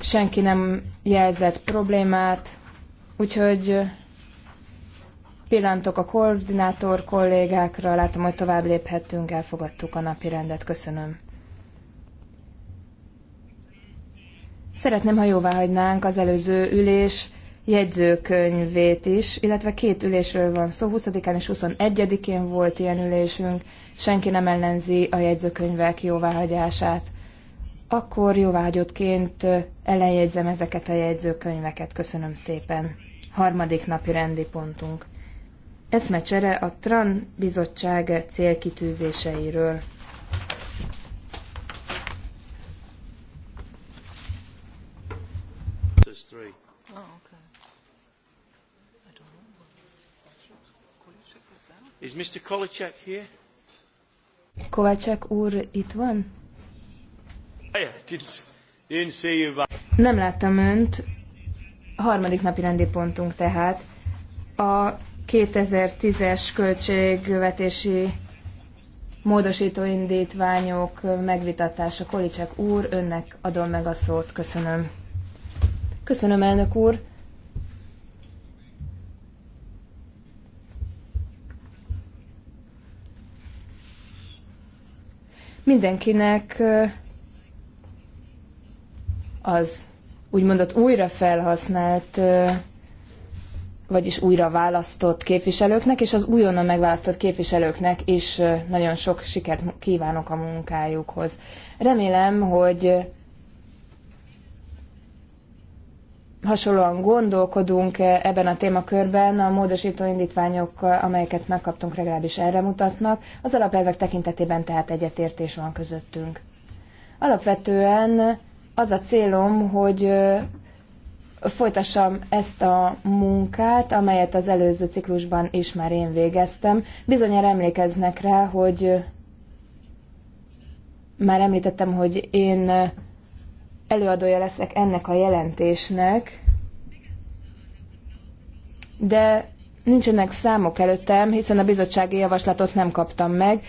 senki nem jelzett problémát, úgyhogy pillantok a koordinátor kollégákra, látom, hogy tovább léphettünk, elfogadtuk a napi rendet, köszönöm. Szeretném, ha jóvá hagynánk az előző ülés jegyzőkönyvét is, illetve két ülésről van szó, 20-án és 21-én volt ilyen ülésünk, senki nem ellenzi a jegyzőkönyvek jóváhagyását akkor vágyottként elejegyzem ezeket a jegyzőkönyveket. Köszönöm szépen. Harmadik napi rendi pontunk. Eszmecsere a TRAN bizottság célkitűzéseiről. Is Kovácsek úr itt van? Nem láttam önt. Harmadik napi rendi pontunk tehát. A 2010-es költségvetési módosító indítványok megvitatása. Kolicek úr, önnek adom meg a szót. Köszönöm. Köszönöm, elnök úr. Mindenkinek az úgymondott újra felhasznált, vagyis újra választott képviselőknek, és az újonnan megválasztott képviselőknek is nagyon sok sikert kívánok a munkájukhoz. Remélem, hogy hasonlóan gondolkodunk ebben a témakörben, a módosító indítványok, amelyeket megkaptunk, legalábbis erre mutatnak. Az alapelvek tekintetében tehát egyetértés van közöttünk. Alapvetően az a célom, hogy folytassam ezt a munkát, amelyet az előző ciklusban is már én végeztem. Bizonyára emlékeznek rá, hogy már említettem, hogy én előadója leszek ennek a jelentésnek, de nincsenek számok előttem, hiszen a bizottsági javaslatot nem kaptam meg,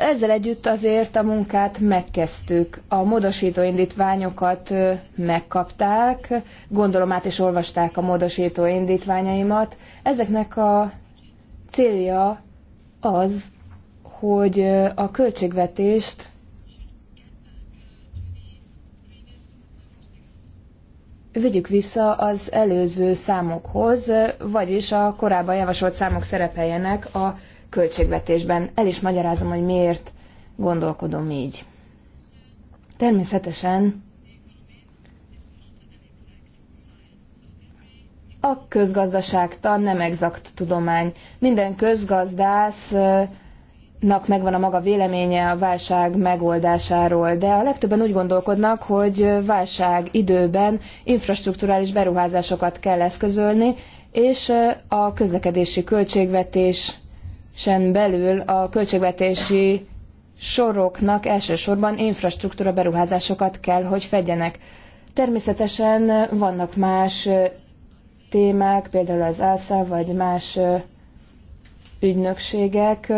ezzel együtt azért a munkát megkezdtük. A módosító indítványokat megkapták, gondolom át is olvasták a módosító indítványaimat. Ezeknek a célja az, hogy a költségvetést vegyük vissza az előző számokhoz, vagyis a korábban javasolt számok szerepeljenek a költségvetésben. El is magyarázom, hogy miért gondolkodom így. Természetesen a közgazdaságtan nem exakt tudomány. Minden közgazdásznak megvan a maga véleménye a válság megoldásáról, de a legtöbben úgy gondolkodnak, hogy válság időben infrastruktúrális beruházásokat kell eszközölni, és a közlekedési költségvetés sen belül a költségvetési soroknak elsősorban infrastruktúra beruházásokat kell, hogy fedjenek. Természetesen vannak más témák, például az ÁSZA vagy más ügynökségek,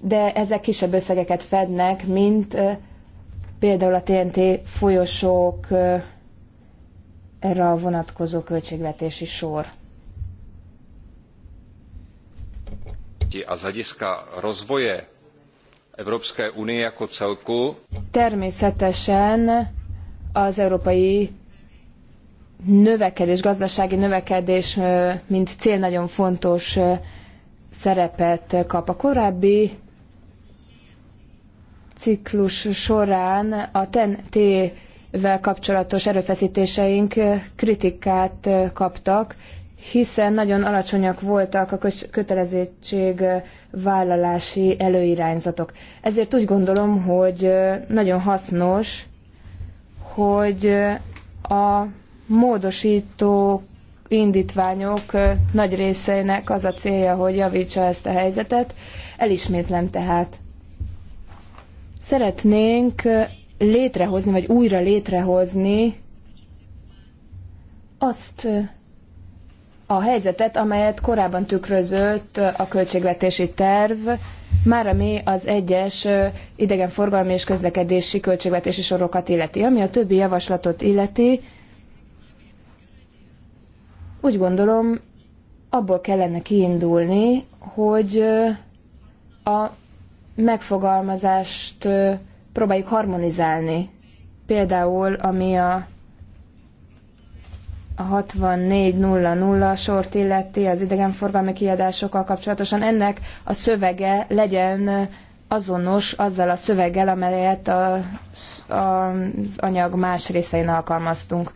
de ezek kisebb összegeket fednek, mint például a TNT folyosók erre a vonatkozó költségvetési sor. a z hlediska rozvoje Evropské unie jako celku. Természetesen az európai növekedés, gazdasági növekedés, mint cél nagyon fontos szerepet kap. A korábbi ciklus során a TEN-T-vel kapcsolatos erőfeszítéseink kritikát kaptak, hiszen nagyon alacsonyak voltak a kötelezettség vállalási előirányzatok. Ezért úgy gondolom, hogy nagyon hasznos, hogy a módosító indítványok nagy részeinek az a célja, hogy javítsa ezt a helyzetet. Elismétlem tehát. Szeretnénk létrehozni, vagy újra létrehozni azt a helyzetet, amelyet korábban tükrözött a költségvetési terv, már ami az egyes idegenforgalmi és közlekedési költségvetési sorokat illeti. Ami a többi javaslatot illeti, úgy gondolom, abból kellene kiindulni, hogy a megfogalmazást próbáljuk harmonizálni. Például, ami a a 64.00 sort illeti az idegenforgalmi kiadásokkal kapcsolatosan, ennek a szövege legyen azonos azzal a szöveggel, amelyet a, az anyag más részein alkalmaztunk.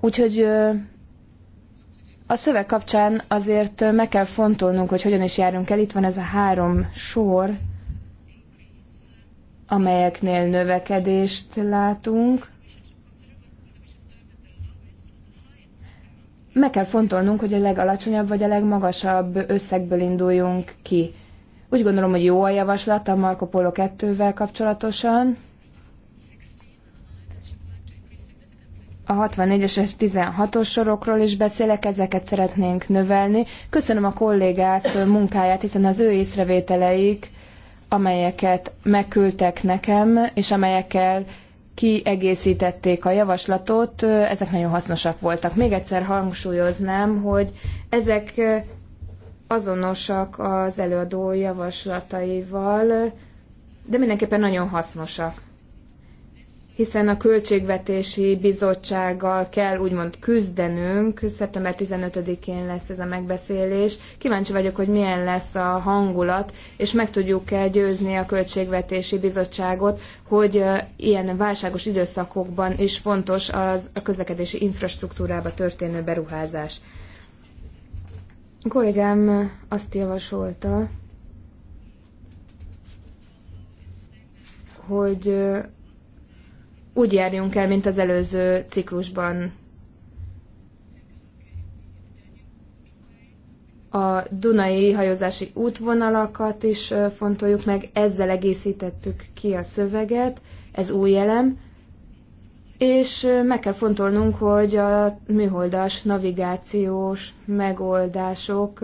Úgyhogy a szöveg kapcsán azért meg kell fontolnunk, hogy hogyan is járunk el. Itt van ez a három sor, amelyeknél növekedést látunk meg kell fontolnunk, hogy a legalacsonyabb vagy a legmagasabb összegből induljunk ki. Úgy gondolom, hogy jó a javaslat a Marco Polo 2-vel kapcsolatosan. A 64-es és 16-os sorokról is beszélek, ezeket szeretnénk növelni. Köszönöm a kollégák munkáját, hiszen az ő észrevételeik, amelyeket megküldtek nekem, és amelyekkel kiegészítették a javaslatot, ezek nagyon hasznosak voltak. Még egyszer hangsúlyoznám, hogy ezek azonosak az előadó javaslataival, de mindenképpen nagyon hasznosak hiszen a Költségvetési Bizottsággal kell úgymond küzdenünk. Szeptember 15-én lesz ez a megbeszélés. Kíváncsi vagyok, hogy milyen lesz a hangulat, és meg tudjuk-e győzni a Költségvetési Bizottságot, hogy ilyen válságos időszakokban is fontos az a közlekedési infrastruktúrába történő beruházás. A kollégám azt javasolta, hogy úgy járjunk el, mint az előző ciklusban. A Dunai hajózási útvonalakat is fontoljuk meg, ezzel egészítettük ki a szöveget, ez új elem, és meg kell fontolnunk, hogy a műholdas navigációs megoldások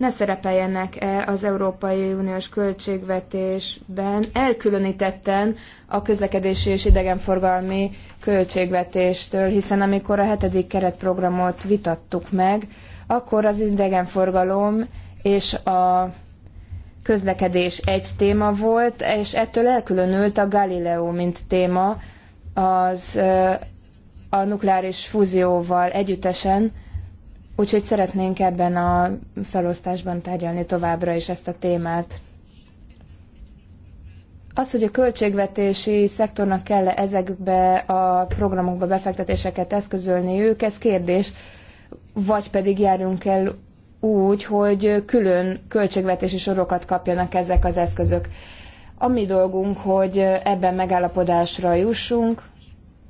ne szerepeljenek-e az Európai Uniós költségvetésben elkülönítetten a közlekedési és idegenforgalmi költségvetéstől, hiszen amikor a hetedik keretprogramot vitattuk meg, akkor az idegenforgalom és a közlekedés egy téma volt, és ettől elkülönült a Galileo, mint téma az a nukleáris fúzióval együttesen, Úgyhogy szeretnénk ebben a felosztásban tárgyalni továbbra is ezt a témát. Az, hogy a költségvetési szektornak kell -e ezekbe a programokba befektetéseket eszközölni ők, ez kérdés, vagy pedig járjunk el úgy, hogy külön költségvetési sorokat kapjanak ezek az eszközök. A mi dolgunk, hogy ebben megállapodásra jussunk,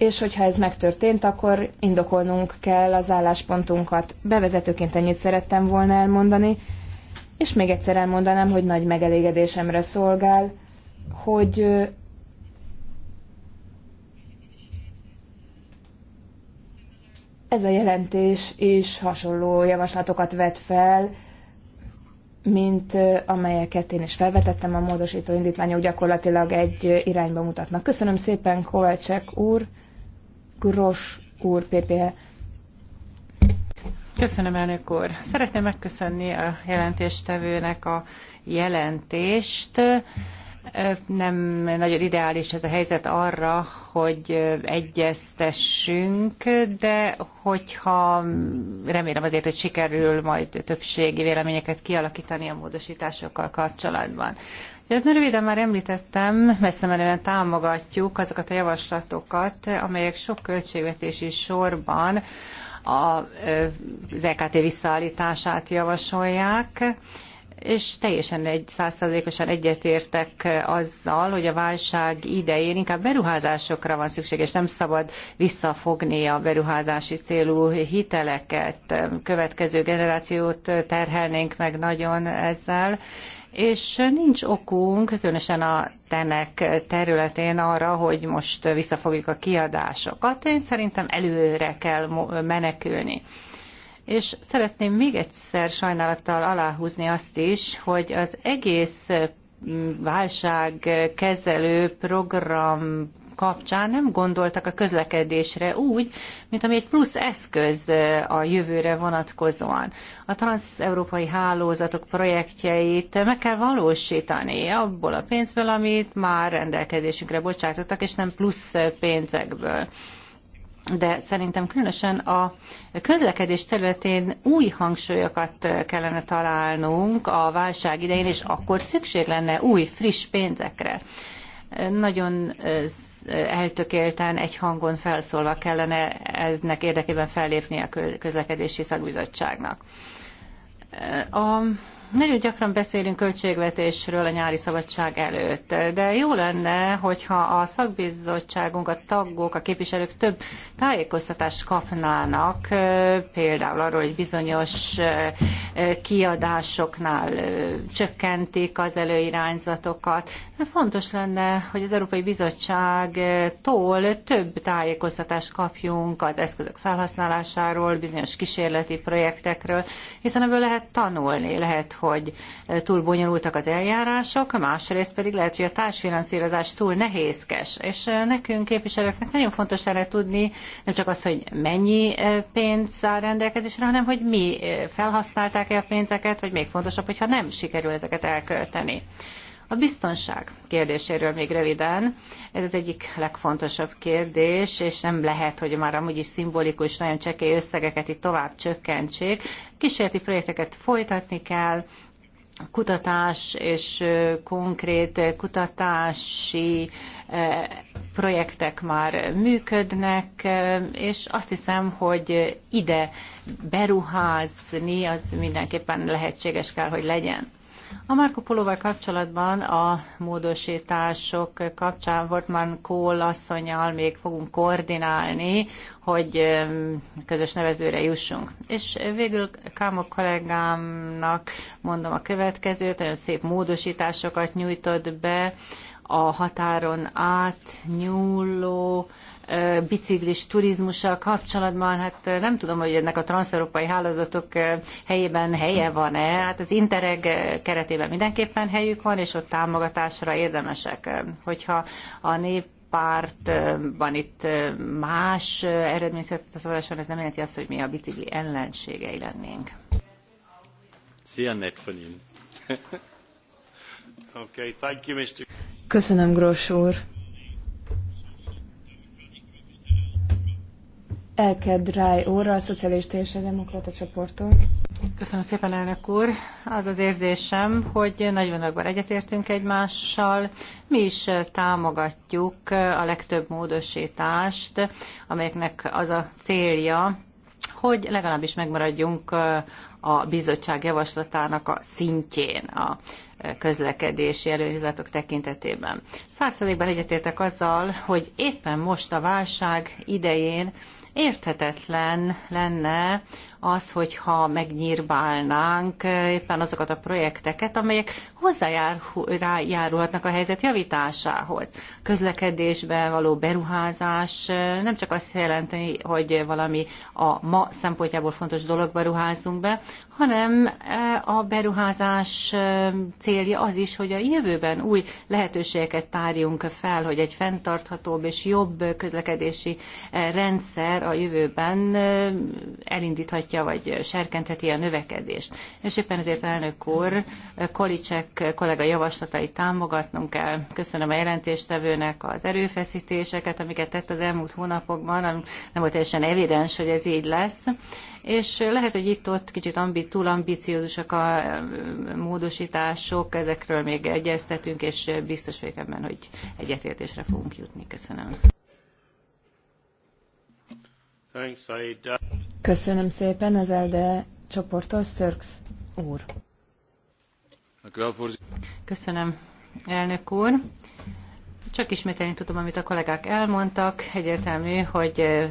és hogyha ez megtörtént, akkor indokolnunk kell az álláspontunkat. Bevezetőként ennyit szerettem volna elmondani, és még egyszer elmondanám, hogy nagy megelégedésemre szolgál, hogy ez a jelentés is hasonló javaslatokat vet fel, mint amelyeket én is felvetettem, a módosító indítványok gyakorlatilag egy irányba mutatnak. Köszönöm szépen, Kovácsek úr! Gros úr, Köszönöm, elnök úr. Szeretném megköszönni a jelentéstevőnek a jelentést. Nem nagyon ideális ez a helyzet arra, hogy egyeztessünk, de hogyha remélem azért, hogy sikerül majd többségi véleményeket kialakítani a módosításokkal kapcsolatban. Illetve hát, röviden már említettem, messze menően támogatjuk azokat a javaslatokat, amelyek sok költségvetési sorban a, az EKT visszaállítását javasolják, és teljesen egy százszerzékosan egyetértek azzal, hogy a válság idején inkább beruházásokra van szükség, és nem szabad visszafogni a beruházási célú hiteleket. Következő generációt terhelnénk meg nagyon ezzel és nincs okunk, különösen a tenek területén arra, hogy most visszafogjuk a kiadásokat. Én szerintem előre kell menekülni. És szeretném még egyszer sajnálattal aláhúzni azt is, hogy az egész mm, válságkezelő program kapcsán nem gondoltak a közlekedésre úgy, mint ami egy plusz eszköz a jövőre vonatkozóan. A transeurópai hálózatok projektjeit meg kell valósítani abból a pénzből, amit már rendelkezésünkre bocsátottak, és nem plusz pénzekből de szerintem különösen a közlekedés területén új hangsúlyokat kellene találnunk a válság idején, és akkor szükség lenne új, friss pénzekre. Nagyon eltökélten, egy hangon felszólva kellene ennek érdekében fellépni a közlekedési szakbizottságnak. A nagyon gyakran beszélünk költségvetésről a nyári szabadság előtt, de jó lenne, hogyha a szakbizottságunk, a tagok, a képviselők több tájékoztatást kapnának, például arról, hogy bizonyos kiadásoknál csökkentik az előirányzatokat, Hát fontos lenne, hogy az Európai Bizottságtól több tájékoztatást kapjunk az eszközök felhasználásáról, bizonyos kísérleti projektekről, hiszen ebből lehet tanulni, lehet, hogy túl bonyolultak az eljárások, másrészt pedig lehet, hogy a társfinanszírozás túl nehézkes, és nekünk képviselőknek nagyon fontos lenne tudni nem csak az, hogy mennyi e, pénz áll rendelkezésre, hanem hogy mi e, felhasználták-e a pénzeket, vagy még fontosabb, hogyha nem sikerül ezeket elkölteni. A biztonság kérdéséről még röviden. Ez az egyik legfontosabb kérdés, és nem lehet, hogy már amúgy is szimbolikus, nagyon csekély összegeket itt tovább csökkentsék. Kísérleti projekteket folytatni kell, kutatás és konkrét kutatási projektek már működnek, és azt hiszem, hogy ide beruházni az mindenképpen lehetséges kell, hogy legyen. A Marco Polóval kapcsolatban a módosítások kapcsán Wortmann Kohl asszonyjal még fogunk koordinálni, hogy közös nevezőre jussunk. És végül Kámok kollégámnak mondom a következőt, nagyon szép módosításokat nyújtott be, a határon átnyúló biciklis turizmussal kapcsolatban, hát nem tudom, hogy ennek a transzeurópai hálózatok helyében helye van-e. Hát az Interreg keretében mindenképpen helyük van, és ott támogatásra érdemesek. Hogyha a nép pártban itt más eredményszolgáltatáson, ez nem jelenti azt, hogy mi a bicikli ellenségei lennénk. Szia, Nekfanin. Köszönöm, Gross úr. Elke Dráj óra a Szocialista és a Demokrata csoporttól. Köszönöm szépen, elnök úr. Az az érzésem, hogy nagy vonalban egyetértünk egymással. Mi is támogatjuk a legtöbb módosítást, amelyeknek az a célja, hogy legalábbis megmaradjunk a bizottság javaslatának a szintjén a közlekedési előnyzatok tekintetében. Százszerékben egyetértek azzal, hogy éppen most a válság idején Érthetetlen lenne az, hogyha megnyírbálnánk eh, éppen azokat a projekteket, amelyek hozzájárulhatnak a helyzet javításához. Közlekedésbe való beruházás eh, nem csak azt jelenti, hogy valami a ma szempontjából fontos dologba ruházunk be, hanem e, a beruházás e, célja az is, hogy a jövőben új lehetőségeket tárjunk fel, hogy egy fenntarthatóbb és jobb közlekedési e, rendszer a jövőben elindíthatja vagy serkentheti a növekedést. És éppen ezért elnök úr, Kolicsek kollega javaslatait támogatnunk kell. Köszönöm a jelentéstevőnek az erőfeszítéseket, amiket tett az elmúlt hónapokban, nem volt teljesen evidens, hogy ez így lesz és lehet, hogy itt-ott kicsit ambi, túl ambiciózusak a módosítások, ezekről még egyeztetünk, és biztos vagyok ebben, hogy egyetértésre fogunk jutni. Köszönöm. Köszönöm szépen az ELDE csoporttól, Störks úr. Köszönöm, elnök úr. Csak ismételni tudom, amit a kollégák elmondtak. Egyértelmű, hogy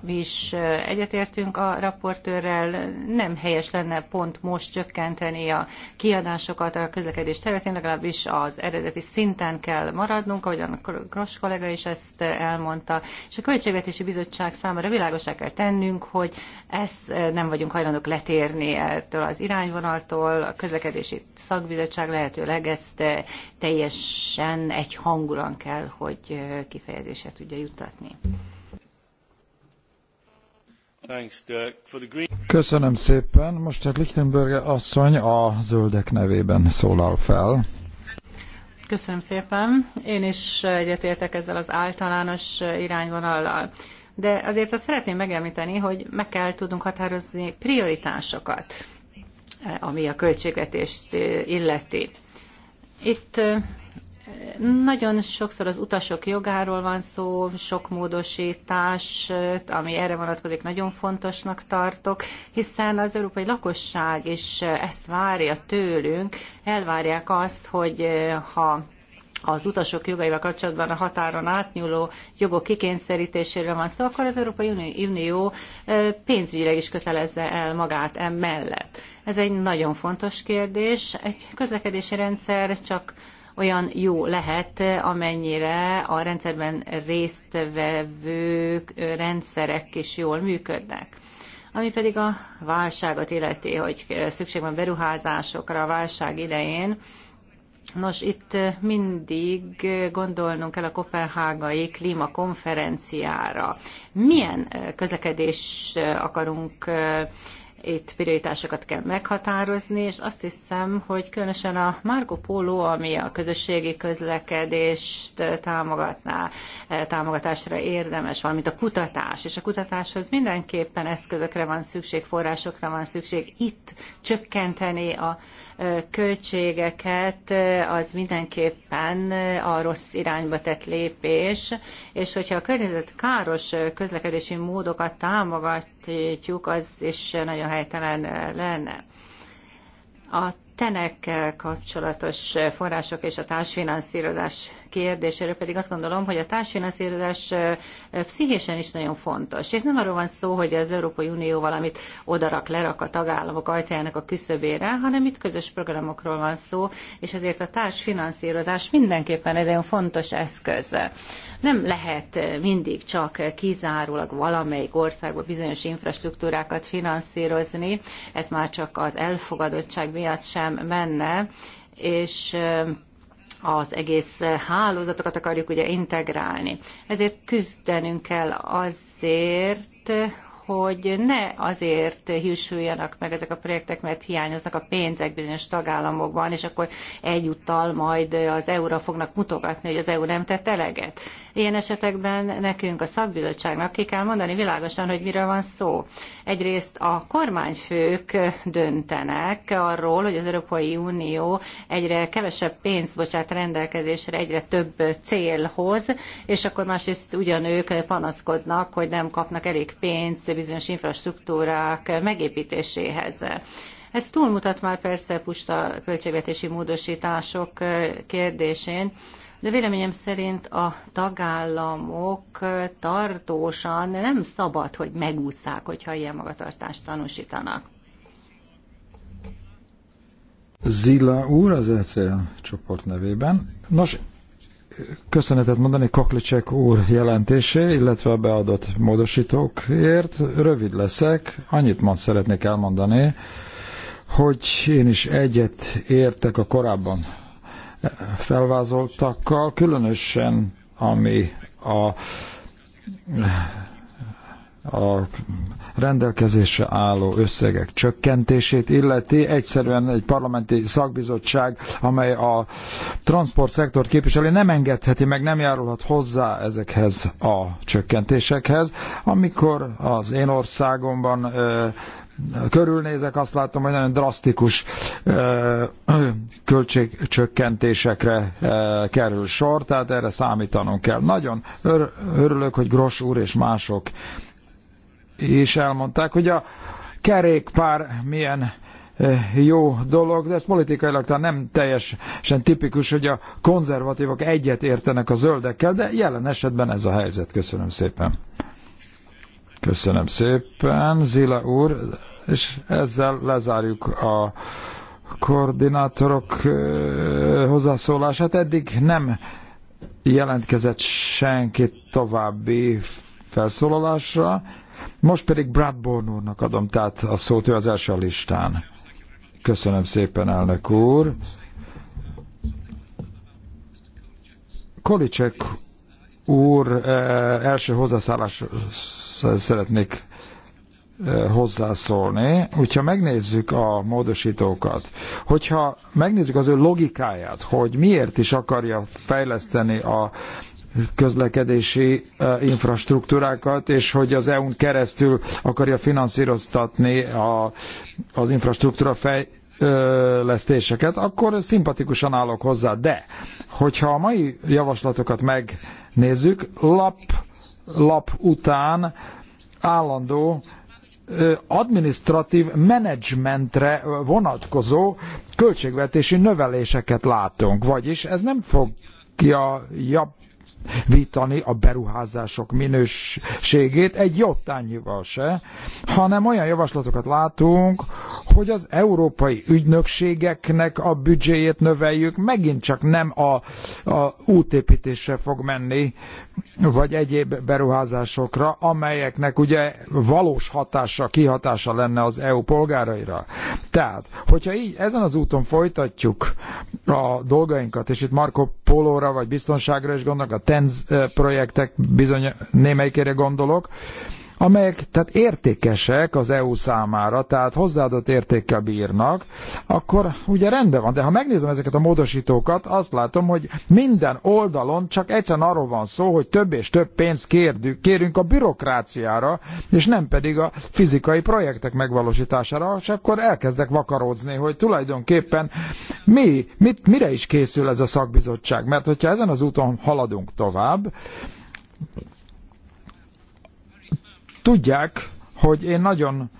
mi is egyetértünk a raportőrrel. Nem helyes lenne pont most csökkenteni a kiadásokat a közlekedés területén, legalábbis az eredeti szinten kell maradnunk, ahogyan a Gross kollega is ezt elmondta. És a Költségvetési Bizottság számára világosá kell tennünk, hogy ezt nem vagyunk hajlandók letérni ettől az irányvonaltól. A közlekedési szakbizottság lehetőleg ezt teljesen egy hangulat nyilvánvalóan kell, hogy kifejezésre tudja juttatni. Köszönöm szépen. Most csak hát Lichtenberger asszony a zöldek nevében szólal fel. Köszönöm szépen. Én is egyetértek ezzel az általános irányvonallal. De azért azt szeretném megemlíteni, hogy meg kell tudnunk határozni prioritásokat, ami a költségvetést illeti. Itt nagyon sokszor az utasok jogáról van szó, sok módosítás, ami erre vonatkozik, nagyon fontosnak tartok, hiszen az európai lakosság is ezt várja tőlünk, elvárják azt, hogy eh, ha az utasok jogaival kapcsolatban a határon átnyúló jogok kikényszerítéséről van szó, akkor az Európai Unió eh, pénzügyileg is kötelezze el magát emellett. Ez egy nagyon fontos kérdés. Egy közlekedési rendszer csak olyan jó lehet, amennyire a rendszerben résztvevők, rendszerek is jól működnek. Ami pedig a válságot illeti, hogy szükség van beruházásokra a válság idején, Nos, itt mindig gondolnunk kell a kopenhágai klímakonferenciára. Milyen közlekedés akarunk itt prioritásokat kell meghatározni, és azt hiszem, hogy különösen a Marco Polo, ami a közösségi közlekedést támogatná, támogatásra érdemes, valamint a kutatás, és a kutatáshoz mindenképpen eszközökre van szükség, forrásokra van szükség, itt csökkenteni a költségeket, az mindenképpen a rossz irányba tett lépés, és hogyha a környezet káros közlekedési módokat támogatjuk, az is nagyon helytelen lenne. A tenekkel kapcsolatos források és a társfinanszírozás kérdésére pedig azt gondolom, hogy a társfinanszírozás pszichésen is nagyon fontos. És nem arról van szó, hogy az Európai Unió valamit odarak, lerak a tagállamok ajtajának a küszöbére, hanem itt közös programokról van szó, és ezért a társfinanszírozás mindenképpen egy nagyon fontos eszköz. Nem lehet mindig csak kizárólag valamelyik országba bizonyos infrastruktúrákat finanszírozni, ez már csak az elfogadottság miatt sem menne, és az egész hálózatokat akarjuk ugye integrálni. Ezért küzdenünk kell azért, hogy ne azért hiúsuljanak meg ezek a projektek, mert hiányoznak a pénzek bizonyos tagállamokban, és akkor egyúttal majd az EU-ra fognak mutogatni, hogy az EU nem tett eleget. Ilyen esetekben nekünk a szakbizottságnak ki kell mondani világosan, hogy miről van szó. Egyrészt a kormányfők döntenek arról, hogy az Európai Unió egyre kevesebb pénzt bocsát rendelkezésre egyre több célhoz, és akkor másrészt ugyanők panaszkodnak, hogy nem kapnak elég pénzt bizonyos infrastruktúrák megépítéséhez. Ez túlmutat már persze pusta költségvetési módosítások kérdésén, de véleményem szerint a tagállamok tartósan nem szabad, hogy megúszszák, hogyha ilyen magatartást tanúsítanak. Zilla úr az ECL csoport nevében. Nos, köszönetet mondani Kaklicsek úr jelentésé, illetve a beadott módosítókért. Rövid leszek, annyit ma szeretnék elmondani, hogy én is egyet értek a korábban felvázoltakkal, különösen ami a, a rendelkezésre álló összegek csökkentését illeti. Egyszerűen egy parlamenti szakbizottság, amely a szektort képviseli, nem engedheti meg, nem járulhat hozzá ezekhez a csökkentésekhez. Amikor az én országomban körülnézek, azt látom, hogy nagyon drasztikus költségcsökkentésekre kerül sor, tehát erre számítanunk kell. Nagyon örülök, hogy Gros úr és mások is elmondták, hogy a kerékpár milyen jó dolog, de ez politikailag talán nem teljesen tipikus, hogy a konzervatívok egyet értenek a zöldekkel, de jelen esetben ez a helyzet. Köszönöm szépen. Köszönöm szépen, Zila úr, és ezzel lezárjuk a koordinátorok hozzászólását. Eddig nem jelentkezett senki további felszólalásra, most pedig Bradborn úrnak adom tehát a szót, ő az első a listán. Köszönöm szépen, elnök úr. Kolicek úr eh, első hozzászálláshoz eh, szeretnék eh, hozzászólni. Hogyha megnézzük a módosítókat, hogyha megnézzük az ő logikáját, hogy miért is akarja fejleszteni a közlekedési infrastruktúrákat, és hogy az EU-n keresztül akarja finanszíroztatni a, az infrastruktúra fejlesztéseket, akkor szimpatikusan állok hozzá. De, hogyha a mai javaslatokat meg nézzük, lap, lap után állandó administratív menedzsmentre vonatkozó költségvetési növeléseket látunk. Vagyis ez nem fogja vitani a beruházások minőségét egy jottányival se, hanem olyan javaslatokat látunk, hogy az európai ügynökségeknek a büdzséjét növeljük, megint csak nem a, a útépítésre fog menni, vagy egyéb beruházásokra, amelyeknek ugye valós hatása, kihatása lenne az EU polgáraira. Tehát, hogyha így ezen az úton folytatjuk a dolgainkat, és itt Marco Polóra vagy biztonságra is gondolok, a TENZ projektek bizony némelyikére gondolok, amelyek tehát értékesek az EU számára, tehát hozzáadott értékkel bírnak, akkor ugye rendben van. De ha megnézem ezeket a módosítókat, azt látom, hogy minden oldalon csak egyszerűen arról van szó, hogy több és több pénzt kérdünk, kérünk a bürokráciára, és nem pedig a fizikai projektek megvalósítására, és akkor elkezdek vakarózni, hogy tulajdonképpen mi, mit, mire is készül ez a szakbizottság. Mert hogyha ezen az úton haladunk tovább, Tudják, hogy én nagyon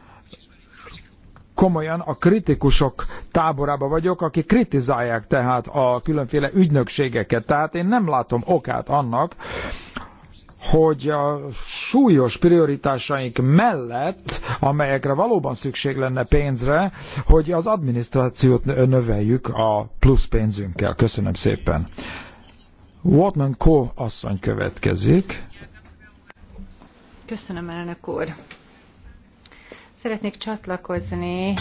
komolyan a kritikusok táborába vagyok, akik kritizálják tehát a különféle ügynökségeket. Tehát én nem látom okát annak, hogy a súlyos prioritásaink mellett, amelyekre valóban szükség lenne pénzre, hogy az adminisztrációt növeljük a plusz pénzünkkel. Köszönöm szépen. Watman Co. asszony következik. Köszönöm, elnök úr. Szeretnék csatlakozni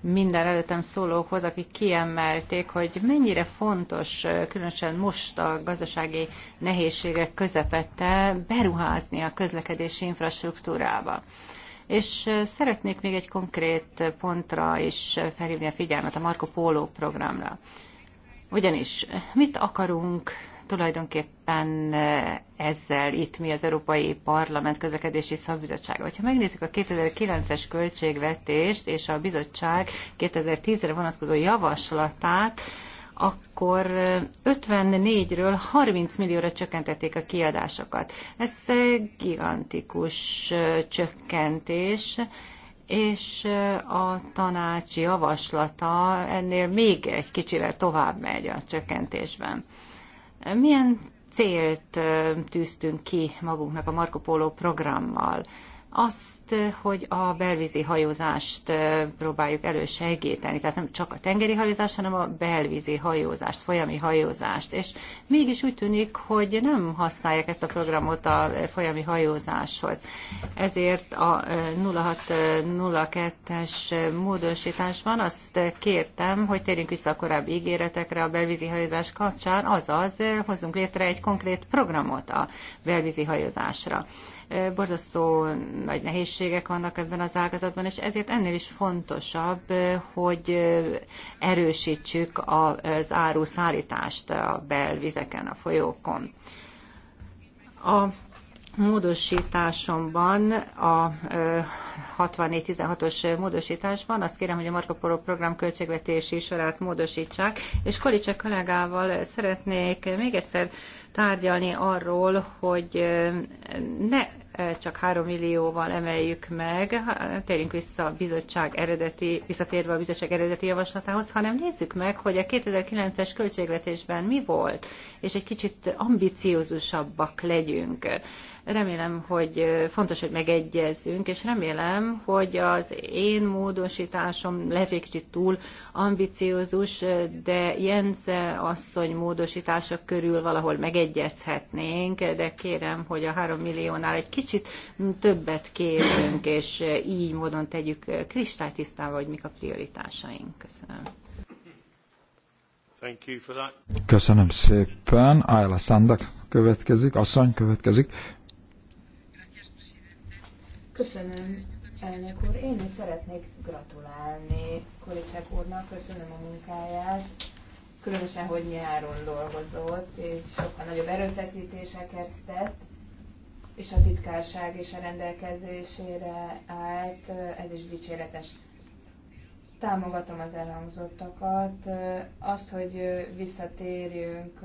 minden előttem szólókhoz, akik kiemelték, hogy mennyire fontos, különösen most a gazdasági nehézségek közepette beruházni a közlekedési infrastruktúrába. És szeretnék még egy konkrét pontra is felhívni a figyelmet, a Marco Polo programra. Ugyanis mit akarunk tulajdonképpen eh, ezzel itt mi az Európai Parlament közlekedési szakbizottsága. Ha megnézzük a 2009-es költségvetést és a bizottság 2010-re vonatkozó javaslatát, akkor 54-ről eh, 30 millióra csökkentették a kiadásokat. Ez gigantikus eh, csökkentés, és a tanács javaslata ennél még egy kicsivel tovább megy a csökkentésben. Milyen célt tűztünk ki magunknak a Marco Polo programmal? Azt itt, eh, hogy a belvízi hajózást eh, próbáljuk elősegíteni, tehát nem csak a tengeri hajózást, hanem a belvízi hajózást, folyami hajózást. És mégis úgy tűnik, hogy nem használják ezt a programot a eh, folyami hajózáshoz. Ezért a 0602-es módosításban azt kértem, hogy térjünk vissza a korábbi ígéretekre a belvízi hajózás kapcsán, azaz hozzunk létre egy konkrét programot a belvízi hajózásra. Borzasztó nagy nehézségek vannak ebben az ágazatban, és ezért ennél is fontosabb, hogy erősítsük az áruszállítást a belvizeken, a folyókon. A módosításomban, a 64-16-os módosításban azt kérem, hogy a Marco Polo program költségvetési sorát módosítsák, és Kolicsa kollégával szeretnék még egyszer tárgyalni arról, hogy ne csak 3 millióval emeljük meg, térjünk vissza a bizottság eredeti, visszatérve a bizottság eredeti javaslatához, hanem nézzük meg, hogy a 2009-es költségvetésben mi volt, és egy kicsit ambiciózusabbak legyünk. Remélem, hogy fontos, hogy megegyezzünk, és remélem, hogy az én módosításom lehet, egy kicsit túl ambiciózus, de Jense asszony módosítása körül valahol megegyezhetnénk, de kérem, hogy a három milliónál egy kicsit többet kérünk, és így módon tegyük kristálytisztán, hogy mik a prioritásaink. Köszönöm. Köszönöm szépen. Ayla Sandak következik, asszony következik. Köszönöm, elnök úr. Én is szeretnék gratulálni Kolicsák úrnak, köszönöm a munkáját. Különösen, hogy nyáron dolgozott, és sokkal nagyobb erőfeszítéseket tett, és a titkárság is a rendelkezésére állt, ez is dicséretes. Támogatom az elhangzottakat. Azt, hogy visszatérjünk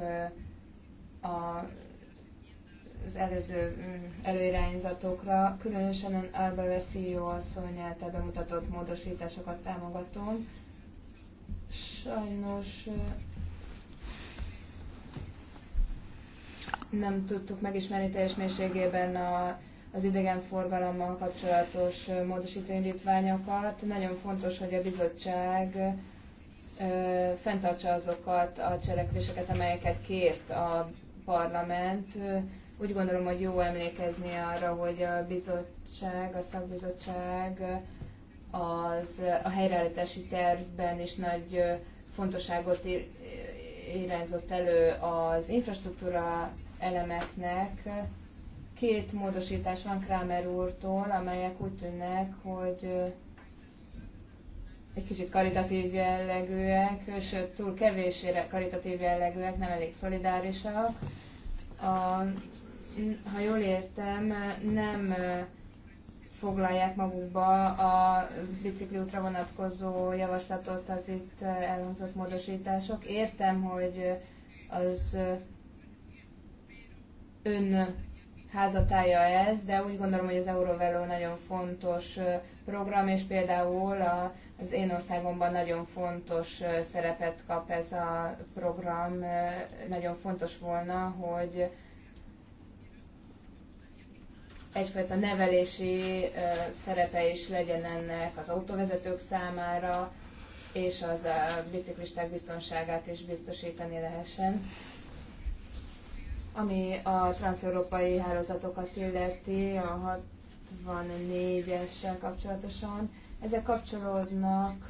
a az előző mm, előirányzatokra, különösen Arbele CEO asszony által bemutatott módosításokat támogatom. Sajnos nem tudtuk megismerni teljes mélységében a, az idegenforgalommal kapcsolatos módosító indítványokat. Nagyon fontos, hogy a bizottság ö, fenntartsa azokat a cselekvéseket, amelyeket kért a parlament. Ö, úgy gondolom, hogy jó emlékezni arra, hogy a bizottság, a szakbizottság az, a helyreállítási tervben is nagy fontosságot irányzott elő az infrastruktúra elemeknek. Két módosítás van Kramer úrtól, amelyek úgy tűnnek, hogy egy kicsit karitatív jellegűek, és túl kevés karitatív jellegűek, nem elég szolidárisak. A ha jól értem, nem foglalják magukba a bicikliútra vonatkozó javaslatot az itt elhangzott módosítások. Értem, hogy az ön házatája ez, de úgy gondolom, hogy az Eurovelo nagyon fontos program, és például a, az én országomban nagyon fontos szerepet kap ez a program. Nagyon fontos volna, hogy egyfajta nevelési szerepe is legyen ennek az autóvezetők számára, és az a biciklisták biztonságát is biztosítani lehessen. Ami a transzeurópai hálózatokat illeti, a 64-essel kapcsolatosan, ezek kapcsolódnak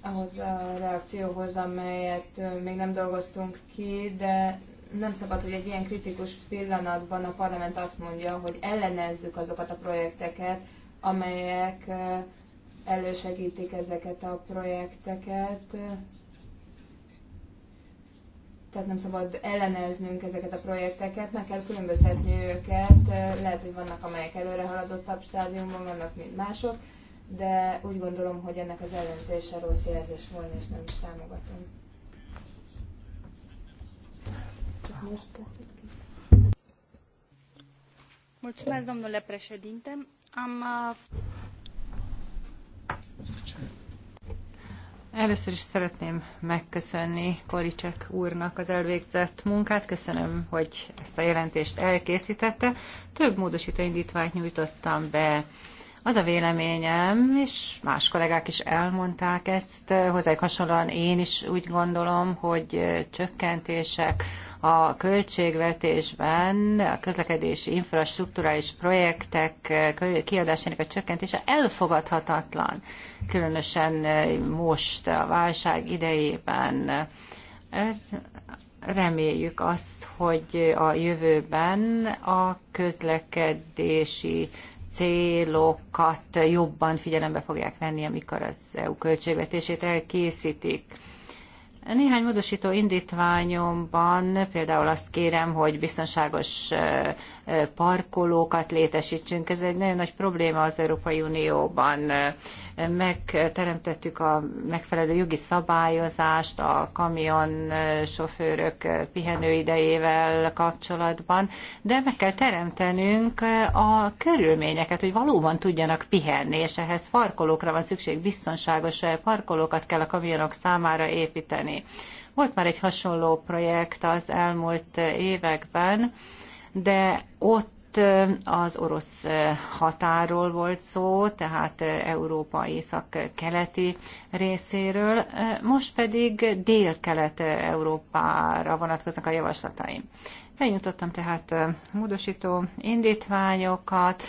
ahhoz a reakcióhoz, amelyet még nem dolgoztunk ki, de nem szabad, hogy egy ilyen kritikus pillanatban a parlament azt mondja, hogy ellenezzük azokat a projekteket, amelyek elősegítik ezeket a projekteket. Tehát nem szabad elleneznünk ezeket a projekteket, meg kell különböztetni őket. Lehet, hogy vannak, amelyek előre haladottabb stádiumban vannak, mint mások, de úgy gondolom, hogy ennek az ellenzése rossz jelzés volna, és nem is támogatom. Mulțumesc, domnule președinte. Am... Uh, Először is szeretném megköszönni Kolicsek úrnak az elvégzett munkát. Köszönöm, hogy ezt a jelentést elkészítette. Több módosító indítványt nyújtottam be. Az a véleményem, és más kollégák is elmondták ezt, hozzájuk hasonlóan én is úgy gondolom, hogy csökkentések, a költségvetésben a közlekedési infrastruktúrális projektek kiadásának a csökkentése elfogadhatatlan, különösen most a válság idejében. Reméljük azt, hogy a jövőben a közlekedési célokat jobban figyelembe fogják venni, amikor az EU költségvetését elkészítik. E néhány módosító indítványomban például azt kérem, hogy biztonságos parkolókat létesítsünk. Ez egy nagyon nagy probléma az Európai Unióban. Megteremtettük a megfelelő jogi szabályozást a kamion sofőrök pihenőidejével kapcsolatban, de meg kell teremtenünk a körülményeket, hogy valóban tudjanak pihenni, és ehhez parkolókra van szükség, biztonságos parkolókat kell a kamionok számára építeni. Volt már egy hasonló projekt az elmúlt években, de ott az orosz határól volt szó, tehát Európa észak-keleti részéről, most pedig dél-kelet-európára vonatkoznak a javaslataim. Benyújtottam tehát módosító indítványokat,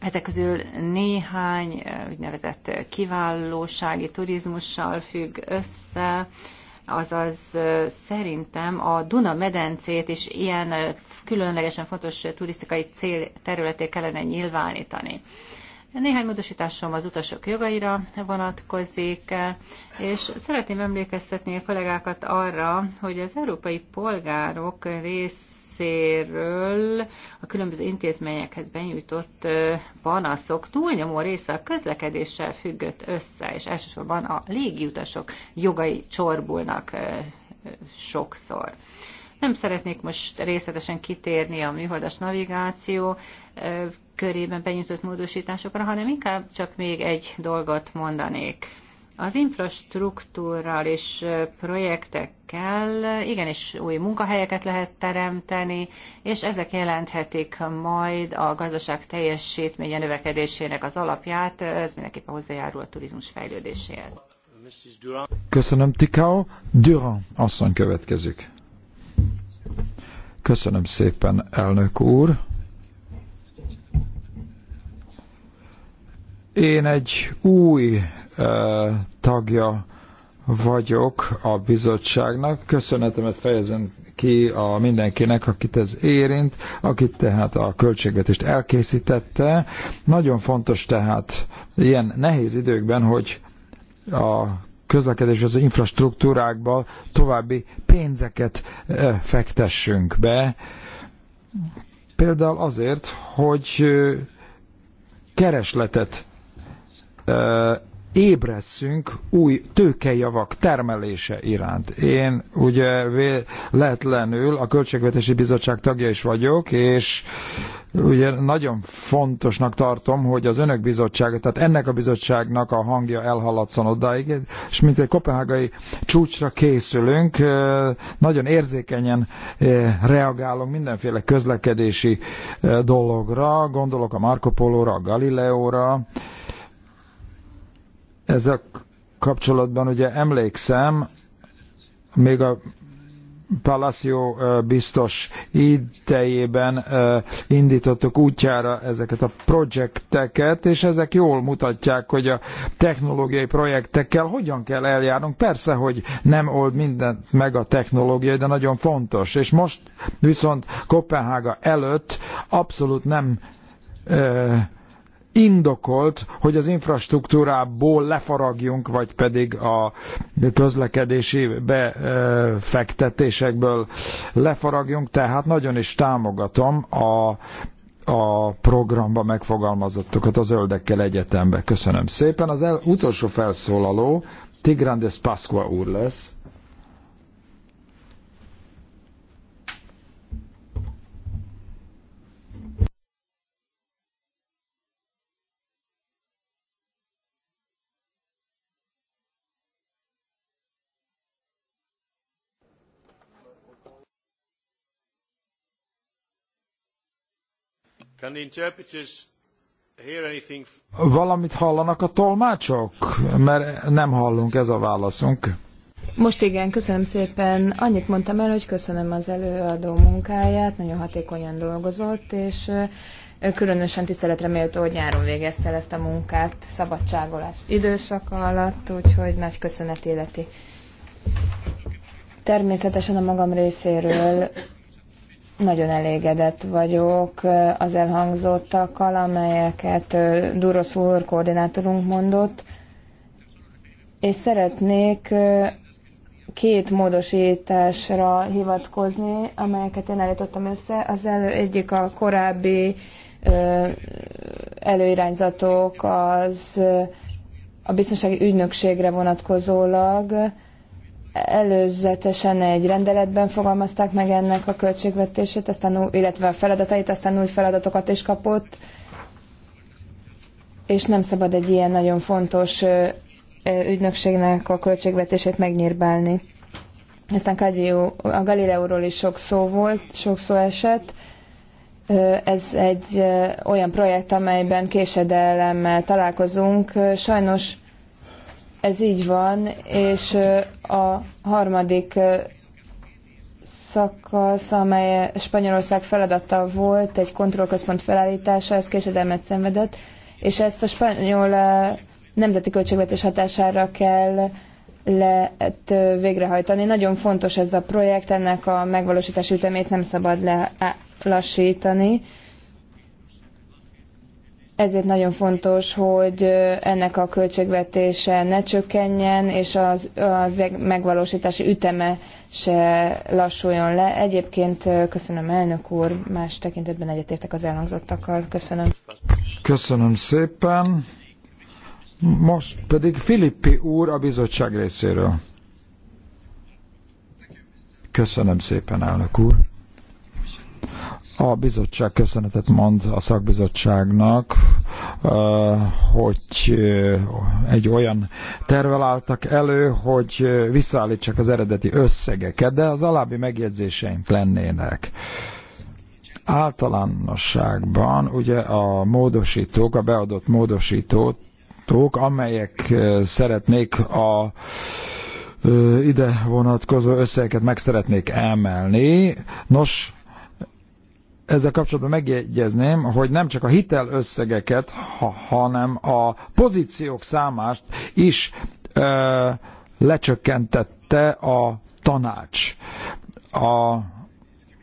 ezek közül néhány úgynevezett kiválósági turizmussal függ össze, azaz szerintem a Duna-medencét is ilyen különlegesen fontos turisztikai cél területé kellene nyilvánítani. Néhány módosításom az utasok jogaira vonatkozik, és szeretném emlékeztetni a kollégákat arra, hogy az európai polgárok rész részéről a különböző intézményekhez benyújtott panaszok túlnyomó része a közlekedéssel függött össze, és elsősorban a légiutasok jogai csorbulnak sokszor. Nem szeretnék most részletesen kitérni a műholdas navigáció körében benyújtott módosításokra, hanem inkább csak még egy dolgot mondanék. Az infrastruktúrális projektekkel igenis új munkahelyeket lehet teremteni, és ezek jelenthetik majd a gazdaság teljesítménye növekedésének az alapját, ez mindenképpen hozzájárul a turizmus fejlődéséhez. Köszönöm, Tikao. Durand asszony következik. Köszönöm szépen, elnök úr. Én egy új tagja vagyok a bizottságnak. Köszönetemet fejezem ki a mindenkinek, akit ez érint, akit tehát a költségvetést elkészítette. Nagyon fontos tehát ilyen nehéz időkben, hogy a közlekedés az infrastruktúrákba további pénzeket fektessünk be. Például azért, hogy keresletet ébresszünk új tőkejavak termelése iránt. Én ugye véletlenül a Költségvetési Bizottság tagja is vagyok, és ugye nagyon fontosnak tartom, hogy az önök bizottsága, tehát ennek a bizottságnak a hangja elhaladszon odáig, és mint egy kopenhágai csúcsra készülünk, nagyon érzékenyen reagálunk mindenféle közlekedési dologra, gondolok a Marco Polo-ra, a Galileóra, ezzel kapcsolatban ugye emlékszem, még a Palacio biztos idejében indítottuk útjára ezeket a projekteket, és ezek jól mutatják, hogy a technológiai projektekkel hogyan kell eljárnunk. Persze, hogy nem old mindent meg a technológia, de nagyon fontos. És most viszont Kopenhága előtt abszolút nem indokolt, hogy az infrastruktúrából lefaragjunk, vagy pedig a közlekedési befektetésekből lefaragjunk, tehát nagyon is támogatom a a programba megfogalmazottakat a zöldekkel egyetembe. Köszönöm szépen. Az el, utolsó felszólaló Tigrandes Pasqua úr lesz. Can the interpreters hear anything? Valamit hallanak a tolmácsok? Mert nem hallunk, ez a válaszunk. Most igen, köszönöm szépen. Annyit mondtam el, hogy köszönöm az előadó munkáját, nagyon hatékonyan dolgozott, és különösen tiszteletre méltó, hogy nyáron végezte el ezt a munkát, szabadságolás időszaka alatt, úgyhogy nagy köszönet életi. Természetesen a magam részéről nagyon elégedett vagyok eh, az elhangzottakkal, amelyeket eh, Duros úr koordinátorunk mondott, és szeretnék eh, két módosításra hivatkozni, amelyeket én állítottam össze. Az elő egyik a korábbi előirányzatok az a biztonsági ügynökségre vonatkozólag, előzetesen egy rendeletben fogalmazták meg ennek a költségvetését, aztán, illetve a feladatait, aztán új feladatokat is kapott, és nem szabad egy ilyen nagyon fontos ügynökségnek a költségvetését megnyírbálni. Aztán Kadió, a Galileóról is sok szó volt, sok szó esett. Ez egy olyan projekt, amelyben késedelemmel találkozunk. Sajnos ez így van, és a harmadik szakasz, amely Spanyolország feladata volt, egy kontrollközpont felállítása, ez késedelmet szenvedett, és ezt a spanyol nemzeti költségvetés hatására kell lehet végrehajtani. Nagyon fontos ez a projekt, ennek a megvalósítási ütemét nem szabad lelassítani. Ezért nagyon fontos, hogy ennek a költségvetése ne csökkenjen, és az, a megvalósítási üteme se lassuljon le. Egyébként köszönöm elnök úr, más tekintetben egyetértek az elhangzottakkal. Köszönöm. Köszönöm szépen. Most pedig Filippi úr a bizottság részéről. Köszönöm szépen, elnök úr. A bizottság köszönetet mond a szakbizottságnak, hogy egy olyan tervel álltak elő, hogy visszaállítsák az eredeti összegeket, de az alábbi megjegyzéseink lennének általánosságban ugye a módosítók, a beadott módosítók, amelyek szeretnék a ide vonatkozó összegeket meg szeretnék emelni. Nos, ezzel kapcsolatban megjegyezném, hogy nem csak a hitel összegeket, ha, hanem a pozíciók számást is ö, lecsökkentette a tanács. A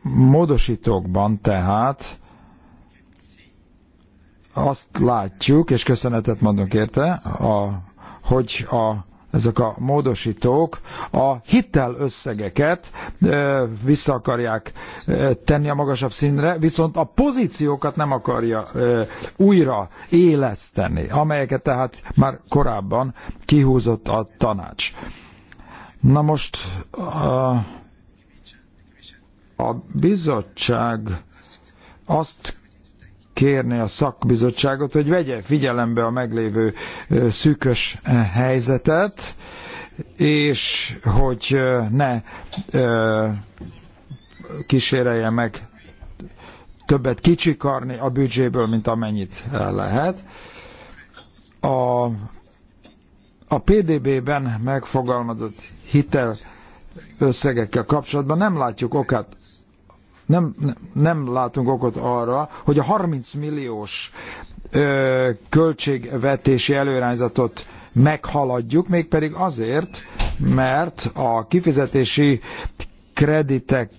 módosítókban tehát azt látjuk, és köszönetet mondunk érte, a, hogy a ezek a módosítók a hitel összegeket vissza akarják tenni a magasabb színre, viszont a pozíciókat nem akarja újra éleszteni, amelyeket tehát már korábban kihúzott a tanács. Na most a, a bizottság azt kérni a szakbizottságot, hogy vegye figyelembe a meglévő szűkös helyzetet, és hogy ne kísérelje meg többet kicsikarni a büdzséből, mint amennyit lehet. A, a PDB-ben megfogalmazott hitel összegekkel kapcsolatban nem látjuk okát nem, nem látunk okot arra, hogy a 30 milliós ö, költségvetési előrányzatot meghaladjuk, mégpedig azért, mert a kifizetési kreditek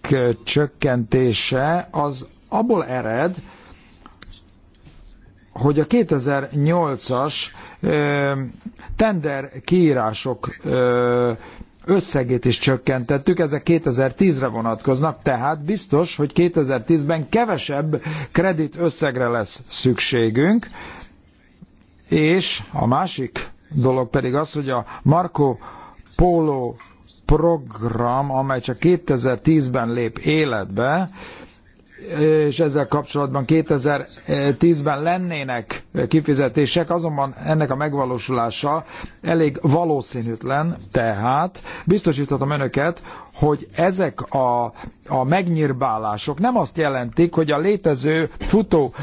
csökkentése az abból ered, hogy a 2008-as tender kiírások ö, összegét is csökkentettük, ezek 2010-re vonatkoznak, tehát biztos, hogy 2010-ben kevesebb kredit összegre lesz szükségünk, és a másik dolog pedig az, hogy a Marco Polo program, amely csak 2010-ben lép életbe, és ezzel kapcsolatban 2010-ben lennének kifizetések, azonban ennek a megvalósulása elég valószínűtlen, tehát biztosíthatom önöket, hogy ezek a, a megnyírbálások nem azt jelentik, hogy a létező futó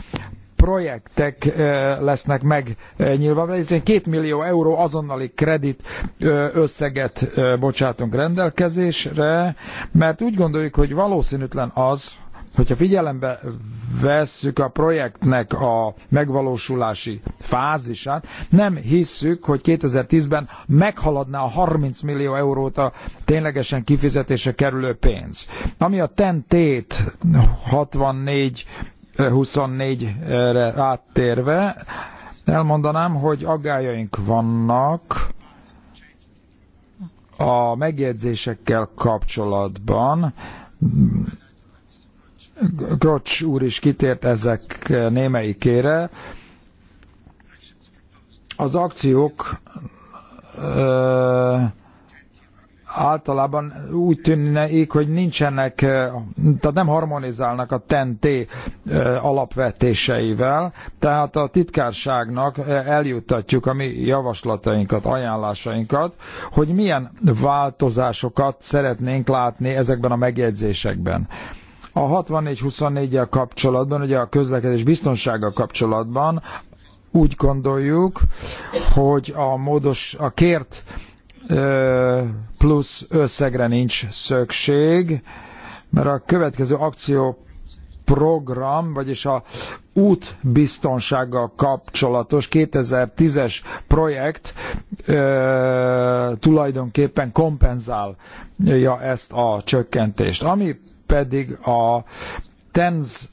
projektek eh, lesznek megnyilva, hiszen 2 millió euró azonnali kredit eh, összeget eh, bocsátunk rendelkezésre, mert úgy gondoljuk, hogy valószínűtlen az, hogyha figyelembe vesszük a projektnek a megvalósulási fázisát, nem hisszük, hogy 2010-ben meghaladná a 30 millió eurót a ténylegesen kifizetése kerülő pénz. Ami a ten 64 24-re áttérve, elmondanám, hogy aggájaink vannak a megjegyzésekkel kapcsolatban, Grocs úr is kitért ezek némelyikére. Az akciók ö, általában úgy tűnik, hogy nincsenek, tehát nem harmonizálnak a TNT alapvetéseivel, tehát a titkárságnak eljutatjuk a mi javaslatainkat, ajánlásainkat, hogy milyen változásokat szeretnénk látni ezekben a megjegyzésekben. A 64-24-jel kapcsolatban, ugye a közlekedés biztonsága kapcsolatban úgy gondoljuk, hogy a módos, a kért plusz összegre nincs szükség, mert a következő akció program, vagyis a útbiztonsággal kapcsolatos 2010-es projekt ö, tulajdonképpen kompenzálja ezt a csökkentést. Ami pedig a TENZ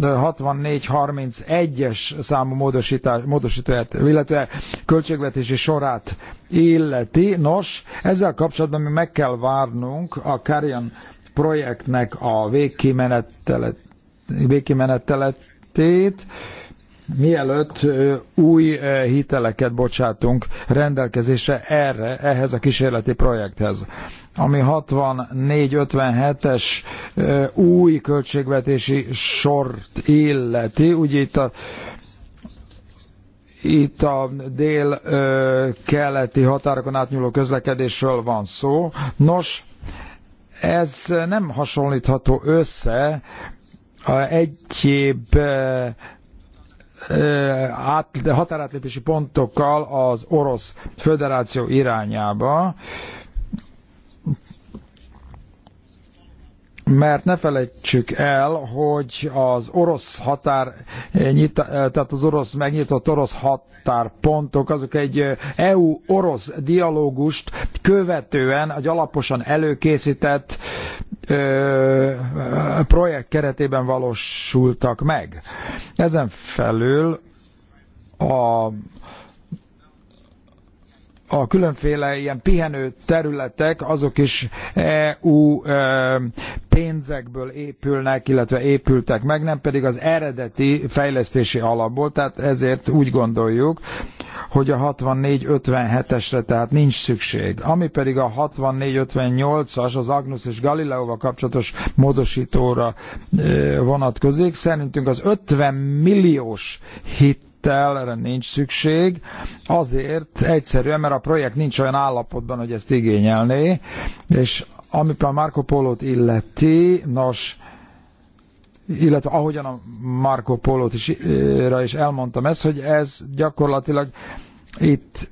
6431-es számú módosítás, módosítóját, illetve költségvetési sorát illeti. Nos, ezzel kapcsolatban mi meg kell várnunk a Karian projektnek a végkimenettelet, végkimenetteletét, mielőtt új hiteleket bocsátunk rendelkezésre erre, ehhez a kísérleti projekthez. Ami 64-57-es új költségvetési sort illeti, ugye itt a itt a dél-keleti határokon átnyúló közlekedésről van szó. Nos, ez nem hasonlítható össze a egyéb át, határátlépési pontokkal az Orosz Föderáció irányába, mert ne felejtsük el, hogy az orosz határ, tehát az orosz megnyitott orosz határpontok, azok egy EU-orosz dialógust követően, egy alaposan előkészített projekt keretében valósultak meg. Ezen felül a a különféle ilyen pihenő területek, azok is EU e, pénzekből épülnek, illetve épültek meg, nem pedig az eredeti fejlesztési alapból, tehát ezért úgy gondoljuk, hogy a 64-57-esre tehát nincs szükség. Ami pedig a 64-58-as, az Agnus és Galileóval kapcsolatos módosítóra e, vonatkozik, szerintünk az 50 milliós hit projekttel, erre nincs szükség, azért egyszerűen, mert a projekt nincs olyan állapotban, hogy ezt igényelné, és ami a Marco Polót illeti, nos, illetve ahogyan a Marco Polót is, rá eh, is elmondtam ezt, hogy ez gyakorlatilag itt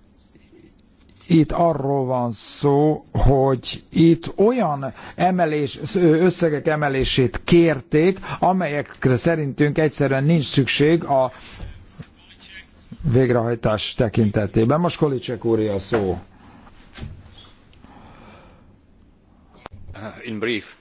itt arról van szó, hogy itt olyan emelés, összegek emelését kérték, amelyekre szerintünk egyszerűen nincs szükség a végrehajtás tekintetében. Most Kolicsek úr a szó. Uh, in brief,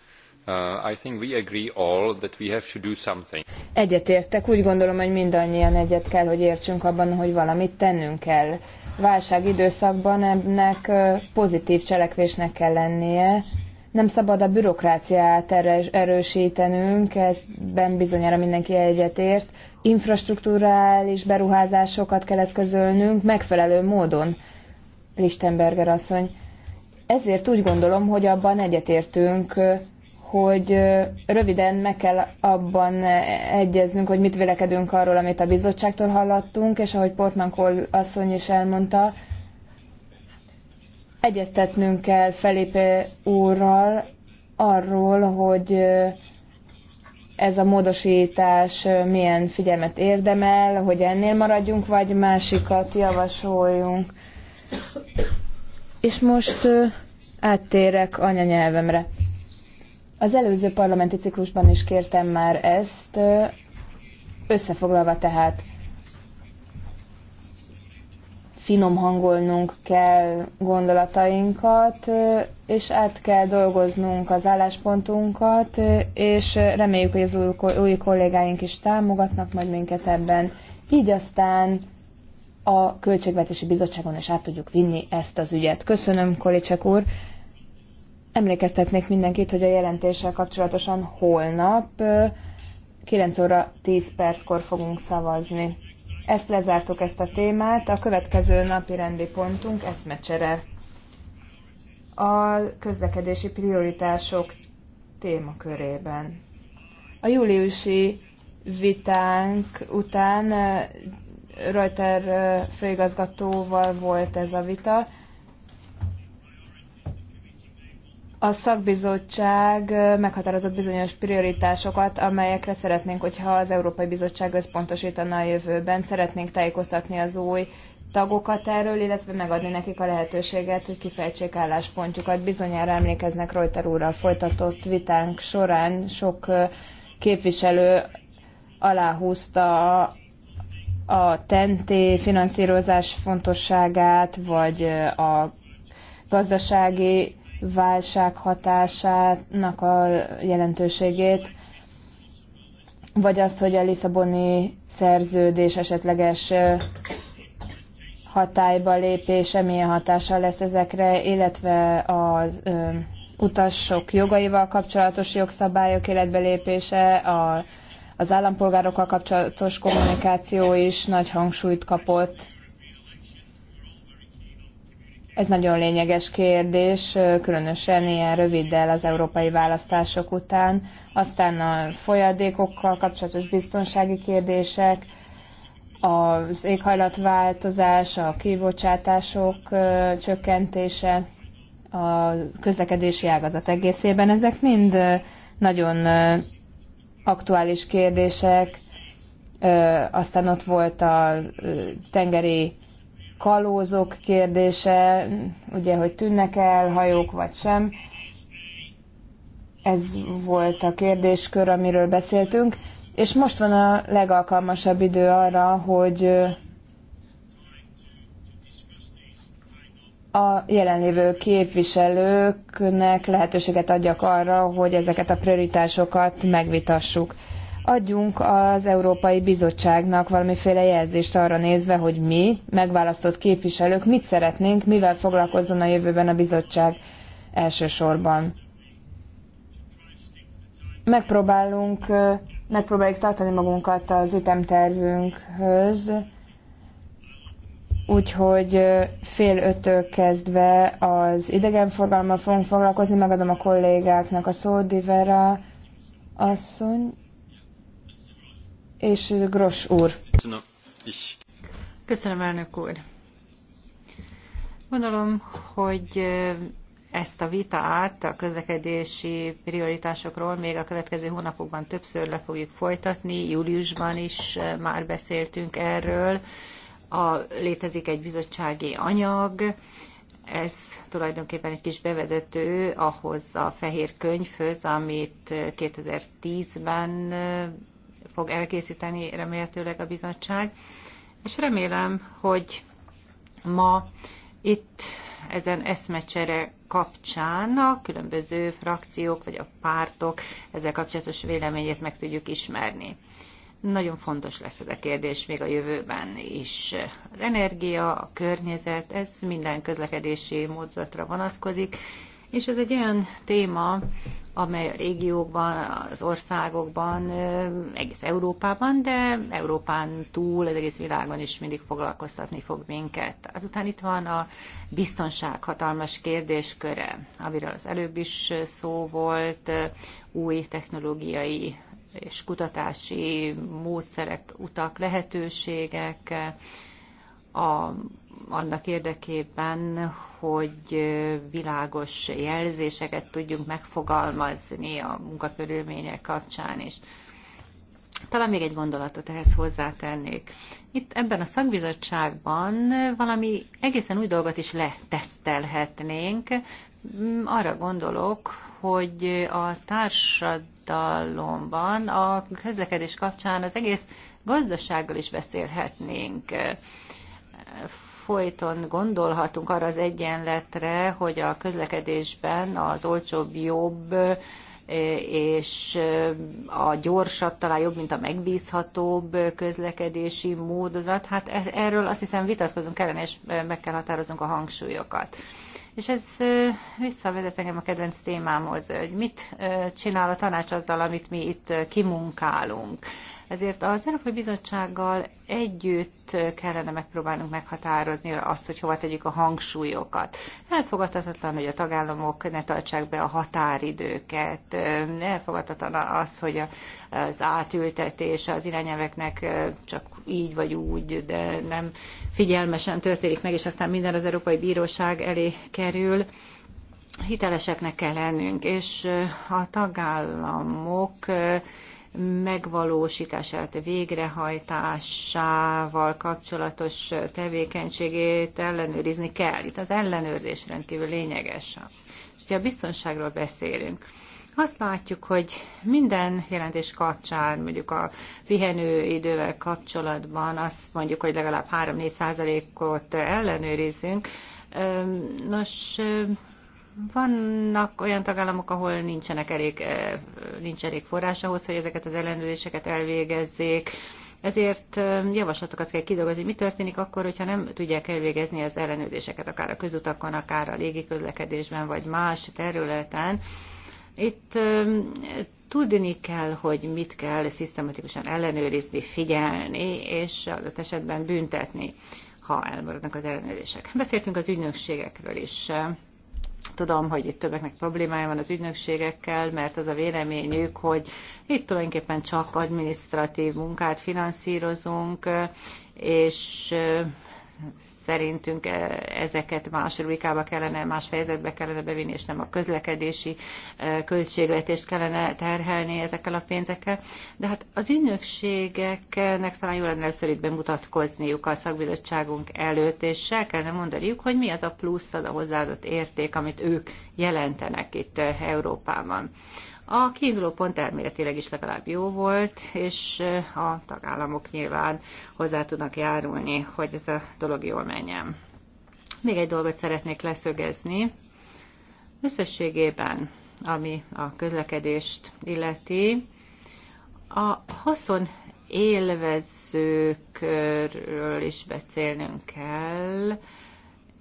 uh, I think we agree all that we have to do something. Egyetértek, úgy gondolom, hogy mindannyian egyet kell, hogy értsünk abban, hogy valamit tennünk kell. Válság időszakban ennek uh, pozitív cselekvésnek kell lennie, nem szabad a bürokráciát erősítenünk, ezben bizonyára mindenki egyetért, infrastruktúrális beruházásokat kell eszközölnünk megfelelő módon, Lichtenberger asszony. Ezért úgy gondolom, hogy abban egyetértünk, hogy röviden meg kell abban egyeznünk, hogy mit vélekedünk arról, amit a bizottságtól hallottunk, és ahogy Portman Kohl asszony is elmondta, egyeztetnünk kell Felipe úrral arról, hogy ez a módosítás milyen figyelmet érdemel, hogy ennél maradjunk, vagy másikat javasoljunk. És most áttérek anyanyelvemre. Az előző parlamenti ciklusban is kértem már ezt, összefoglalva tehát finom hangolnunk kell gondolatainkat, és át kell dolgoznunk az álláspontunkat, és reméljük, hogy az új kollégáink is támogatnak majd minket ebben. Így aztán a Költségvetési Bizottságon is át tudjuk vinni ezt az ügyet. Köszönöm, Kolicsek úr! Emlékeztetnék mindenkit, hogy a jelentéssel kapcsolatosan holnap 9 óra 10 perckor fogunk szavazni. Ezt lezártuk ezt a témát. A következő napi rendi pontunk eszmecsere. A közlekedési prioritások témakörében. A júliusi vitánk után Reuter főigazgatóval volt ez a vita, a szakbizottság meghatározott bizonyos prioritásokat, amelyekre szeretnénk, hogyha az Európai Bizottság összpontosítana a jövőben. Szeretnénk tájékoztatni az új tagokat erről, illetve megadni nekik a lehetőséget, hogy kifejtsék álláspontjukat. Bizonyára emlékeznek Reuter úrral folytatott vitánk során sok képviselő aláhúzta a tenté finanszírozás fontosságát, vagy a gazdasági válság hatásának a jelentőségét, vagy azt, hogy a Lisszaboni szerződés esetleges hatályba lépése milyen hatással lesz ezekre, illetve az utasok jogaival kapcsolatos jogszabályok életbe lépése, a, az állampolgárokkal kapcsolatos kommunikáció is nagy hangsúlyt kapott ez nagyon lényeges kérdés, különösen ilyen röviddel az európai választások után. Aztán a folyadékokkal kapcsolatos biztonsági kérdések, az éghajlatváltozás, a kibocsátások csökkentése, a közlekedési ágazat egészében. Ezek mind nagyon aktuális kérdések. Aztán ott volt a tengeri kalózok kérdése, ugye, hogy tűnnek el hajók vagy sem. Ez volt a kérdéskör, amiről beszéltünk. És most van a legalkalmasabb idő arra, hogy a jelenlévő képviselőknek lehetőséget adjak arra, hogy ezeket a prioritásokat megvitassuk adjunk az Európai Bizottságnak valamiféle jelzést arra nézve, hogy mi, megválasztott képviselők, mit szeretnénk, mivel foglalkozzon a jövőben a bizottság elsősorban. Megpróbálunk, megpróbáljuk tartani magunkat az ütemtervünkhöz, úgyhogy fél öttől kezdve az idegenforgalommal fogunk foglalkozni, megadom a kollégáknak a szót, Divera asszony, és Gros úr. Köszönöm, elnök úr. Gondolom, hogy ezt a vitát a közlekedési prioritásokról még a következő hónapokban többször le fogjuk folytatni. Júliusban is már beszéltünk erről. A, létezik egy bizottsági anyag, ez tulajdonképpen egy kis bevezető ahhoz a fehér könyvhöz, amit 2010-ben fog elkészíteni remélhetőleg a bizottság, és remélem, hogy ma itt ezen eszmecsere kapcsán a különböző frakciók vagy a pártok ezzel kapcsolatos véleményét meg tudjuk ismerni. Nagyon fontos lesz ez a kérdés még a jövőben is. Az energia, a környezet, ez minden közlekedési módzatra vonatkozik, és ez egy olyan téma, amely a régiókban, az országokban, egész Európában, de Európán túl, az egész világon is mindig foglalkoztatni fog minket. Azután itt van a biztonság hatalmas kérdésköre, amiről az előbb is szó volt, új technológiai és kutatási módszerek, utak, lehetőségek, a annak érdekében, hogy világos jelzéseket tudjunk megfogalmazni a munkakörülmények kapcsán is. Talán még egy gondolatot ehhez hozzátennék. Itt ebben a szakbizottságban valami egészen új dolgot is letesztelhetnénk. Arra gondolok, hogy a társadalomban a közlekedés kapcsán az egész gazdasággal is beszélhetnénk folyton gondolhatunk arra az egyenletre, hogy a közlekedésben az olcsóbb jobb, eh, és eh, a gyorsabb, talán jobb, mint a megbízhatóbb közlekedési módozat. Hát erről azt hiszem vitatkozunk kellene, és eh, meg kell határoznunk a hangsúlyokat. És ez visszavezet engem a kedvenc témámhoz, hogy mit csinál a tanács azzal, amit mi itt kimunkálunk. Ezért az Európai Bizottsággal együtt kellene megpróbálnunk meghatározni azt, hogy hova tegyük a hangsúlyokat. Elfogadhatatlan, hogy a tagállamok ne tartsák be a határidőket, elfogadhatatlan az, hogy az átültetése az irányelveknek csak így vagy úgy, de nem figyelmesen történik meg, és aztán minden az Európai Bíróság elé kerül hiteleseknek kell lennünk, és a tagállamok megvalósítását, végrehajtásával kapcsolatos tevékenységét ellenőrizni kell. Itt az ellenőrzés rendkívül lényeges. És ugye a biztonságról beszélünk. Azt látjuk, hogy minden jelentés kapcsán, mondjuk a idővel kapcsolatban azt mondjuk, hogy legalább 3-4 százalékot ellenőrizzünk. Nos, vannak olyan tagállamok, ahol nincsenek elég, eh, nincs elég forrás ahhoz, hogy ezeket az ellenőrzéseket elvégezzék, ezért eh, javaslatokat kell kidolgozni, mi történik akkor, hogyha nem tudják elvégezni az ellenőrzéseket, akár a közutakon, akár a légiközlekedésben, vagy más területen. Itt eh, tudni kell, hogy mit kell szisztematikusan ellenőrizni, figyelni, és adott esetben büntetni, ha elmaradnak az ellenőrzések. Beszéltünk az ügynökségekről is. Tudom, hogy itt többeknek problémája van az ügynökségekkel, mert az a véleményük, hogy itt tulajdonképpen csak administratív munkát finanszírozunk, és szerintünk e, ezeket más rubrikába kellene, más fejezetbe kellene bevinni, és nem a közlekedési e, költségvetést kellene terhelni ezekkel a pénzekkel. De hát az ügynökségeknek talán jól lenne először itt bemutatkozniuk a szakbizottságunk előtt, és el kellene mondaniuk, hogy mi az a plusz, az a hozzáadott érték, amit ők jelentenek itt e, Európában. A kiinduló pont elméletileg is legalább jó volt, és eh, a tagállamok nyilván hozzá tudnak járulni, hogy ez a dolog jól menjen. Még egy dolgot szeretnék leszögezni. Összességében, ami a közlekedést illeti, a haszon élvezőkről is beszélnünk kell,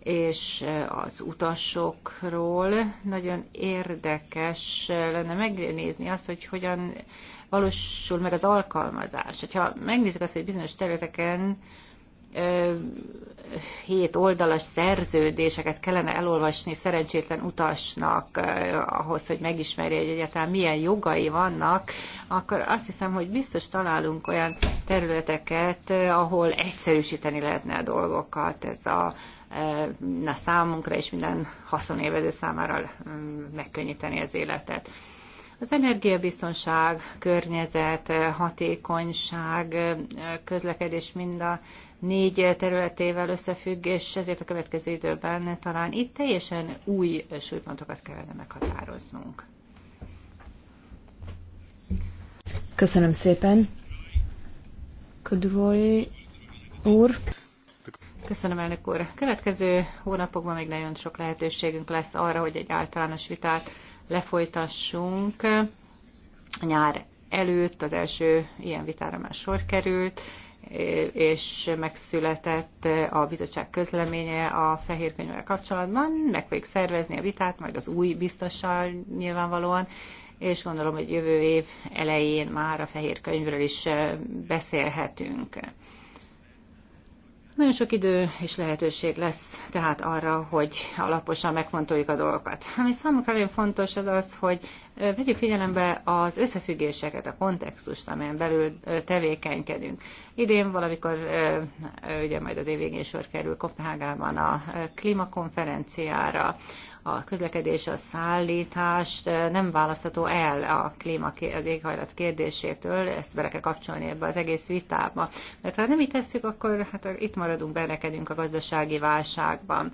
és az utasokról. Nagyon érdekes lenne megnézni azt, hogy hogyan valósul meg az alkalmazás. Ha megnézzük azt, hogy bizonyos területeken hét oldalas szerződéseket kellene elolvasni szerencsétlen utasnak ahhoz, hogy megismerje, hogy egyáltalán milyen jogai vannak, akkor azt hiszem, hogy biztos találunk olyan területeket, ahol egyszerűsíteni lehetne a dolgokat. Ez a Eh, na számunkra és minden haszonélvező számára mm, megkönnyíteni az életet. Az energiabiztonság, környezet, eh, hatékonyság, eh, közlekedés mind a négy területével összefügg, és ezért a következő időben talán itt teljesen új súlypontokat kellene meghatároznunk. Köszönöm szépen. Kudroy úr. Köszönöm, elnök úr. Következő hónapokban még nagyon sok lehetőségünk lesz arra, hogy egy általános vitát lefolytassunk. A nyár előtt az első ilyen vitára már sor került, és megszületett a bizottság közleménye a fehér könyvvel kapcsolatban. Meg fogjuk szervezni a vitát, majd az új biztossal nyilvánvalóan, és gondolom, hogy jövő év elején már a fehér könyvről is beszélhetünk. Nagyon sok idő és lehetőség lesz tehát arra, hogy alaposan megfontoljuk a dolgokat. Ami számunkra nagyon fontos az az, hogy vegyük figyelembe az összefüggéseket, a kontextust, amelyen belül tevékenykedünk. Idén valamikor, ugye majd az év végén sor kerül Kopenhágában a klímakonferenciára, a közlekedés, a szállítás nem választható el a klíma, az éghajlat kérdésétől, ezt bele kell kapcsolni ebbe az egész vitába. Mert ha nem így tesszük, akkor hát itt maradunk, belekedünk a gazdasági válságban.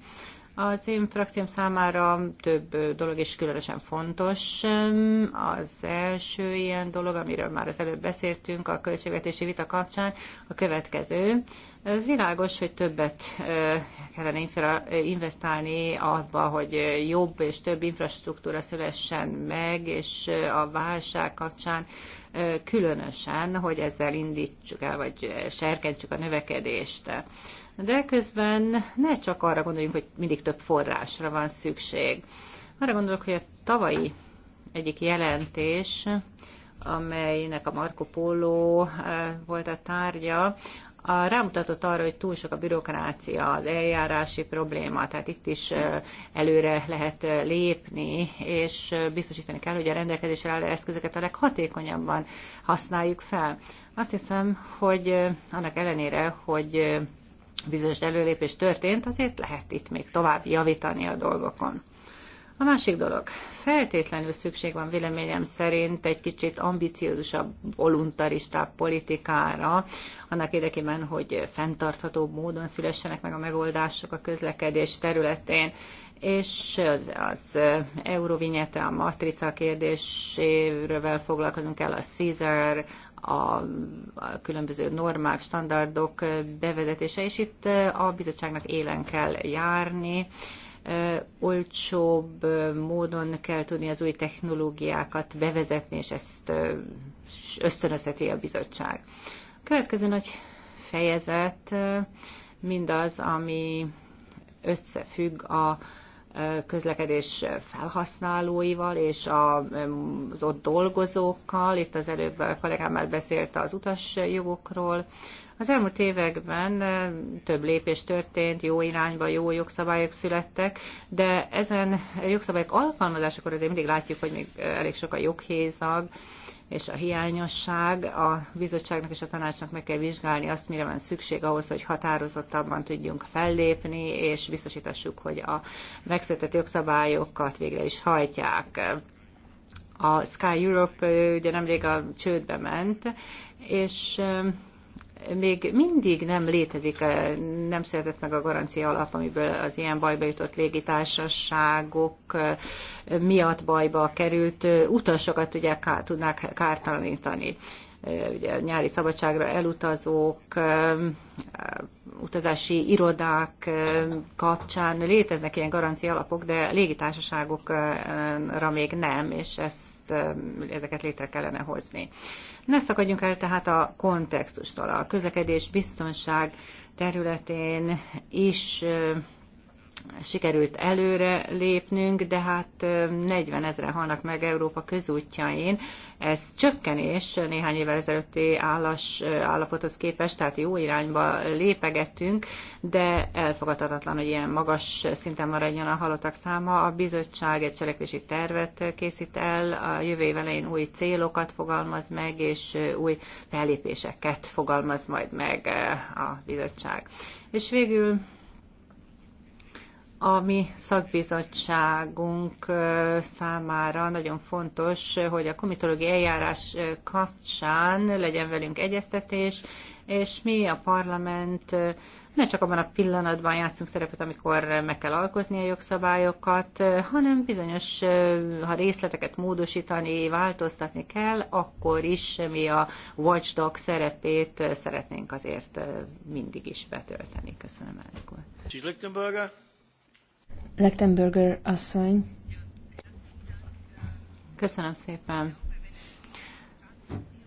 Az én frakcióm számára több dolog is különösen fontos. Az első ilyen dolog, amiről már az előbb beszéltünk a költségvetési vita kapcsán, a következő. Ez világos, hogy többet kellene investálni abba, hogy jobb és több infrastruktúra szülessen meg, és a válság kapcsán különösen, hogy ezzel indítsuk el, vagy serkentsük a növekedést. De közben ne csak arra gondoljunk, hogy mindig több forrásra van szükség. Arra gondolok, hogy a tavalyi egyik jelentés, amelynek a Marco Polo volt a tárgya, a, rámutatott arra, hogy túl sok a bürokrácia, az eljárási probléma, tehát itt is előre lehet lépni, és biztosítani kell, hogy a rendelkezésre álló eszközöket a leghatékonyabban használjuk fel. Azt hiszem, hogy annak ellenére, hogy bizonyos előlépés történt, azért lehet itt még tovább javítani a dolgokon. A másik dolog, feltétlenül szükség van véleményem szerint egy kicsit ambiciózusabb, voluntaristább politikára, annak érdekében, hogy fenntarthatóbb módon szülessenek meg a megoldások a közlekedés területén és az, az Eurovinyete, a matrica kérdésével foglalkozunk el, a Caesar, a, a különböző normák, standardok bevezetése, és itt a bizottságnak élen kell járni, olcsóbb módon kell tudni az új technológiákat bevezetni, és ezt ösztönözheti a bizottság. A következő nagy fejezet mindaz, ami összefügg a közlekedés felhasználóival és az ott dolgozókkal. Itt az előbb a kollégám már beszélt az utasjogokról, az elmúlt években több lépés történt, jó irányba jó jogszabályok születtek, de ezen jogszabályok alkalmazásakor azért mindig látjuk, hogy még elég sok a joghézag, és a hiányosság. A bizottságnak és a tanácsnak meg kell vizsgálni azt, mire van szükség ahhoz, hogy határozottabban tudjunk fellépni, és biztosítassuk, hogy a megszületett jogszabályokat végre is hajtják. A Sky Europe ugye nemrég a csődbe ment, és még mindig nem létezik, eh, nem született meg a garancia alap, amiből az ilyen bajba jutott légitársaságok eh, miatt bajba került eh, utasokat ugye kár, tudnák kártalanítani ugye nyári szabadságra elutazók, utazási irodák kapcsán léteznek ilyen garancia alapok, de légitársaságokra még nem, és ezt, ezeket létre kellene hozni. Ne szakadjunk el tehát a kontextustól. A közlekedés biztonság területén is sikerült előre lépnünk, de hát 40 ezeren halnak meg Európa közútjain. Ez csökkenés néhány évvel ezelőtti állás, állapothoz képest, tehát jó irányba lépegettünk, de elfogadhatatlan, hogy ilyen magas szinten maradjon a halottak száma. A bizottság egy cselekvési tervet készít el, a jövő év elején új célokat fogalmaz meg, és új fellépéseket fogalmaz majd meg a bizottság. És végül a mi szakbizottságunk számára nagyon fontos, hogy a komitológiai eljárás kapcsán legyen velünk egyeztetés, és mi a parlament ne csak abban a pillanatban játszunk szerepet, amikor meg kell alkotni a jogszabályokat, hanem bizonyos, ha részleteket módosítani, változtatni kell, akkor is mi a watchdog szerepét szeretnénk azért mindig is betölteni. Köszönöm, elnök úr. Lechtenberger asszony. Köszönöm szépen.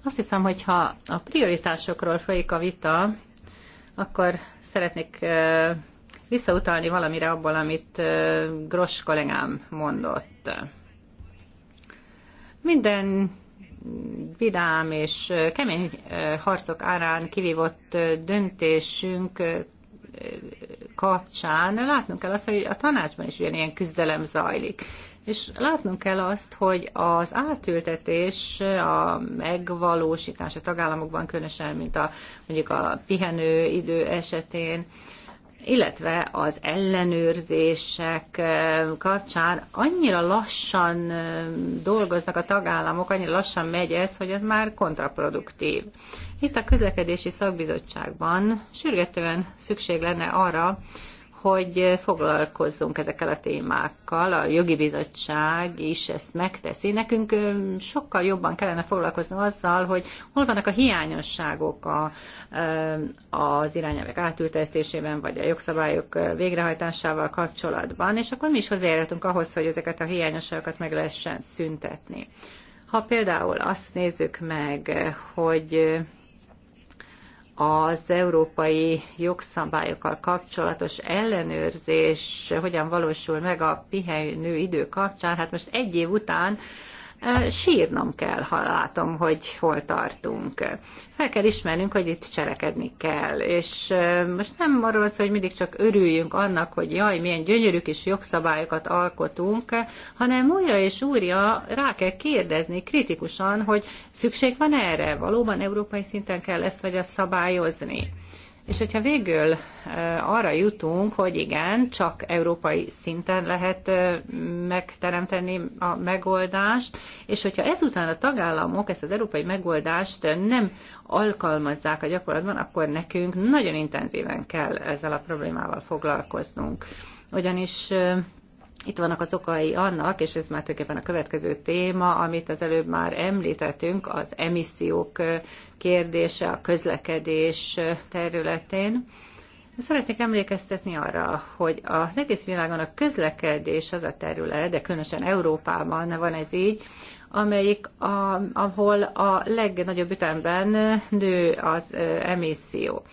Azt hiszem, hogy ha a prioritásokról folyik a vita, akkor szeretnék visszautalni valamire abból, amit Gross kollégám mondott. Minden vidám és kemény harcok árán kivívott döntésünk kapcsán látnunk kell azt, hogy a tanácsban is ugyanilyen küzdelem zajlik. És látnunk kell azt, hogy az átültetés, a megvalósítás a tagállamokban, különösen, mint a, mondjuk a pihenő idő esetén, illetve az ellenőrzések kapcsán annyira lassan dolgoznak a tagállamok, annyira lassan megy ez, hogy ez már kontraproduktív. Itt a közlekedési szakbizottságban sürgetően szükség lenne arra, hogy foglalkozzunk ezekkel a témákkal. A jogi bizottság is ezt megteszi. Nekünk sokkal jobban kellene foglalkozni azzal, hogy hol vannak a hiányosságok a, az irányelvek átültesztésében, vagy a jogszabályok végrehajtásával kapcsolatban, és akkor mi is hozzájárultunk ahhoz, hogy ezeket a hiányosságokat meg lehessen szüntetni. Ha például azt nézzük meg, hogy az európai jogszabályokkal kapcsolatos ellenőrzés hogyan valósul meg a pihenő idő kapcsán. Hát most egy év után sírnom kell, ha látom, hogy hol tartunk. Fel kell ismernünk, hogy itt cselekedni kell. És most nem arról szól, hogy mindig csak örüljünk annak, hogy jaj, milyen gyönyörű kis jogszabályokat alkotunk, hanem újra és újra rá kell kérdezni kritikusan, hogy szükség van erre, valóban európai szinten kell ezt vagy azt szabályozni. És hogyha végül arra jutunk, hogy igen, csak európai szinten lehet megteremteni a megoldást, és hogyha ezután a tagállamok ezt az európai megoldást nem alkalmazzák a gyakorlatban, akkor nekünk nagyon intenzíven kell ezzel a problémával foglalkoznunk. Ugyanis itt vannak az okai annak, és ez már tulajdonképpen a következő téma, amit az előbb már említettünk, az emissziók kérdése a közlekedés területén. Szeretnék emlékeztetni arra, hogy az egész világon a közlekedés az a terület, de különösen Európában van ez így, amelyik, a, ahol a legnagyobb ütemben nő az emisszió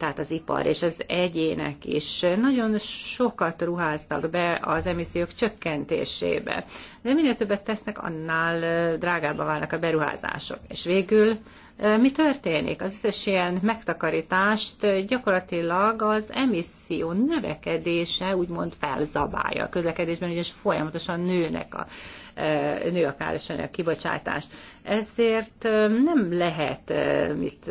tehát az ipar és az egyének is nagyon sokat ruháztak be az emissziók csökkentésébe. De minél többet tesznek, annál drágábbá válnak a beruházások. És végül mi történik? Az összes ilyen megtakarítást gyakorlatilag az emisszió növekedése úgymond felzabálja a közlekedésben, ugyanis folyamatosan nőnek a nő a károsanyag kibocsátás. Ezért nem lehet mit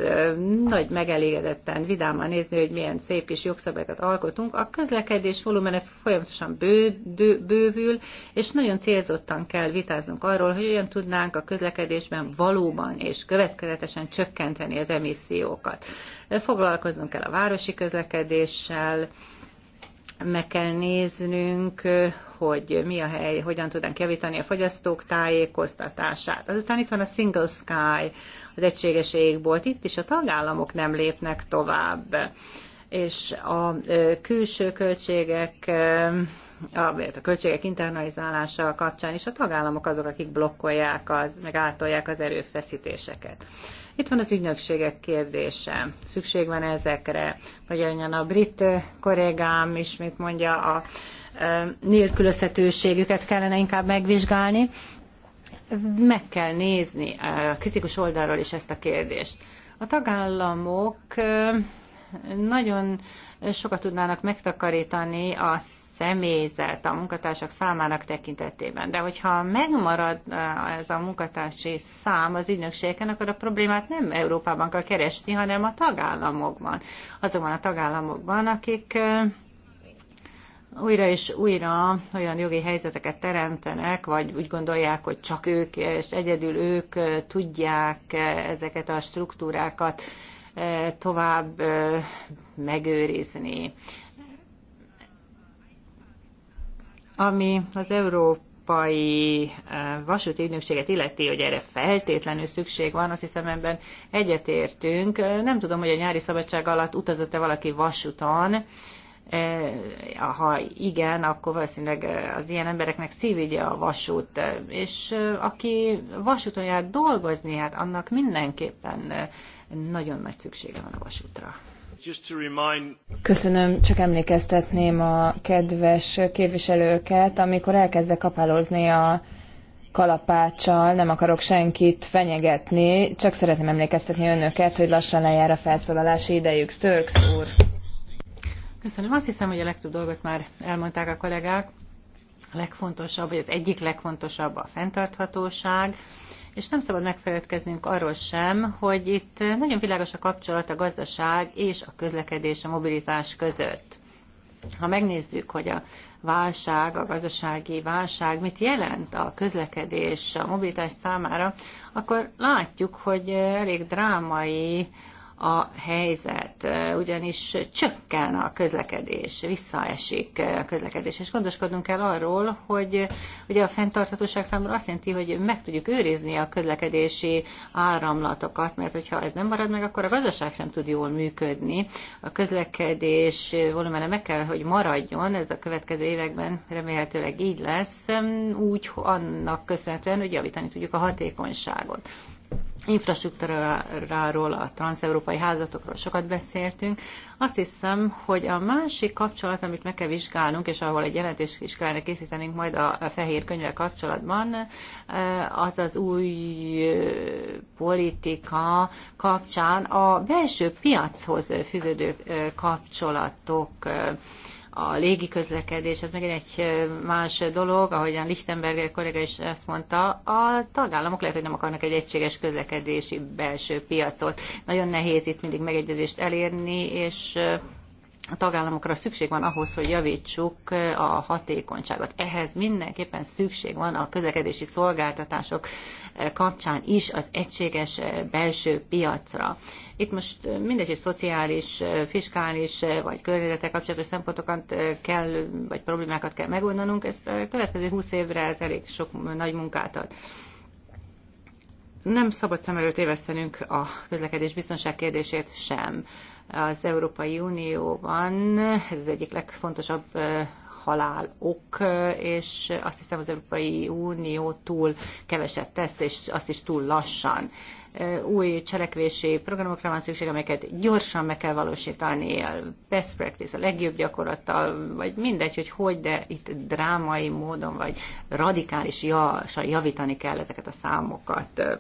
nagy megelégedetten, vidáman nézni, hogy milyen szép kis jogszabályokat alkotunk. A közlekedés volumene folyamatosan bő, dő, bővül, és nagyon célzottan kell vitáznunk arról, hogy olyan tudnánk a közlekedésben valóban és következetesen jelentősen csökkenteni az emissziókat. Foglalkoznunk kell a városi közlekedéssel, meg kell néznünk, hogy mi a hely, hogyan tudnánk javítani a fogyasztók tájékoztatását. Azután itt van a Single Sky, az egységes égbolt. Itt is a tagállamok nem lépnek tovább. És a külső költségek a költségek internalizálása kapcsán is a tagállamok azok, akik blokkolják, az, meg átolják az erőfeszítéseket. Itt van az ügynökségek kérdése. Szükség van ezekre. Vagy olyan a brit kollégám is, mint mondja, a nélkülözhetőségüket kellene inkább megvizsgálni. Meg kell nézni a kritikus oldalról is ezt a kérdést. A tagállamok nagyon sokat tudnának megtakarítani a személyzet, a munkatársak számának tekintetében. De hogyha megmarad e, ez a munkatársi szám az ügynökségeken, akkor a problémát nem Európában kell keresni, hanem a tagállamokban. Azokban a tagállamokban, akik e, újra és újra olyan jogi helyzeteket teremtenek, vagy úgy gondolják, hogy csak ők, és egyedül ők e, tudják ezeket a struktúrákat tovább megőrizni. Ami az Európai eh, Vasúti Ügynökséget illeti, hogy erre feltétlenül szükség van, azt hiszem ebben egyetértünk. Eh, nem tudom, hogy a nyári szabadság alatt utazott-e valaki vasúton, eh, ha igen, akkor valószínűleg az ilyen embereknek szívügye a vasút, és aki vasúton jár dolgozni, hát annak mindenképpen nagyon nagy szüksége van a vasútra. Köszönöm, csak emlékeztetném a kedves képviselőket, amikor elkezdek kapálózni a kalapáccsal, nem akarok senkit fenyegetni, csak szeretném emlékeztetni önöket, hogy lassan lejár a felszólalási idejük. Störks úr! Köszönöm. Azt hiszem, hogy a legtöbb dolgot már elmondták a kollégák. A legfontosabb, vagy az egyik legfontosabb a fenntarthatóság és nem szabad megfeledkeznünk arról sem, hogy itt nagyon világos a kapcsolat a gazdaság és a közlekedés, a mobilitás között. Ha megnézzük, hogy a válság, a gazdasági válság mit jelent a közlekedés, a mobilitás számára, akkor látjuk, hogy elég drámai a helyzet, ugyanis csökken a közlekedés, visszaesik a közlekedés, és gondoskodnunk kell arról, hogy ugye a fenntarthatóság számára azt jelenti, hogy meg tudjuk őrizni a közlekedési áramlatokat, mert hogyha ez nem marad meg, akkor a gazdaság sem tud jól működni. A közlekedés volumene meg kell, hogy maradjon, ez a következő években remélhetőleg így lesz, hm, úgy annak köszönhetően, hogy javítani tudjuk a hatékonyságot infrastruktúráról, a transeurópai házatokról sokat beszéltünk. Azt hiszem, hogy a másik kapcsolat, amit meg kell vizsgálnunk, és ahol egy jelentést is kellene készítenünk majd a fehér könyvvel kapcsolatban, eh, az az új eh, politika kapcsán a belső piachoz fűződő eh, kapcsolatok a légi közlekedés, ez megint egy más dolog, ahogyan Lichtenberger kollega is ezt mondta, a tagállamok lehet, hogy nem akarnak egy egységes közlekedési belső piacot. Nagyon nehéz itt mindig megegyezést elérni, és a tagállamokra szükség van ahhoz, hogy javítsuk eh, a hatékonyságot. Ehhez mindenképpen szükség van a közlekedési szolgáltatások eh, kapcsán is az egységes eh, belső piacra. Itt most mindegy, hogy szociális, fiskális vagy környezetek kapcsolatos szempontokat kell, vagy problémákat kell megoldanunk, ezt a következő húsz évre ez elég sok nagy munkát ad nem szabad szem előtt évesztenünk a közlekedés biztonság kérdését sem az Európai Unióban, ez az egyik legfontosabb halál ok, és azt hiszem az Európai Unió túl keveset tesz, és azt is túl lassan. Új cselekvési programokra van szükség, amelyeket gyorsan meg kell valósítani, a best practice, a legjobb gyakorlattal, vagy mindegy, hogy hogy, de itt drámai módon, vagy radikális javítani kell ezeket a számokat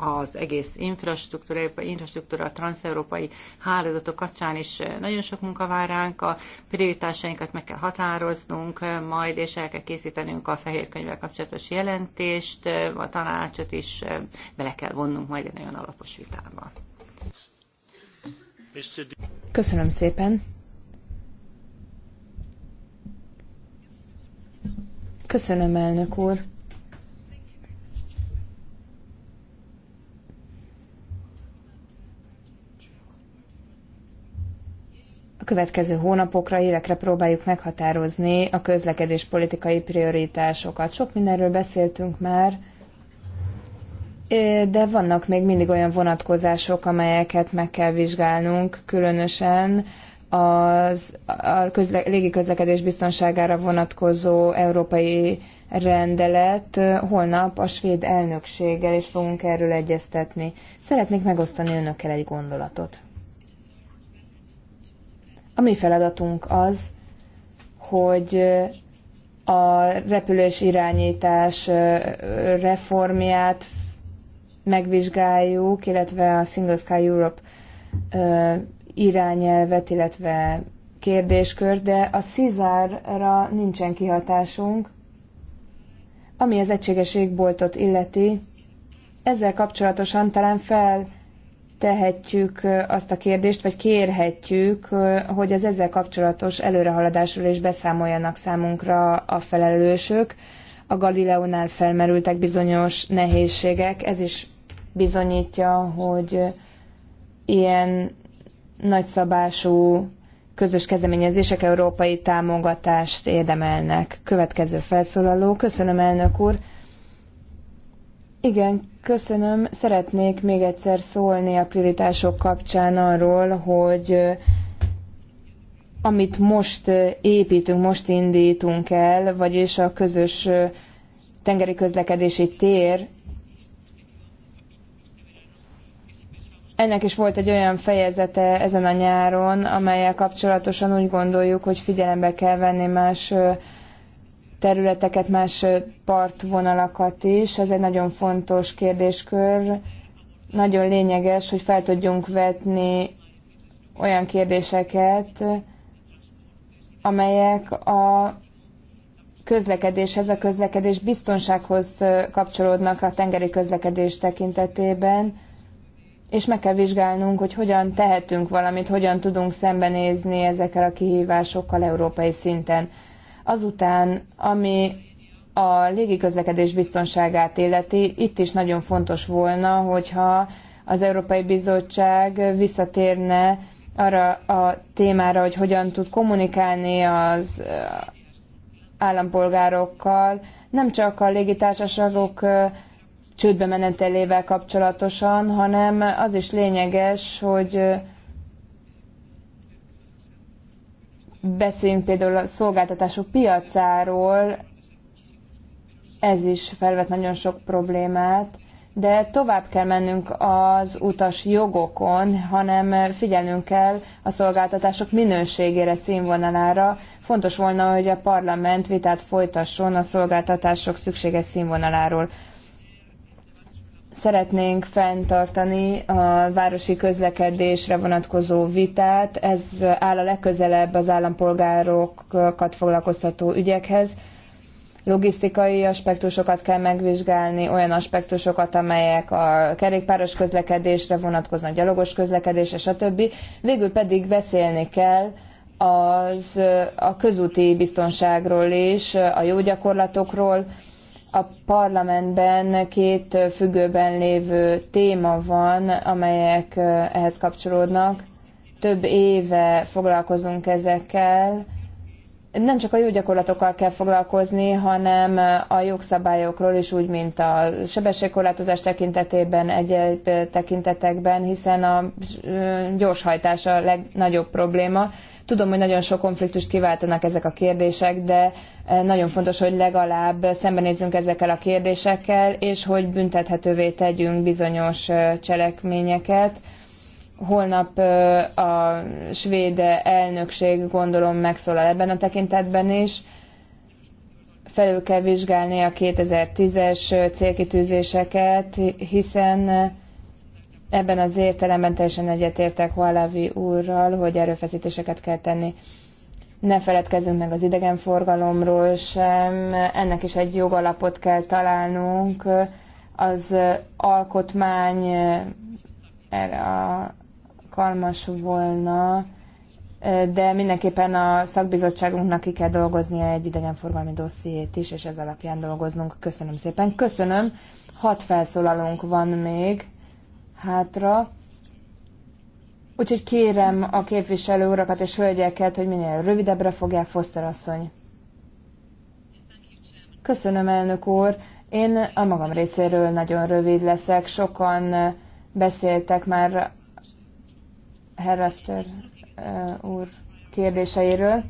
az egész infrastruktúra, infrastruktúra a transzeurópai hálózatok kapcsán is eh, nagyon sok munka vár ránk, a prioritásainkat meg kell határoznunk eh, majd, és el kell készítenünk a fehér könyvvel kapcsolatos jelentést, eh, a tanácsot is bele kell vonnunk majd egy nagyon alapos vitába. Köszönöm szépen! Köszönöm, elnök úr! következő hónapokra, évekre próbáljuk meghatározni a közlekedés politikai prioritásokat. Sok mindenről beszéltünk már, de vannak még mindig olyan vonatkozások, amelyeket meg kell vizsgálnunk, különösen az, a közle, légiközlekedés biztonságára vonatkozó európai rendelet. Holnap a svéd elnökséggel is fogunk erről egyeztetni. Szeretnék megosztani önökkel egy gondolatot. A mi feladatunk az, hogy a repülés irányítás reformját megvizsgáljuk, illetve a Single Sky Europe irányelvet, illetve kérdéskör, de a Cesar-ra nincsen kihatásunk. Ami az egységes égboltot illeti, ezzel kapcsolatosan talán fel tehetjük azt a kérdést, vagy kérhetjük, hogy az ezzel kapcsolatos előrehaladásról is beszámoljanak számunkra a felelősök. A Galileónál felmerültek bizonyos nehézségek, ez is bizonyítja, hogy ilyen nagyszabású közös kezdeményezések európai támogatást érdemelnek. Következő felszólaló. Köszönöm, elnök úr. Igen, Köszönöm. Szeretnék még egyszer szólni a prioritások kapcsán arról, hogy amit most építünk, most indítunk el, vagyis a közös tengeri közlekedési tér, ennek is volt egy olyan fejezete ezen a nyáron, amelyel kapcsolatosan úgy gondoljuk, hogy figyelembe kell venni más területeket, más partvonalakat is. Ez egy nagyon fontos kérdéskör. Nagyon lényeges, hogy fel tudjunk vetni olyan kérdéseket, amelyek a közlekedéshez, a közlekedés biztonsághoz kapcsolódnak a tengeri közlekedés tekintetében, és meg kell vizsgálnunk, hogy hogyan tehetünk valamit, hogyan tudunk szembenézni ezekkel a kihívásokkal európai szinten. Azután, ami a légiközlekedés biztonságát illeti, itt is nagyon fontos volna, hogyha az Európai Bizottság visszatérne arra a témára, hogy hogyan tud kommunikálni az állampolgárokkal, nem csak a légitársaságok csődbe menetelével kapcsolatosan, hanem az is lényeges, hogy Beszéljünk például a szolgáltatások piacáról, ez is felvet nagyon sok problémát, de tovább kell mennünk az utas jogokon, hanem figyelnünk kell a szolgáltatások minőségére, színvonalára. Fontos volna, hogy a parlament vitát folytasson a szolgáltatások szükséges színvonaláról. Szeretnénk fenntartani a városi közlekedésre vonatkozó vitát. Ez áll a legközelebb az állampolgárokat foglalkoztató ügyekhez. Logisztikai aspektusokat kell megvizsgálni, olyan aspektusokat, amelyek a kerékpáros közlekedésre vonatkoznak, gyalogos közlekedésre, stb. Végül pedig beszélni kell az, a közúti biztonságról is, a jó gyakorlatokról, a parlamentben két függőben lévő téma van, amelyek eh, ehhez kapcsolódnak. Több éve foglalkozunk ezekkel, nem csak a jó gyakorlatokkal kell foglalkozni, hanem a jogszabályokról is úgy, mint a sebességkorlátozás tekintetében, egyéb tekintetekben, hiszen a gyorshajtás a legnagyobb probléma. Tudom, hogy nagyon sok konfliktust kiváltanak ezek a kérdések, de nagyon fontos, hogy legalább szembenézzünk ezekkel a kérdésekkel, és hogy büntethetővé tegyünk bizonyos cselekményeket holnap a svéd elnökség gondolom megszólal ebben a tekintetben is. Felül kell vizsgálni a 2010-es célkitűzéseket, hiszen ebben az értelemben teljesen egyetértek Hualavi úrral, hogy erőfeszítéseket kell tenni. Ne feledkezzünk meg az idegenforgalomról sem, ennek is egy jogalapot kell találnunk. Az alkotmány erre a alkalmas volna, e, de mindenképpen a szakbizottságunknak ki kell dolgoznia egy idegenforgalmi dossziét is, és ez alapján dolgoznunk. Köszönöm szépen. Köszönöm. Hat felszólalónk van még hátra. Úgyhogy kérem a képviselő urakat és hölgyeket, hogy minél rövidebbre fogják Foster asszony. Köszönöm, elnök úr. Én a magam részéről nagyon rövid leszek. Sokan beszéltek már Herrafter úr kérdéseiről.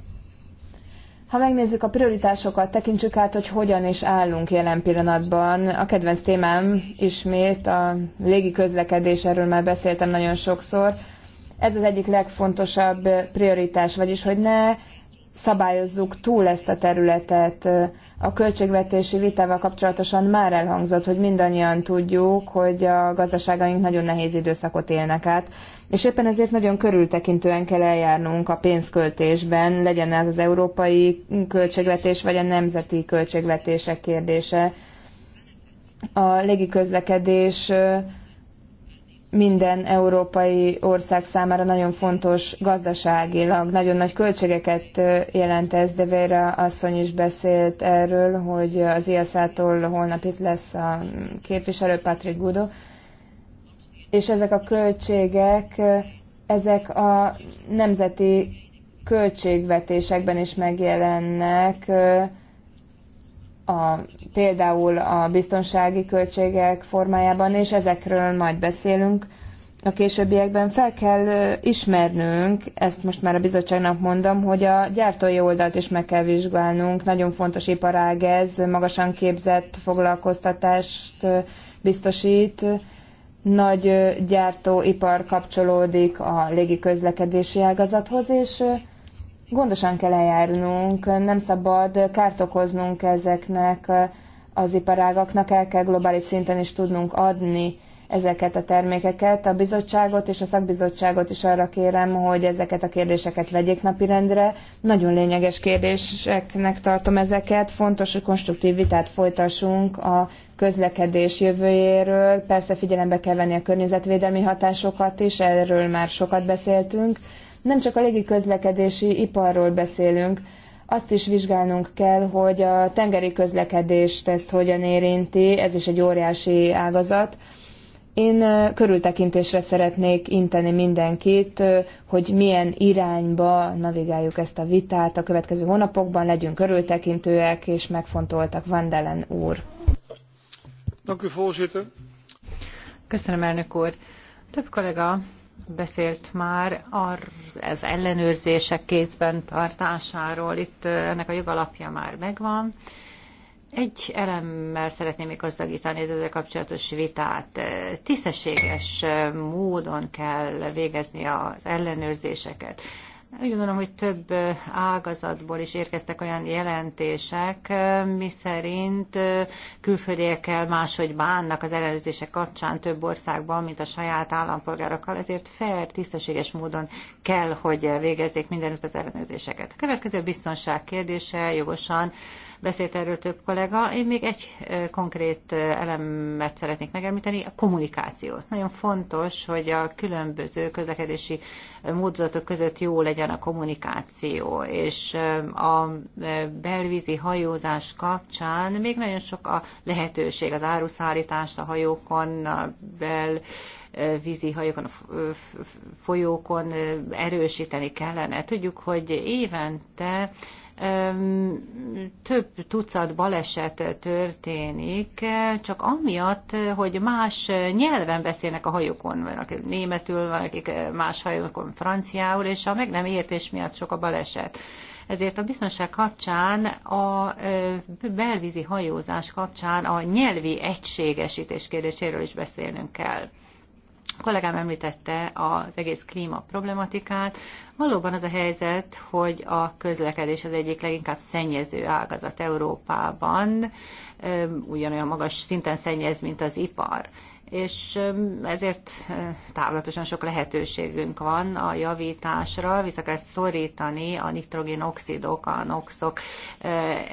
Ha megnézzük a prioritásokat, tekintsük át, hogy hogyan és állunk jelen pillanatban. A kedvenc témám ismét a légi közlekedés, erről már beszéltem nagyon sokszor. Ez az egyik legfontosabb prioritás, vagyis hogy ne szabályozzuk túl ezt a területet. A költségvetési vitával kapcsolatosan már elhangzott, hogy mindannyian tudjuk, hogy a gazdaságaink nagyon nehéz időszakot élnek át. És éppen ezért nagyon körültekintően kell eljárnunk a pénzköltésben, legyen ez az európai költségvetés vagy a nemzeti költségvetések kérdése. A légiközlekedés minden európai ország számára nagyon fontos gazdaságilag, nagyon nagy költségeket jelent ez, de Vera asszony is beszélt erről, hogy az ISZ-tól holnap itt lesz a képviselő Patrick Gudo, és ezek a költségek, ezek a nemzeti költségvetésekben is megjelennek, a, például a biztonsági költségek formájában, és ezekről majd beszélünk a későbbiekben. Fel kell ismernünk, ezt most már a bizottságnak mondom, hogy a gyártói oldalt is meg kell vizsgálnunk. Nagyon fontos iparág ez, magasan képzett foglalkoztatást biztosít, nagy gyártóipar kapcsolódik a légiközlekedési ágazathoz, és gondosan kell eljárnunk, nem szabad kárt okoznunk ezeknek az iparágaknak, el kell globális szinten is tudnunk adni ezeket a termékeket. A bizottságot és a szakbizottságot is arra kérem, hogy ezeket a kérdéseket vegyék napirendre. Nagyon lényeges kérdéseknek tartom ezeket. Fontos, hogy konstruktív vitát folytassunk a közlekedés jövőjéről. Persze figyelembe kell venni a környezetvédelmi hatásokat is, erről már sokat beszéltünk. Nem csak a légi közlekedési iparról beszélünk, azt is vizsgálnunk kell, hogy a tengeri közlekedést ezt hogyan érinti, ez is egy óriási ágazat. Én körültekintésre szeretnék inteni mindenkit, hogy milyen irányba navigáljuk ezt a vitát. A következő hónapokban legyünk körültekintőek és megfontoltak. Vandelen úr. Köszönöm, Több kollega beszélt már az ellenőrzések kézben tartásáról. Itt ennek a jogalapja már megvan. Egy elemmel szeretném még gazdagítani ez ezzel kapcsolatos vitát. Tisztességes módon kell végezni az ellenőrzéseket. Úgy gondolom, hogy több ágazatból is érkeztek olyan jelentések, miszerint külföldiekkel máshogy bánnak az ellenőrzések kapcsán több országban, mint a saját állampolgárokkal, ezért fair, tisztességes módon kell, hogy végezzék mindenütt az ellenőrzéseket. A következő biztonság kérdése jogosan beszélt erről több kollega. Én még egy konkrét elemet szeretnék megemlíteni, a kommunikációt. Nagyon fontos, hogy a különböző közlekedési módzatok között jó legyen a kommunikáció, és a belvízi hajózás kapcsán még nagyon sok a lehetőség, az áruszállítást a hajókon, a bel vízi hajókon, a folyókon erősíteni kellene. Tudjuk, hogy évente több tucat baleset történik, csak amiatt, hogy más nyelven beszélnek a hajókon, van akik németül, van akik más hajókon franciául, és a meg nem értés miatt sok a baleset. Ezért a biztonság kapcsán, a belvízi hajózás kapcsán a nyelvi egységesítés kérdéséről is beszélnünk kell. A kollégám említette az egész klíma problematikát. Valóban az a helyzet, hogy a közlekedés az egyik leginkább szennyező ágazat Európában, ugyanolyan magas szinten szennyez, mint az ipar és ezért távlatosan sok lehetőségünk van a javításra, vissza kell szorítani a nitrogénoxidok, a NOxok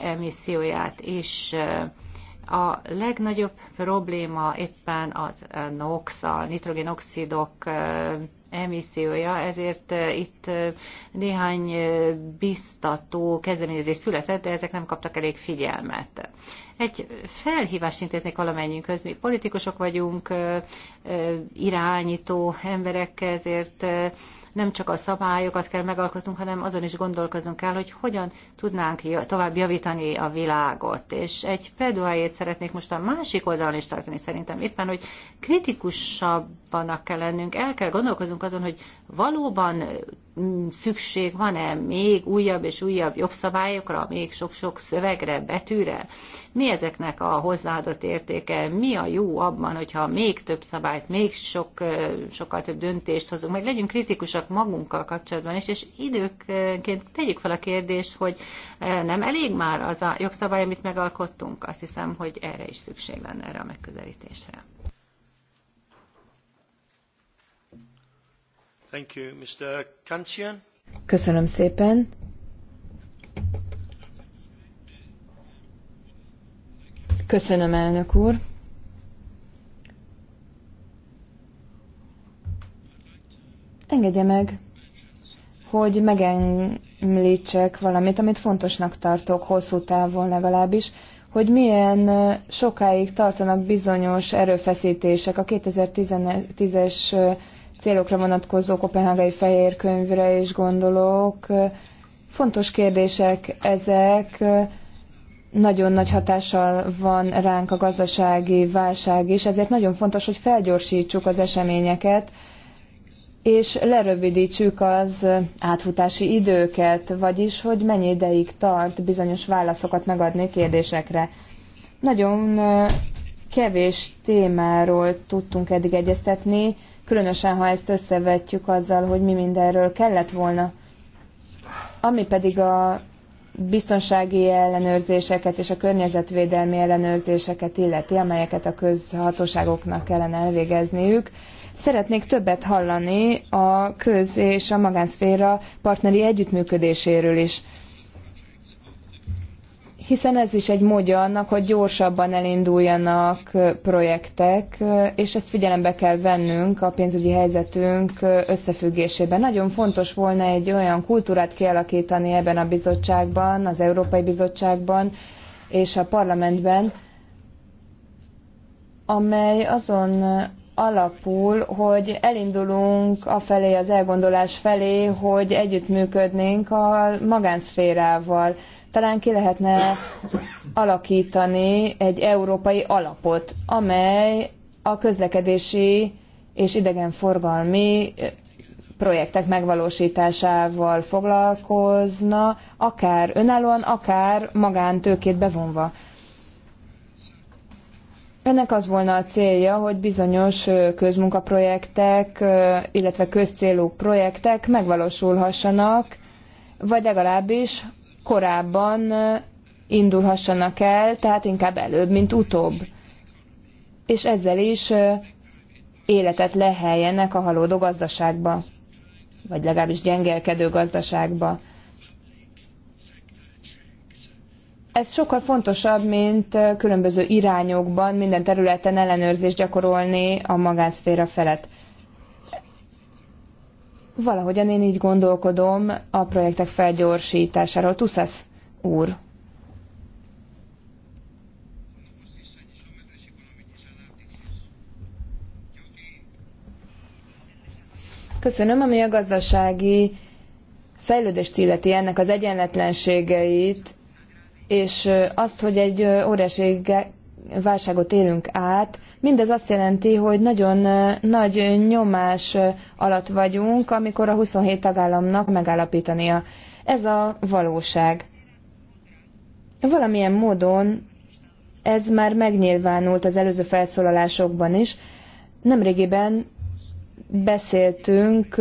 emisszióját is. A legnagyobb probléma éppen az eh, NOx, a nitrogénoxidok eh, emissziója, ezért eh, itt néhány biztató kezdeményezés született, de ezek nem kaptak elég figyelmet. Egy felhívást intéznék valamennyiünkhöz. közmi. politikusok vagyunk, irányító emberek, ezért nem csak a szabályokat kell megalkotnunk, hanem azon is gondolkoznunk kell, hogy hogyan tudnánk tovább javítani a világot. És egy példáját szeretnék most a másik oldalon is tartani szerintem éppen, hogy kritikusabbnak kell lennünk, el kell gondolkoznunk azon, hogy valóban Mm, szükség van-e még újabb és újabb jogszabályokra, még sok-sok szövegre, betűre? Mi ezeknek a hozzáadott értéke? Mi a jó abban, hogyha még több szabályt, még sok, sokkal több döntést hozunk? Meg legyünk kritikusak magunkkal kapcsolatban is, és időként tegyük fel a kérdést, hogy nem elég már az a jogszabály, amit megalkottunk? Azt hiszem, hogy erre is szükség lenne erre a megközelítésre. Thank you, Mr. Köszönöm szépen. Köszönöm, elnök úr. Engedje meg, hogy megemlítsek valamit, amit fontosnak tartok hosszú távon legalábbis, hogy milyen sokáig tartanak bizonyos erőfeszítések. A 2010-es célokra vonatkozó kopenhágai fehér könyvre is gondolok. Fontos kérdések ezek, nagyon nagy hatással van ránk a gazdasági válság is, ezért nagyon fontos, hogy felgyorsítsuk az eseményeket, és lerövidítsük az átfutási időket, vagyis hogy mennyi ideig tart bizonyos válaszokat megadni kérdésekre. Nagyon kevés témáról tudtunk eddig egyeztetni, különösen ha ezt összevetjük azzal, hogy mi mindenről kellett volna. Ami pedig a biztonsági ellenőrzéseket és a környezetvédelmi ellenőrzéseket illeti, amelyeket a közhatóságoknak kellene elvégezniük. Szeretnék többet hallani a köz és a magánszféra partneri együttműködéséről is hiszen ez is egy módja annak, hogy gyorsabban elinduljanak projektek, és ezt figyelembe kell vennünk a pénzügyi helyzetünk összefüggésében. Nagyon fontos volna egy olyan kultúrát kialakítani ebben a bizottságban, az Európai Bizottságban és a parlamentben, amely azon alapul, hogy elindulunk afelé, az elgondolás felé, hogy együttműködnénk a magánszférával talán ki lehetne alakítani egy európai alapot, amely a közlekedési és idegenforgalmi eh, projektek megvalósításával foglalkozna, akár önállóan, akár magántőkét bevonva. Ennek az volna a célja, hogy bizonyos eh, közmunkaprojektek, eh, illetve közcélú projektek megvalósulhassanak, vagy legalábbis korábban indulhassanak el, tehát inkább előbb, mint utóbb. És ezzel is életet leheljenek a halódó gazdaságba, vagy legalábbis gyengelkedő gazdaságba. Ez sokkal fontosabb, mint különböző irányokban minden területen ellenőrzést gyakorolni a magánszféra felett. Valahogyan én így gondolkodom a projektek felgyorsításáról. Tuszesz úr. Köszönöm, ami a gazdasági fejlődést illeti ennek az egyenletlenségeit, és azt, hogy egy óriási válságot élünk át. Mindez azt jelenti, hogy nagyon nagy nyomás alatt vagyunk, amikor a 27 tagállamnak megállapítania. Ez a valóság. Valamilyen módon ez már megnyilvánult az előző felszólalásokban is. Nemrégiben beszéltünk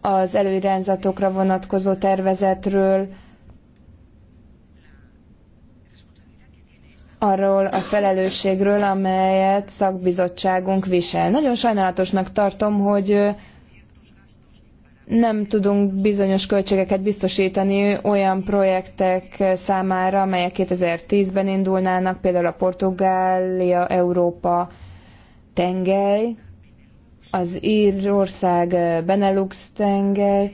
az előirányzatokra vonatkozó tervezetről, arról a felelősségről, amelyet szakbizottságunk visel. Nagyon sajnálatosnak tartom, hogy nem tudunk bizonyos költségeket biztosítani olyan projektek számára, amelyek 2010-ben indulnának, például a Portugália, Európa, tengely, az Írország Benelux tengely,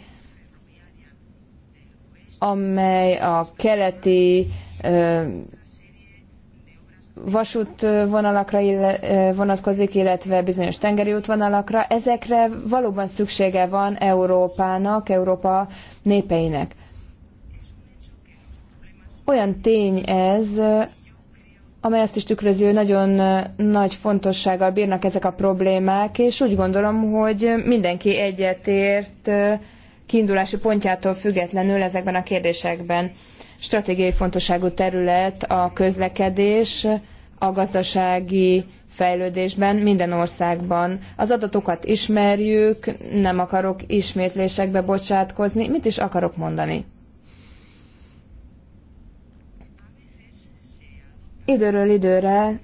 amely a keleti vasútvonalakra vonatkozik, illetve bizonyos tengeri útvonalakra. Ezekre valóban szüksége van Európának, Európa népeinek. Olyan tény ez, amely azt is tükrözi, hogy nagyon nagy fontossággal bírnak ezek a problémák, és úgy gondolom, hogy mindenki egyetért kiindulási pontjától függetlenül ezekben a kérdésekben stratégiai fontosságú terület a közlekedés a gazdasági fejlődésben minden országban. Az adatokat ismerjük, nem akarok ismétlésekbe bocsátkozni. Mit is akarok mondani? Időről időre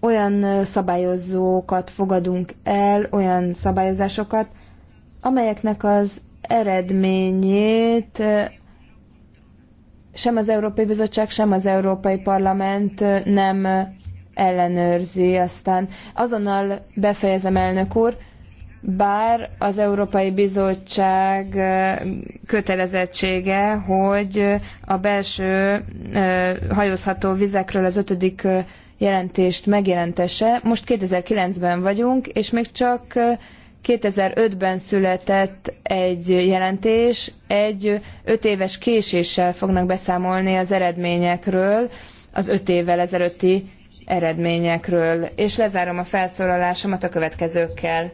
olyan szabályozókat fogadunk el, olyan szabályozásokat, amelyeknek az eredményét sem az Európai Bizottság, sem az Európai Parlament nem ellenőrzi aztán. Azonnal befejezem, elnök úr, bár az Európai Bizottság kötelezettsége, hogy a belső hajózható vizekről az ötödik jelentést megjelentese. Most 2009-ben vagyunk, és még csak 2005-ben született egy jelentés, egy öt éves késéssel fognak beszámolni az eredményekről, az öt évvel ezelőtti eredményekről, és lezárom a felszólalásomat a következőkkel.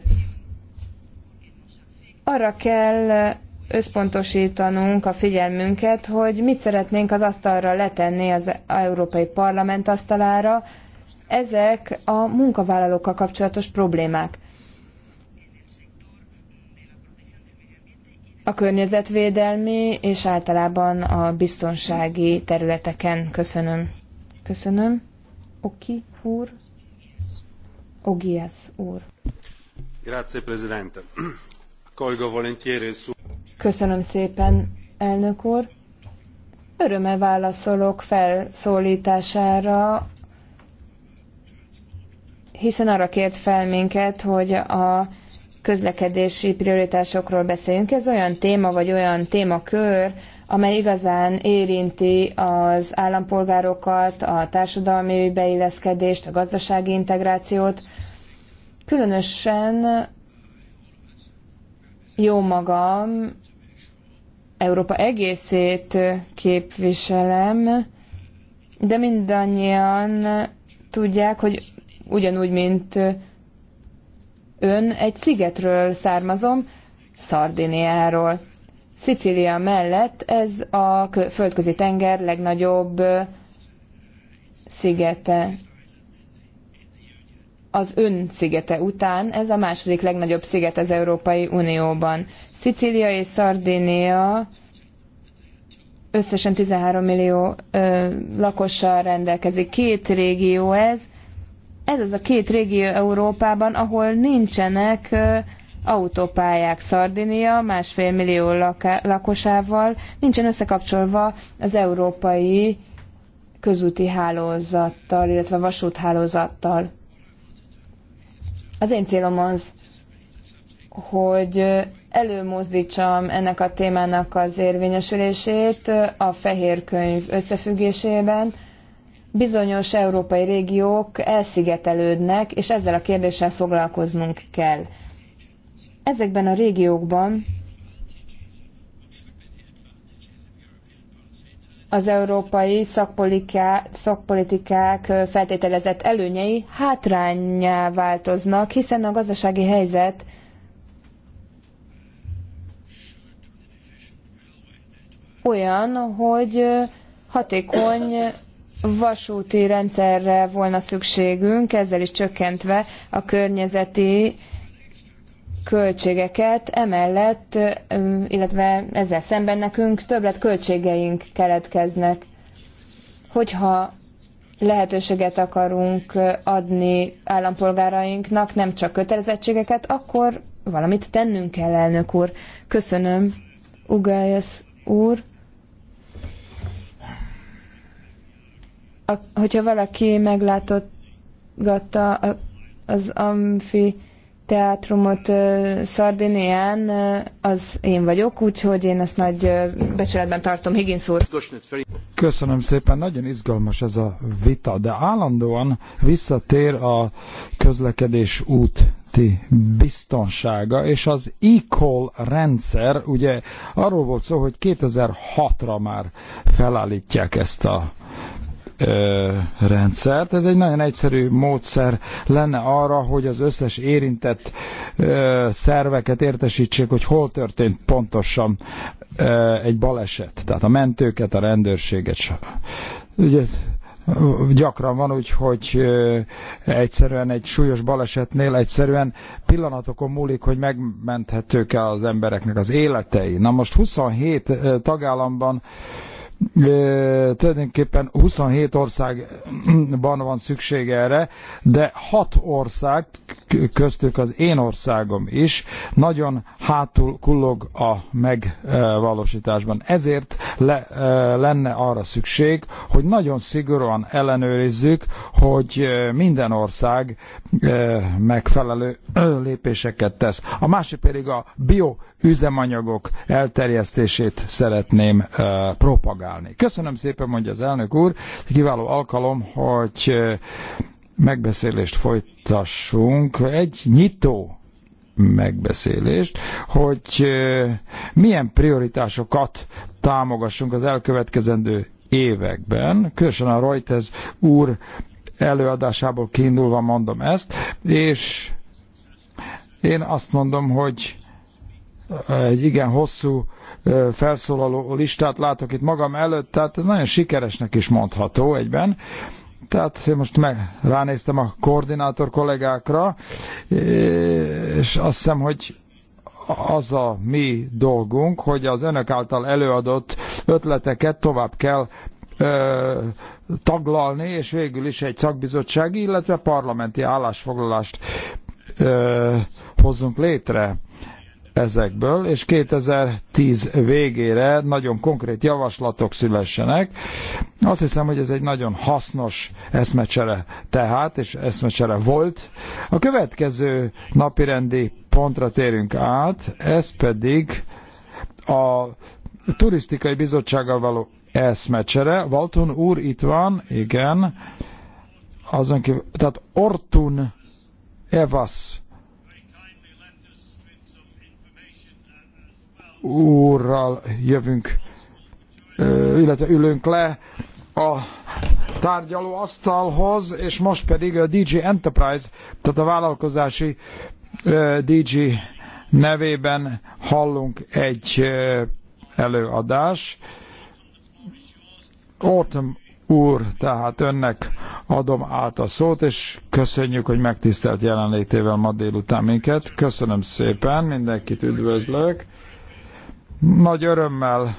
Arra kell összpontosítanunk a figyelmünket, hogy mit szeretnénk az asztalra letenni az Európai Parlament asztalára, ezek a munkavállalókkal kapcsolatos problémák. a környezetvédelmi és általában a biztonsági területeken. Köszönöm. Köszönöm. Oki úr. Ogias úr. Grazie, Presidente. Colgo volentieri su... Köszönöm szépen, elnök úr. Örömmel válaszolok felszólítására, hiszen arra kért fel minket, hogy a közlekedési prioritásokról beszéljünk. Ez olyan téma vagy olyan témakör, amely igazán érinti az állampolgárokat, a társadalmi beilleszkedést, a gazdasági integrációt. Különösen jó magam, Európa egészét képviselem, de mindannyian tudják, hogy ugyanúgy, mint Ön egy szigetről származom, Szardiniáról. Szicília mellett ez a földközi tenger legnagyobb szigete. Az ön szigete után ez a második legnagyobb sziget az Európai Unióban. Szicília és Szardinia összesen 13 millió ö, lakossal rendelkezik. Két régió ez, ez az a két régió Európában, ahol nincsenek autópályák. Szardinia másfél millió lakosával nincsen összekapcsolva az európai közúti hálózattal, illetve vasúthálózattal. Az én célom az, hogy előmozdítsam ennek a témának az érvényesülését a fehér könyv összefüggésében, bizonyos európai régiók elszigetelődnek, és ezzel a kérdéssel foglalkoznunk kell. Ezekben a régiókban az európai szakpolitikák feltételezett előnyei hátrányá változnak, hiszen a gazdasági helyzet olyan, hogy hatékony vasúti rendszerre volna szükségünk, ezzel is csökkentve a környezeti költségeket, emellett, illetve ezzel szemben nekünk többlet költségeink keletkeznek. Hogyha lehetőséget akarunk adni állampolgárainknak, nem csak kötelezettségeket, akkor valamit tennünk kell, elnök úr. Köszönöm, Ugályesz úr. a, hogyha valaki meglátogatta az Amfi teátrumot Szardinián, az én vagyok, úgyhogy én ezt nagy becsületben tartom, Higgins úr. Köszönöm szépen, nagyon izgalmas ez a vita, de állandóan visszatér a közlekedés út biztonsága, és az e-call rendszer, ugye arról volt szó, hogy 2006-ra már felállítják ezt a ö, rendszert. Ez egy nagyon egyszerű módszer lenne arra, hogy az összes érintett ö, szerveket értesítsék, hogy hol történt pontosan ö, egy baleset. Tehát a mentőket, a rendőrséget. Ugye, gyakran van úgy, hogy egyszerűen egy súlyos balesetnél egyszerűen pillanatokon múlik, hogy megmenthetők-e az embereknek az életei. Na most 27 tagállamban tulajdonképpen 27 országban van szükség erre, de 6 ország, köztük az én országom is, nagyon hátul kullog a megvalósításban. Ezért le, lenne arra szükség, hogy nagyon szigorúan ellenőrizzük, hogy minden ország megfelelő lépéseket tesz. A másik pedig a bioüzemanyagok elterjesztését szeretném propagálni reagálni. Köszönöm szépen, mondja az elnök úr. Kiváló alkalom, hogy megbeszélést folytassunk. Egy nyitó megbeszélést, hogy milyen prioritásokat támogassunk az elkövetkezendő években. Különösen a Reuters úr előadásából kiindulva mondom ezt, és én azt mondom, hogy egy igen hosszú felszólaló listát látok itt magam előtt, tehát ez nagyon sikeresnek is mondható egyben. Tehát most meg ránéztem a koordinátor kollégákra, és azt hiszem, hogy az a mi dolgunk, hogy az önök által előadott ötleteket tovább kell ö, taglalni, és végül is egy szakbizottsági, illetve parlamenti állásfoglalást ö, hozzunk létre ezekből, és 2010 végére nagyon konkrét javaslatok szülessenek. Azt hiszem, hogy ez egy nagyon hasznos eszmecsere tehát, és eszmecsere volt. A következő napirendi pontra térünk át, ez pedig a turisztikai bizottsággal való eszmecsere. Valton úr itt van, igen. Azon kívül, tehát Ortun Evas úrral jövünk, illetve ülünk le a tárgyaló asztalhoz, és most pedig a DG Enterprise, tehát a vállalkozási DG nevében hallunk egy előadás. Orton úr, tehát önnek adom át a szót, és köszönjük, hogy megtisztelt jelenlétével ma délután minket. Köszönöm szépen, mindenkit üdvözlök. Nagy örömmel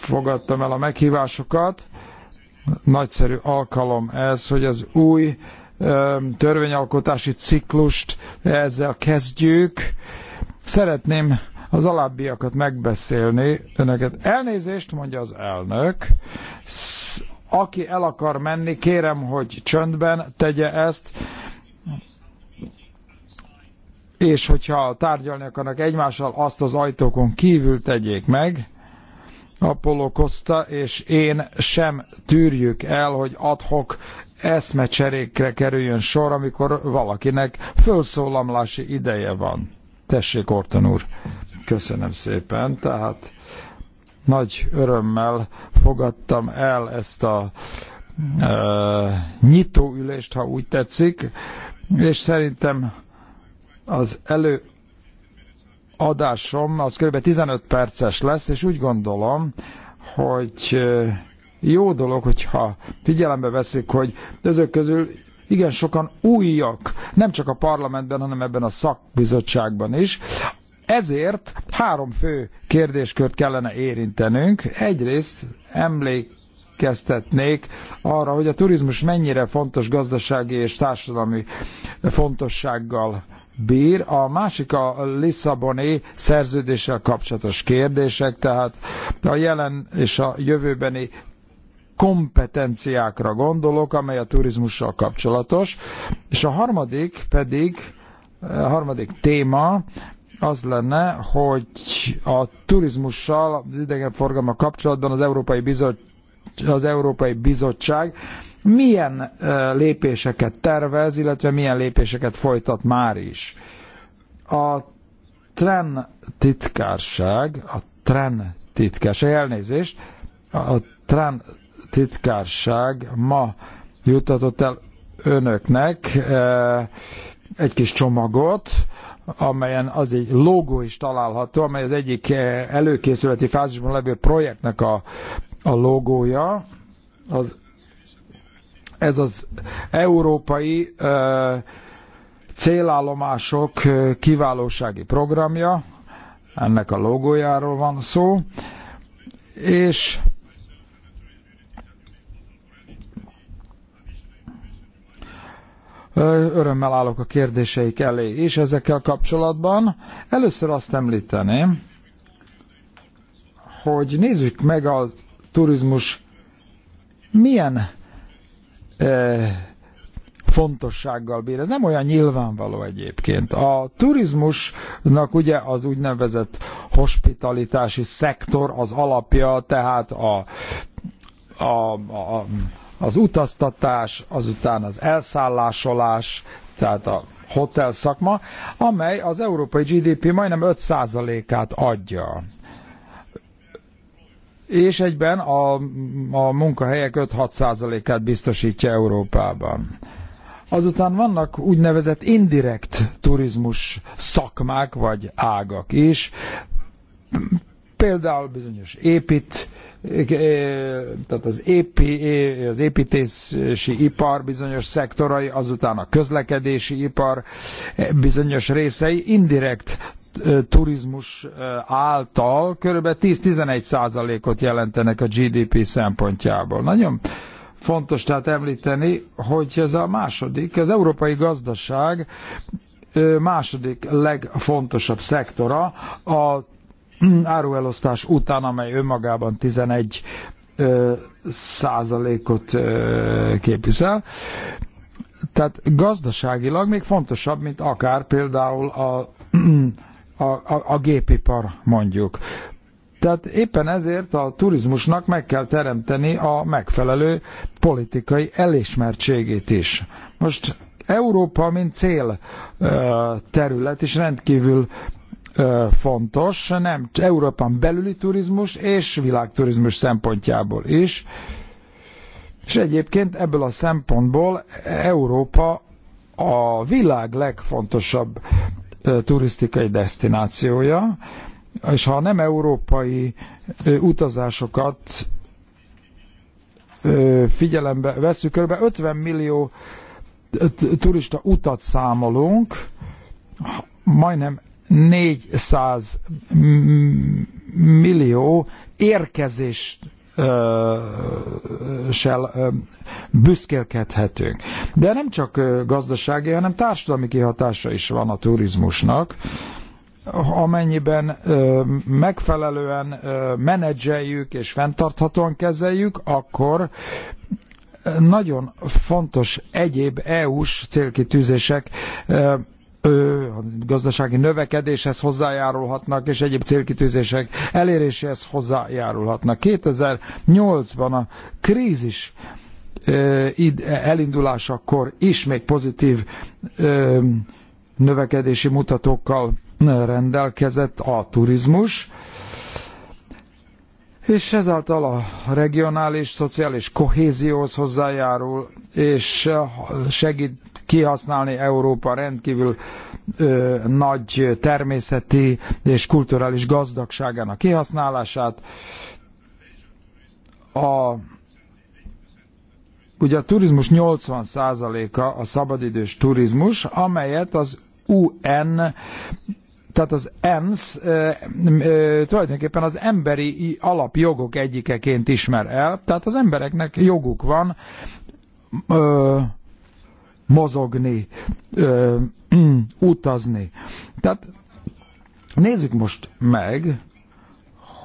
fogadtam el a meghívásokat. Nagyszerű alkalom ez, hogy az új törvényalkotási ciklust ezzel kezdjük. Szeretném az alábbiakat megbeszélni önöket. Elnézést, mondja az elnök. Aki el akar menni, kérem, hogy csöndben tegye ezt és hogyha tárgyalni akarnak egymással, azt az ajtókon kívül tegyék meg. Apollo Costa és én sem tűrjük el, hogy adhok eszmecserékre kerüljön sor, amikor valakinek fölszólamlási ideje van. Tessék, Orton úr! Köszönöm szépen, tehát nagy örömmel fogadtam el ezt a e, nyitóülést, ha úgy tetszik, és szerintem az elő adásom az kb. 15 perces lesz, és úgy gondolom, hogy jó dolog, hogyha figyelembe veszik, hogy ezek közül igen sokan újak, nem csak a parlamentben, hanem ebben a szakbizottságban is. Ezért három fő kérdéskört kellene érintenünk. Egyrészt emlékeztetnék arra, hogy a turizmus mennyire fontos gazdasági és társadalmi fontossággal bír. A másik a Lisszaboni szerződéssel kapcsolatos kérdések, tehát a jelen és a jövőbeni kompetenciákra gondolok, amely a turizmussal kapcsolatos. És a harmadik pedig, a harmadik téma, az lenne, hogy a turizmussal, az idegenforgalma kapcsolatban az Európai Bizottság, az Európai Bizottság milyen lépéseket tervez, illetve milyen lépéseket folytat már is. A TREN titkárság, a TREN titkárság, elnézést, a TREN titkárság ma jutatott el önöknek egy kis csomagot, amelyen az egy logó is található, amely az egyik előkészületi fázisban levő projektnek a, a logója. Az ez az európai célállomások kiválósági programja, ennek a logójáról van szó, és örömmel állok a kérdéseik elé is ezekkel kapcsolatban. Először azt említeném, hogy nézzük meg a turizmus milyen fontossággal bír. Ez nem olyan nyilvánvaló egyébként. A turizmusnak ugye az úgynevezett hospitalitási szektor az alapja, tehát a, a, a az utaztatás, azután az elszállásolás, tehát a hotel szakma, amely az európai GDP majdnem 5%-át adja és egyben a, a munkahelyek 5-6%-át biztosítja Európában. Azután vannak úgynevezett indirekt turizmus szakmák vagy ágak is, például bizonyos épít, eh, tehát az, épi, eh, az építési ipar bizonyos szektorai, azután a közlekedési ipar eh, bizonyos részei indirekt turizmus által kb. 10-11 százalékot jelentenek a GDP szempontjából. Nagyon fontos tehát említeni, hogy ez a második, az európai gazdaság második legfontosabb szektora a áruelosztás után, amely önmagában 11 százalékot képvisel. Tehát gazdaságilag még fontosabb, mint akár például a a, a, a gépipar mondjuk. Tehát éppen ezért a turizmusnak meg kell teremteni a megfelelő politikai elismertségét is. Most Európa, mint cél terület is rendkívül fontos, nem Európán belüli turizmus és világturizmus szempontjából is. És egyébként ebből a szempontból Európa a világ legfontosabb turisztikai destinációja, és ha nem európai utazásokat figyelembe veszük, kb. 50 millió turista utat számolunk, majdnem 400 millió érkezést sel büszkélkedhetünk. De nem csak gazdasági, hanem társadalmi kihatása is van a turizmusnak amennyiben ö, megfelelően ö, menedzseljük és fenntarthatóan kezeljük, akkor nagyon fontos egyéb EU-s célkitűzések ö, a gazdasági növekedéshez hozzájárulhatnak, és egyéb célkitűzések eléréséhez hozzájárulhatnak. 2008-ban a krízis elindulásakor is még pozitív növekedési mutatókkal rendelkezett a turizmus, és ezáltal a regionális, szociális kohézióhoz hozzájárul, és segít kihasználni Európa rendkívül ö, nagy természeti és kulturális gazdagságának kihasználását. A, ugye a turizmus 80%-a a szabadidős turizmus, amelyet az UN tehát az ENSZ tulajdonképpen az emberi alapjogok egyikeként ismer el, tehát az embereknek joguk van mozogni, utazni. Tehát nézzük most meg,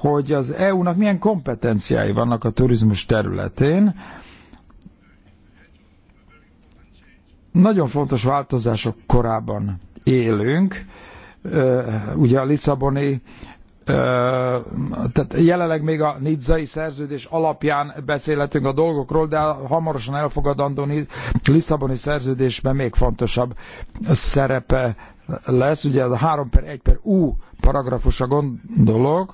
hogy az EU-nak milyen kompetenciái vannak a turizmus területén. Nagyon fontos változások korában élünk, ugye a Lisszaboni tehát jelenleg még a nizzai szerződés alapján beszélhetünk a dolgokról, de a hamarosan elfogadandó Lisszaboni szerződésben még fontosabb szerepe lesz. Ugye a 3 per 1 per U paragrafusra gondolok,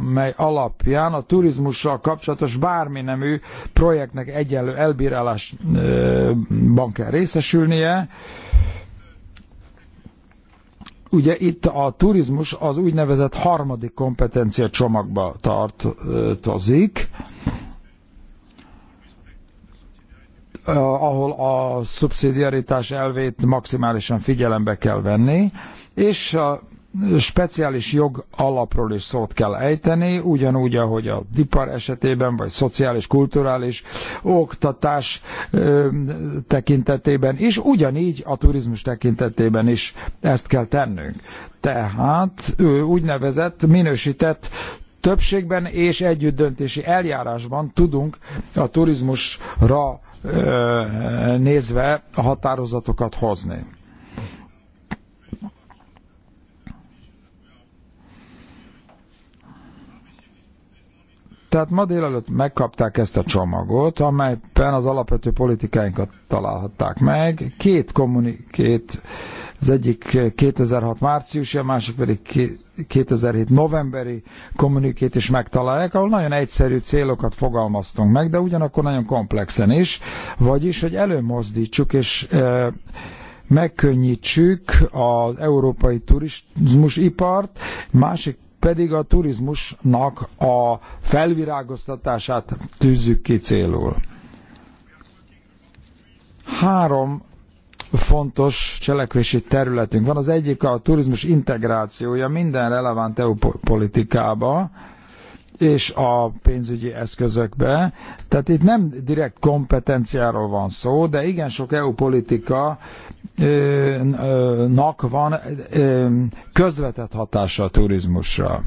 amely alapján a turizmussal kapcsolatos bármi nemű projektnek egyenlő elbírálásban kell részesülnie. Ö, Ugye itt a turizmus az úgynevezett harmadik kompetencia csomagba tartozik, eh, ahol a szubszidiaritás elvét maximálisan figyelembe kell venni, és a speciális jog alapról is szót kell ejteni, ugyanúgy, ahogy a dipar esetében, vagy szociális, kulturális oktatás ö, tekintetében is, ugyanígy a turizmus tekintetében is ezt kell tennünk. Tehát úgynevezett minősített többségben és együttdöntési eljárásban tudunk a turizmusra ö, nézve határozatokat hozni Tehát ma délelőtt megkapták ezt a csomagot, amelyben az alapvető politikáinkat találhatták meg. Két kommunikét, az egyik 2006 márciusi, a másik pedig 2007 novemberi kommunikét is megtalálják, ahol nagyon egyszerű célokat fogalmaztunk meg, de ugyanakkor nagyon komplexen is, vagyis, hogy előmozdítsuk és e, megkönnyítsük az európai turizmusipart, másik pedig a turizmusnak a felvirágoztatását tűzzük ki célul. Három fontos cselekvési területünk van. Az egyik a turizmus integrációja minden relevánt EU politikába, és a pénzügyi eszközökbe. Tehát itt nem direkt kompetenciáról van szó, de igen sok EU politika nak van közvetett hatása a turizmusra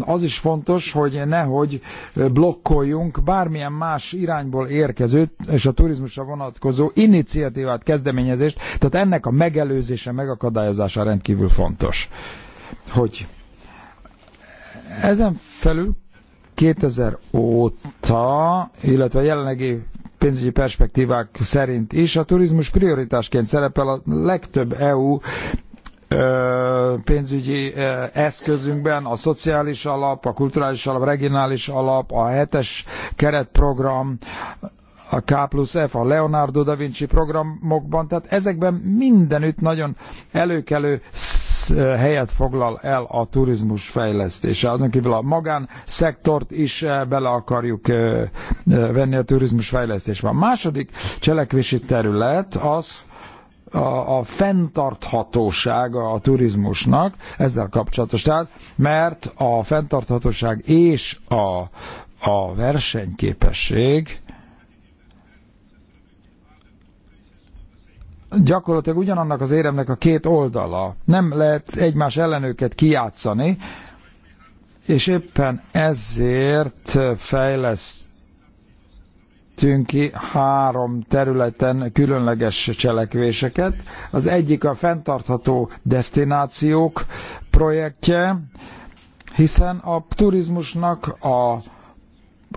az is fontos, hogy nehogy blokkoljunk bármilyen más irányból érkező és a turizmusra vonatkozó iniciatívát, kezdeményezést, tehát ennek a megelőzése, megakadályozása rendkívül fontos. Hogy ezen felül 2000 óta, illetve a jelenlegi pénzügyi perspektívák szerint is a turizmus prioritásként szerepel a legtöbb EU pénzügyi eszközünkben, a szociális alap, a kulturális alap, a regionális alap, a hetes keretprogram, a K plusz F, a Leonardo da Vinci programokban, tehát ezekben mindenütt nagyon előkelő helyet foglal el a turizmus fejlesztése. Azon kívül a magánszektort is bele akarjuk venni a turizmus fejlesztésbe. A második cselekvési terület az, a, a fenntarthatósága a turizmusnak ezzel kapcsolatos. Tehát, mert a fenntarthatóság és a, a versenyképesség gyakorlatilag ugyanannak az éremnek a két oldala. Nem lehet egymás ellenőket kiátszani, és éppen ezért fejleszt fejlesztettünk ki három területen különleges cselekvéseket. Az egyik a fenntartható destinációk projektje, hiszen a turizmusnak a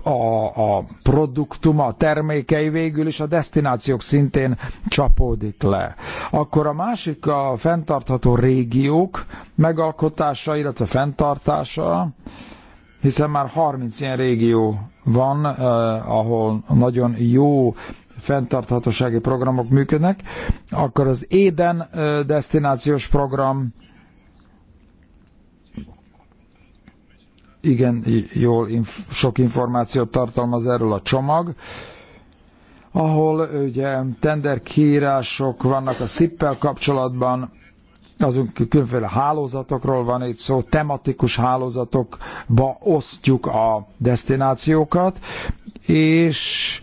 a, a produktuma, a termékei végül is a destinációk szintén csapódik le. Akkor a másik a fenntartható régiók megalkotása, illetve fenntartása, hiszen már 30 ilyen régió van, eh, ahol nagyon jó fenntarthatósági programok működnek, akkor az Éden eh, destinációs program igen, jól inf- sok információt tartalmaz erről a csomag, ahol ugye tenderkírások vannak a szippel kapcsolatban, azon különféle hálózatokról van itt szó, tematikus hálózatokba osztjuk a destinációkat, és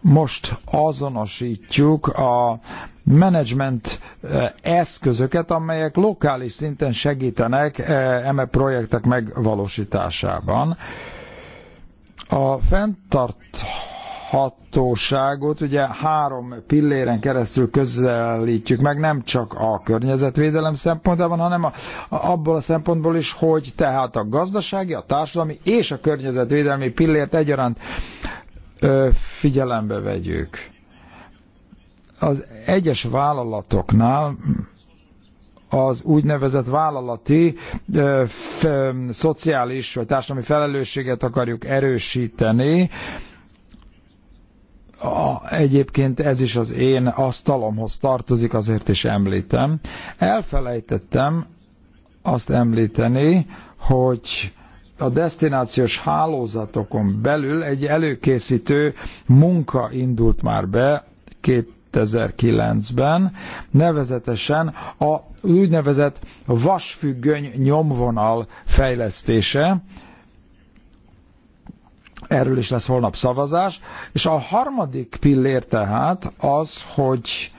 most azonosítjuk a menedzsment eh, eszközöket, amelyek lokális szinten segítenek eh, eme projektek megvalósításában. A fenntart hatóságot ugye három pilléren keresztül közelítjük meg, nem csak a környezetvédelem szempontában, hanem a, a, abból a szempontból is, hogy tehát a gazdasági, a társadalmi és a környezetvédelmi pillért egyaránt ö, figyelembe vegyük. Az egyes vállalatoknál az úgynevezett vállalati ö, f, ö, szociális vagy társadalmi felelősséget akarjuk erősíteni, ö, a, egyébként ez is az én asztalomhoz tartozik, azért is említem. Elfelejtettem azt említeni, hogy a destinációs hálózatokon belül egy előkészítő munka indult már be 2009-ben, nevezetesen a úgynevezett vasfüggöny nyomvonal fejlesztése, Erről is lesz holnap szavazás. És a harmadik pillér tehát az, hogy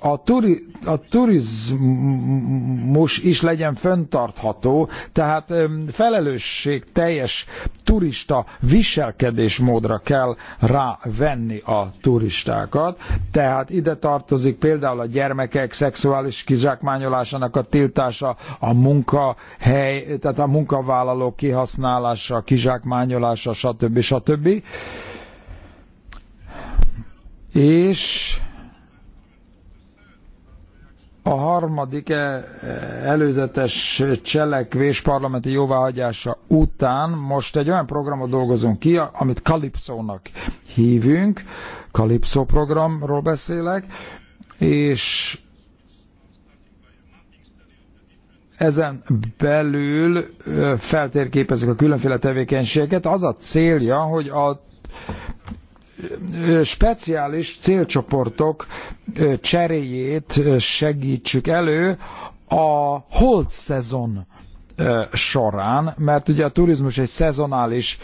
a, turi, a turizmus is legyen föntartható, tehát felelősség teljes turista viselkedésmódra kell rávenni a turistákat, tehát ide tartozik például a gyermekek szexuális kizsákmányolásának a tiltása, a munkahely, tehát a munkavállalók kihasználása, kizsákmányolása, stb. stb. És a harmadik eh, előzetes cselekvés parlamenti jóváhagyása után most egy olyan programot dolgozunk ki, amit Kalipszónak hívünk, Kalipszó programról beszélek, és ezen belül eh, feltérképezik a különféle tevékenységeket. Az a célja, hogy a speciális célcsoportok cseréjét segítsük elő a holt szezon során, mert ugye a turizmus egy szezonális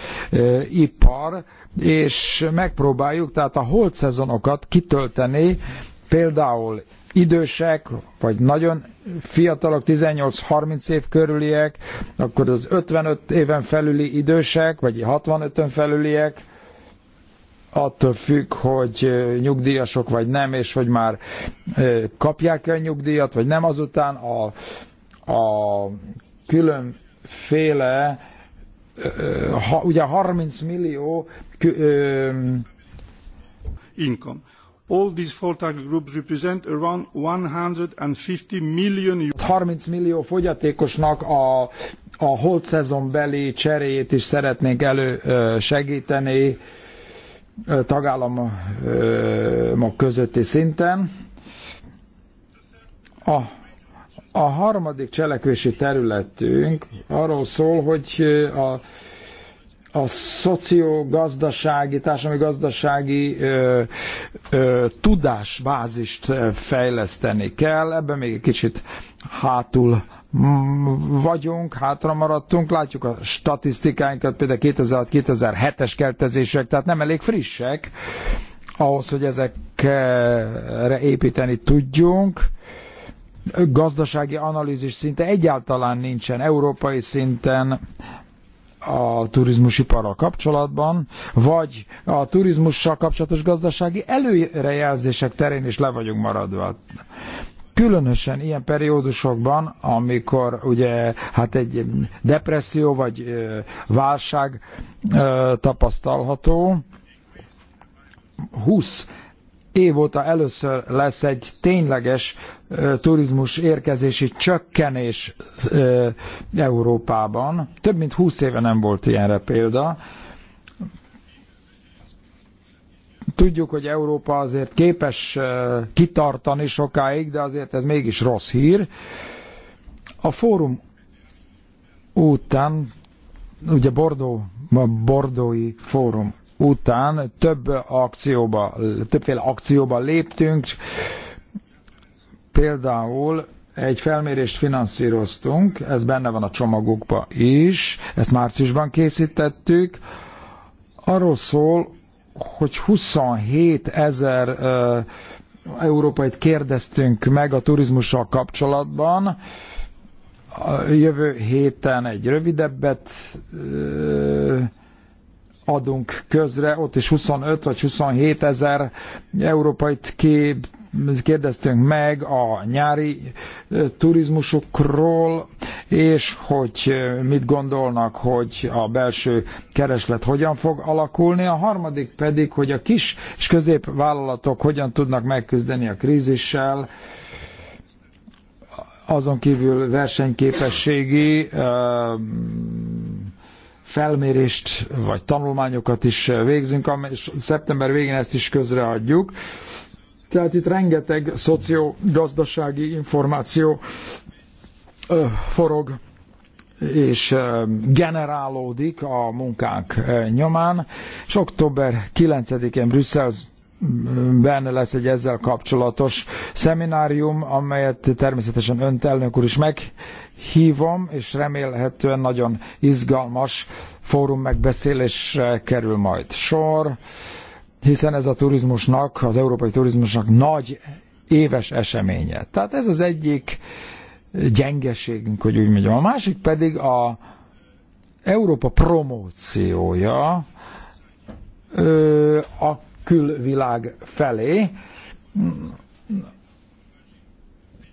ipar, és megpróbáljuk tehát a holt szezonokat kitölteni, például idősek, vagy nagyon fiatalok, 18-30 év körüliek, akkor az 55 éven felüli idősek, vagy 65-ön felüliek, attól függ, hogy nyugdíjasok vagy nem, és hogy már kapják el nyugdíjat, vagy nem, azután a, a különféle ugye 30 millió income. All these four target groups represent around 150 million 30 millió fogyatékosnak a, a holt szezon beli cseréjét is szeretnénk elő segíteni tagállamok közötti szinten. A, a harmadik cselekvési területünk arról szól, hogy a, a szociogazdasági, társadalmi gazdasági ö, ö, tudásbázist fejleszteni kell. Ebben még egy kicsit hátul vagyunk, hátra maradtunk, látjuk a statisztikáinkat, például 2006-2007-es keltezések, tehát nem elég frissek ahhoz, hogy ezekre építeni tudjunk. Gazdasági analízis szinte egyáltalán nincsen európai szinten a turizmusiparral kapcsolatban, vagy a turizmussal kapcsolatos gazdasági előrejelzések terén is le vagyunk maradva különösen ilyen periódusokban, amikor ugye hát egy depresszió vagy válság tapasztalható, 20 év óta először lesz egy tényleges turizmus érkezési csökkenés Európában. Több mint 20 éve nem volt ilyenre példa tudjuk, hogy Európa azért képes kitartani sokáig, de azért ez mégis rossz hír. A fórum után, ugye Bordó, a Bordói fórum után több akcióba, többféle akcióba léptünk, például egy felmérést finanszíroztunk, ez benne van a csomagokba is, ezt márciusban készítettük, arról szól, hogy 27 ezer európait kérdeztünk meg a turizmussal kapcsolatban. A jövő héten egy rövidebbet adunk közre, ott is 25 vagy 27 ezer európait kép kérdeztünk meg a nyári turizmusukról, és hogy mit gondolnak, hogy a belső kereslet hogyan fog alakulni. A harmadik pedig, hogy a kis és középvállalatok hogyan tudnak megküzdeni a krízissel, azon kívül versenyképességi felmérést vagy tanulmányokat is végzünk, és szeptember végén ezt is közreadjuk. Tehát itt rengeteg szociogazdasági információ forog és generálódik a munkánk nyomán, és október 9-én Brüsszelben lesz egy ezzel kapcsolatos szeminárium, amelyet természetesen önt elnök úr is meghívom, és remélhetően nagyon izgalmas fórum megbeszélésre kerül majd sor hiszen ez a turizmusnak, az európai turizmusnak nagy éves eseménye. Tehát ez az egyik gyengeségünk, hogy úgy mondjam. A másik pedig a Európa promóciója a külvilág felé,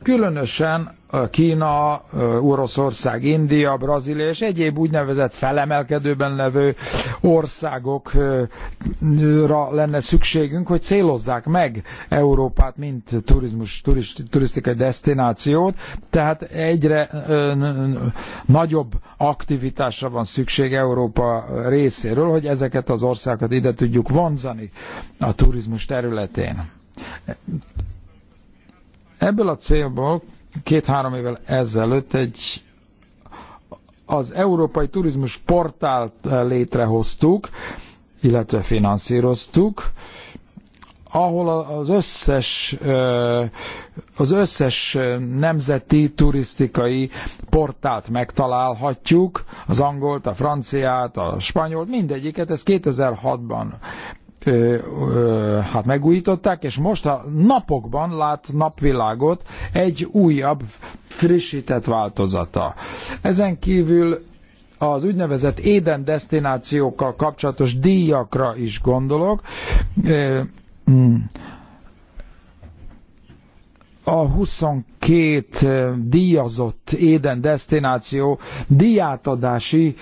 különösen Kína, Oroszország, India, Brazília és egyéb úgynevezett felemelkedőben levő országokra lenne szükségünk, hogy célozzák meg Európát, mint turizmus, turist, turisztikai destinációt, tehát egyre nagyobb aktivitásra van szükség Európa részéről, hogy ezeket az országokat ide tudjuk vonzani a turizmus területén. Ebből a célból Két-három évvel ezelőtt egy az Európai Turizmus Portált létrehoztuk, illetve finanszíroztuk, ahol az összes, az összes nemzeti turisztikai portált megtalálhatjuk, az angolt, a franciát, a spanyolt, mindegyiket, ez 2006-ban ö, ö, hát megújították, és most a napokban lát napvilágot egy újabb, frissített változata. Ezen kívül az úgynevezett éden destinációkkal kapcsolatos díjakra is gondolok. Ö, mm. a 22 díjazott éden destináció díjátadási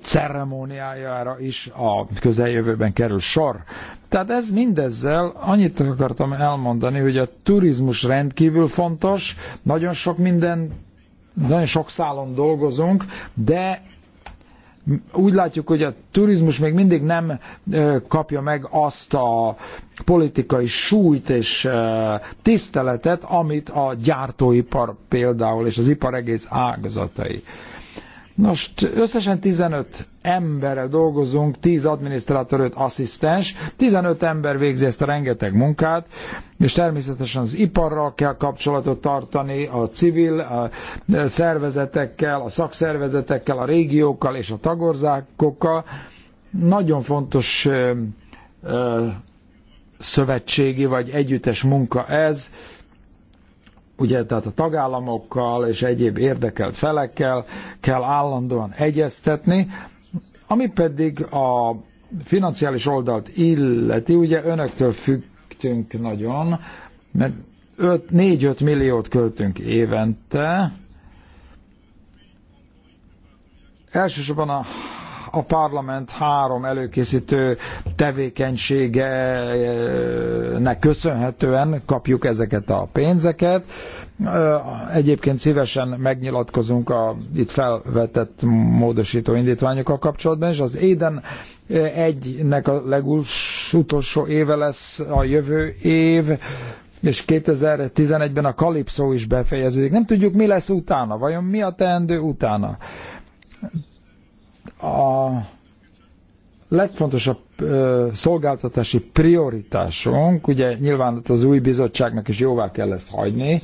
ceremóniájára is a közeljövőben kerül sor. Tehát ez mindezzel annyit akartam elmondani, hogy a turizmus rendkívül fontos, nagyon sok minden, nagyon sok szálon dolgozunk, de úgy látjuk, hogy a turizmus még mindig nem kapja meg azt a politikai súlyt és tiszteletet, amit a gyártóipar például, és az ipar egész ágazatai Nos, összesen 15 emberrel dolgozunk, 10 adminisztrátor, 5 asszisztens, 15 ember végzi ezt a rengeteg munkát, és természetesen az iparral kell kapcsolatot tartani, a civil a e, szervezetekkel, a szakszervezetekkel, a régiókkal és a tagországokkal. Nagyon fontos ö, e, ö, e, szövetségi vagy együttes munka ez, ugye tehát a tagállamokkal és egyéb érdekelt felekkel kell állandóan egyeztetni, ami pedig a financiális oldalt illeti, ugye önöktől függtünk nagyon, mert 4-5 milliót költünk évente, elsősorban a a parlament három előkészítő tevékenységenek eh, köszönhetően kapjuk ezeket a pénzeket. Eh, egyébként szívesen megnyilatkozunk a itt felvetett módosító indítványokkal kapcsolatban, és az Éden eh, egynek a legutolsó éve lesz a jövő év, és 2011-ben a Kalipszó is befejeződik. Nem tudjuk, mi lesz utána, vajon mi a teendő utána a legfontosabb szolgáltatási prioritásunk, ugye nyilván az új bizottságnak is jóvá kell ezt hagyni,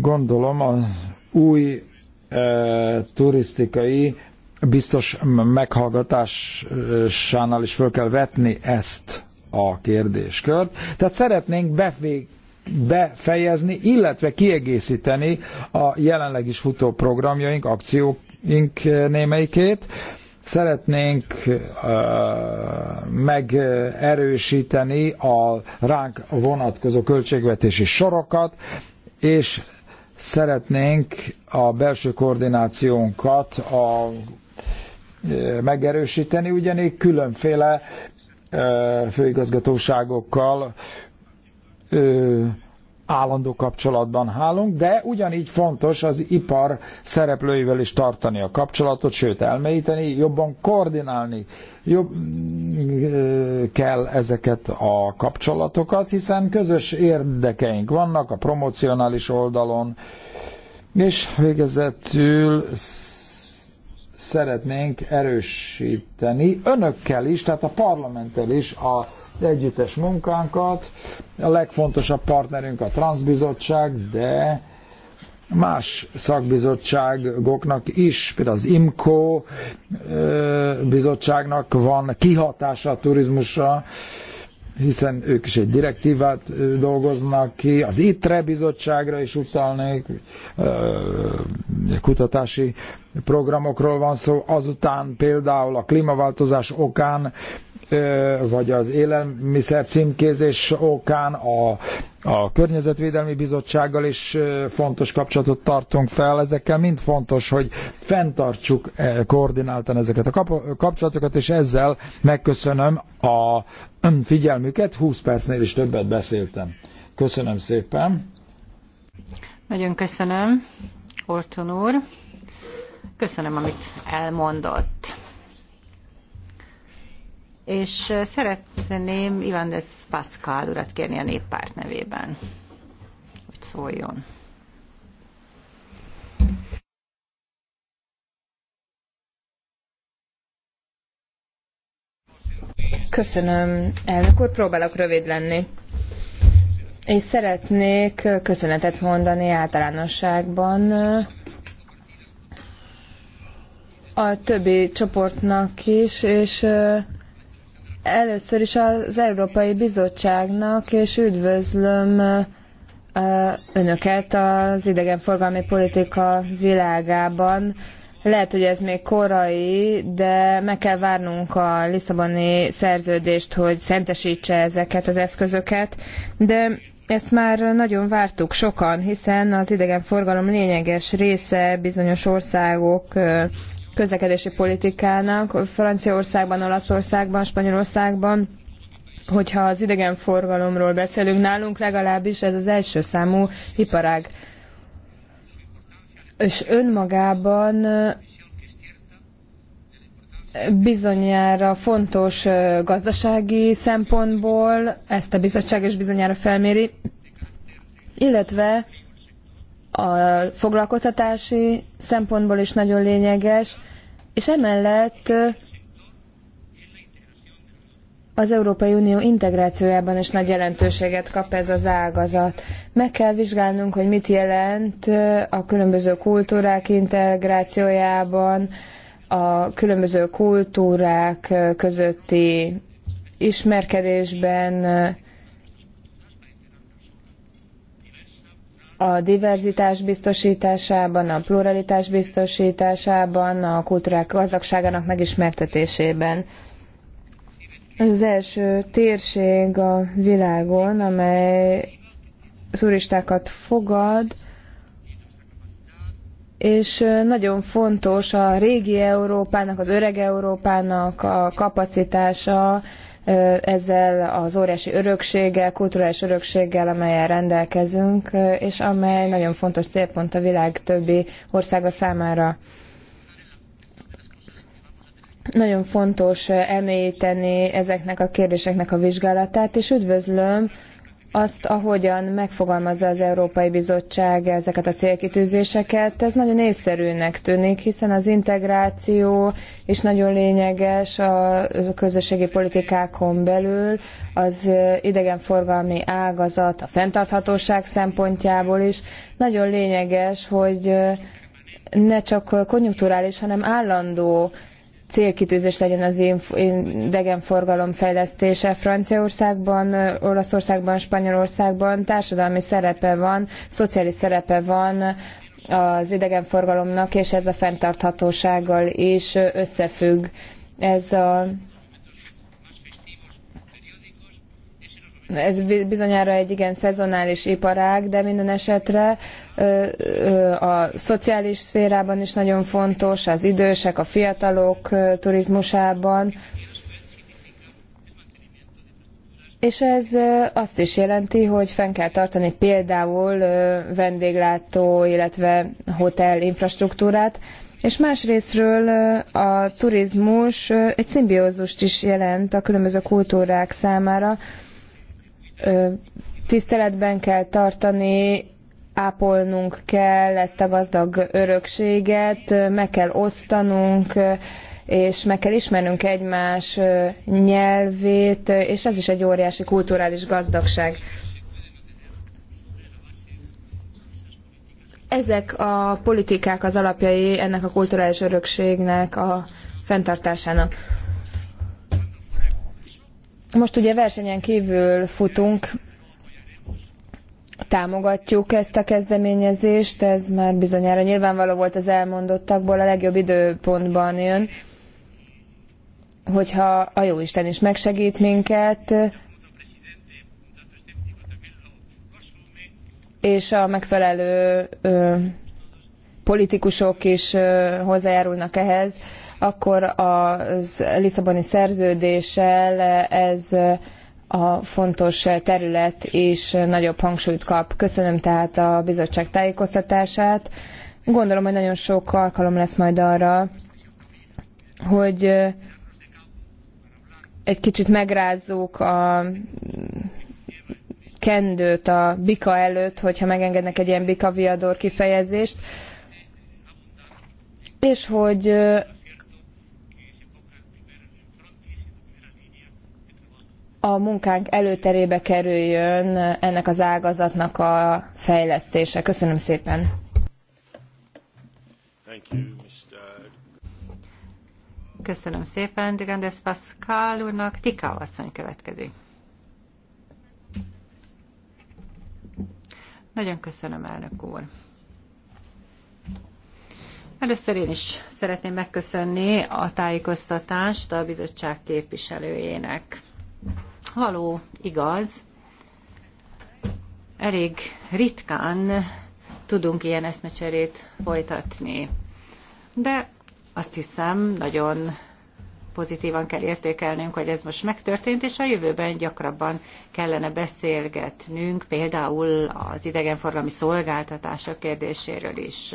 gondolom az új turisztikai biztos meghallgatásánál is föl kell vetni ezt a kérdéskört. Tehát szeretnénk bevég, befejezni, illetve kiegészíteni a jelenleg is futó programjaink, akcióink némelyikét. Szeretnénk uh, megerősíteni a ránk vonatkozó költségvetési sorokat, és szeretnénk a belső koordinációnkat a, uh, megerősíteni, ugyanígy különféle uh, főigazgatóságokkal ö, állandó kapcsolatban hálunk, de ugyanígy fontos az ipar szereplőivel is tartani a kapcsolatot, sőt elmélyíteni, jobban koordinálni jobb, ö, kell ezeket a kapcsolatokat, hiszen közös érdekeink vannak a promocionális oldalon, és végezetül szeretnénk erősíteni önökkel is, tehát a parlamenttel is a együttes munkánkat. A legfontosabb partnerünk a Transbizottság, de más szakbizottságoknak is, például az IMCO bizottságnak van kihatása a turizmusra, hiszen ők is egy direktívát dolgoznak ki, az ITRE bizottságra is utalnék, kutatási programokról van szó, azután például a klímaváltozás okán, vagy az élelmiszer címkézés okán a, a Környezetvédelmi Bizottsággal is fontos kapcsolatot tartunk fel. Ezekkel mind fontos, hogy fenntartsuk koordináltan ezeket a kapcsolatokat, és ezzel megköszönöm a figyelmüket. 20 percnél is többet beszéltem. Köszönöm szépen. Nagyon köszönöm, Orton úr. Köszönöm, amit elmondott. És eh, szeretném Ivandes Pascal urat kérni a néppárt nevében, hogy szóljon. Köszönöm, elnök úr, próbálok rövid lenni. És szeretnék eh, köszönetet mondani általánosságban eh, a többi csoportnak is, és először is az Európai Bizottságnak, és üdvözlöm önöket az idegenforgalmi politika világában. Lehet, hogy ez még korai, de meg kell várnunk a Lisszaboni szerződést, hogy szentesítse ezeket az eszközöket, de ezt már nagyon vártuk sokan, hiszen az idegenforgalom lényeges része bizonyos országok közlekedési politikának Franciaországban, Olaszországban, Spanyolországban, hogyha az idegenforgalomról beszélünk nálunk, legalábbis ez az első számú iparág. És önmagában eh, bizonyára fontos eh, gazdasági szempontból, ezt a bizottság is bizonyára felméri, illetve a foglalkoztatási szempontból is nagyon lényeges, és emellett az Európai Unió integrációjában is nagy jelentőséget kap ez az ágazat. Meg kell vizsgálnunk, hogy mit jelent a különböző kultúrák integrációjában, a különböző kultúrák közötti ismerkedésben, a diverzitás biztosításában, a pluralitás biztosításában, a kultúrák gazdagságának megismertetésében. Ez az első térség a világon, amely turistákat fogad, és nagyon fontos a régi Európának, az öreg Európának a kapacitása, ezzel az óriási örökséggel, kulturális örökséggel, amelyen rendelkezünk, és amely nagyon fontos célpont a világ többi országa számára. Nagyon fontos elmélyíteni ezeknek a kérdéseknek a vizsgálatát, és üdvözlöm azt, ahogyan megfogalmazza az Európai Bizottság ezeket a célkitűzéseket, ez nagyon észszerűnek tűnik, hiszen az integráció is nagyon lényeges a közösségi politikákon belül, az idegenforgalmi ágazat a fenntarthatóság szempontjából is nagyon lényeges, hogy ne csak konjunkturális, hanem állandó célkitűzés legyen az idegenforgalom fejlesztése Franciaországban, Olaszországban, Spanyolországban társadalmi szerepe van, szociális szerepe van az idegenforgalomnak, és ez a fenntarthatósággal is összefügg. Ez a ez bizonyára egy igen szezonális iparág, de minden esetre a szociális szférában is nagyon fontos, az idősek, a fiatalok turizmusában. És ez azt is jelenti, hogy fenn kell tartani például vendéglátó, illetve hotel infrastruktúrát, és másrésztről a turizmus egy szimbiózust is jelent a különböző kultúrák számára, tiszteletben kell tartani, ápolnunk kell ezt a gazdag örökséget, meg kell osztanunk, és meg kell ismernünk egymás nyelvét, és ez is egy óriási kulturális gazdagság. Ezek a politikák az alapjai ennek a kulturális örökségnek a fenntartásának. Most ugye versenyen kívül futunk, támogatjuk ezt a kezdeményezést, ez már bizonyára nyilvánvaló volt az elmondottakból, a legjobb időpontban jön, hogyha a Jóisten is megsegít minket, és a megfelelő ö, politikusok is ö, hozzájárulnak ehhez, akkor a Lisszaboni szerződéssel ez a fontos terület is nagyobb hangsúlyt kap. Köszönöm tehát a bizottság tájékoztatását. Gondolom, hogy nagyon sok alkalom lesz majd arra, hogy egy kicsit megrázzuk a kendőt a bika előtt, hogyha megengednek egy ilyen bika viador kifejezést, és hogy a munkánk előterébe kerüljön ennek az ágazatnak a fejlesztése. Köszönöm szépen. Köszönöm szépen Dugandes Pascal úrnak. tika asszony következik. Nagyon köszönöm, elnök úr. Először én is szeretném megköszönni a tájékoztatást a bizottság képviselőjének való igaz, elég ritkán tudunk ilyen eszmecserét folytatni. De azt hiszem, nagyon pozitívan kell értékelnünk, hogy ez most megtörtént, és a jövőben gyakrabban kellene beszélgetnünk, például az idegenforgalmi szolgáltatások kérdéséről is.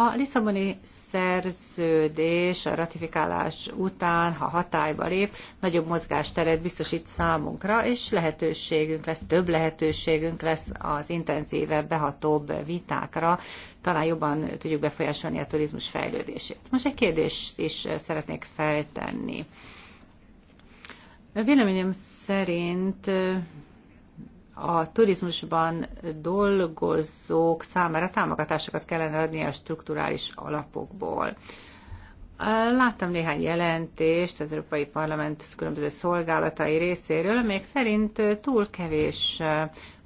A Lisszaboni szerződés a ratifikálás után, ha hatályba lép, nagyobb mozgásteret biztosít számunkra, és lehetőségünk lesz, több lehetőségünk lesz az intenzívebb, behatóbb vitákra, talán jobban tudjuk befolyásolni a turizmus fejlődését. Most egy kérdést is szeretnék feltenni. Véleményem szerint a turizmusban dolgozók számára támogatásokat kellene adni a strukturális alapokból. Láttam néhány jelentést az Európai Parlament különböző szolgálatai részéről, amelyek szerint túl kevés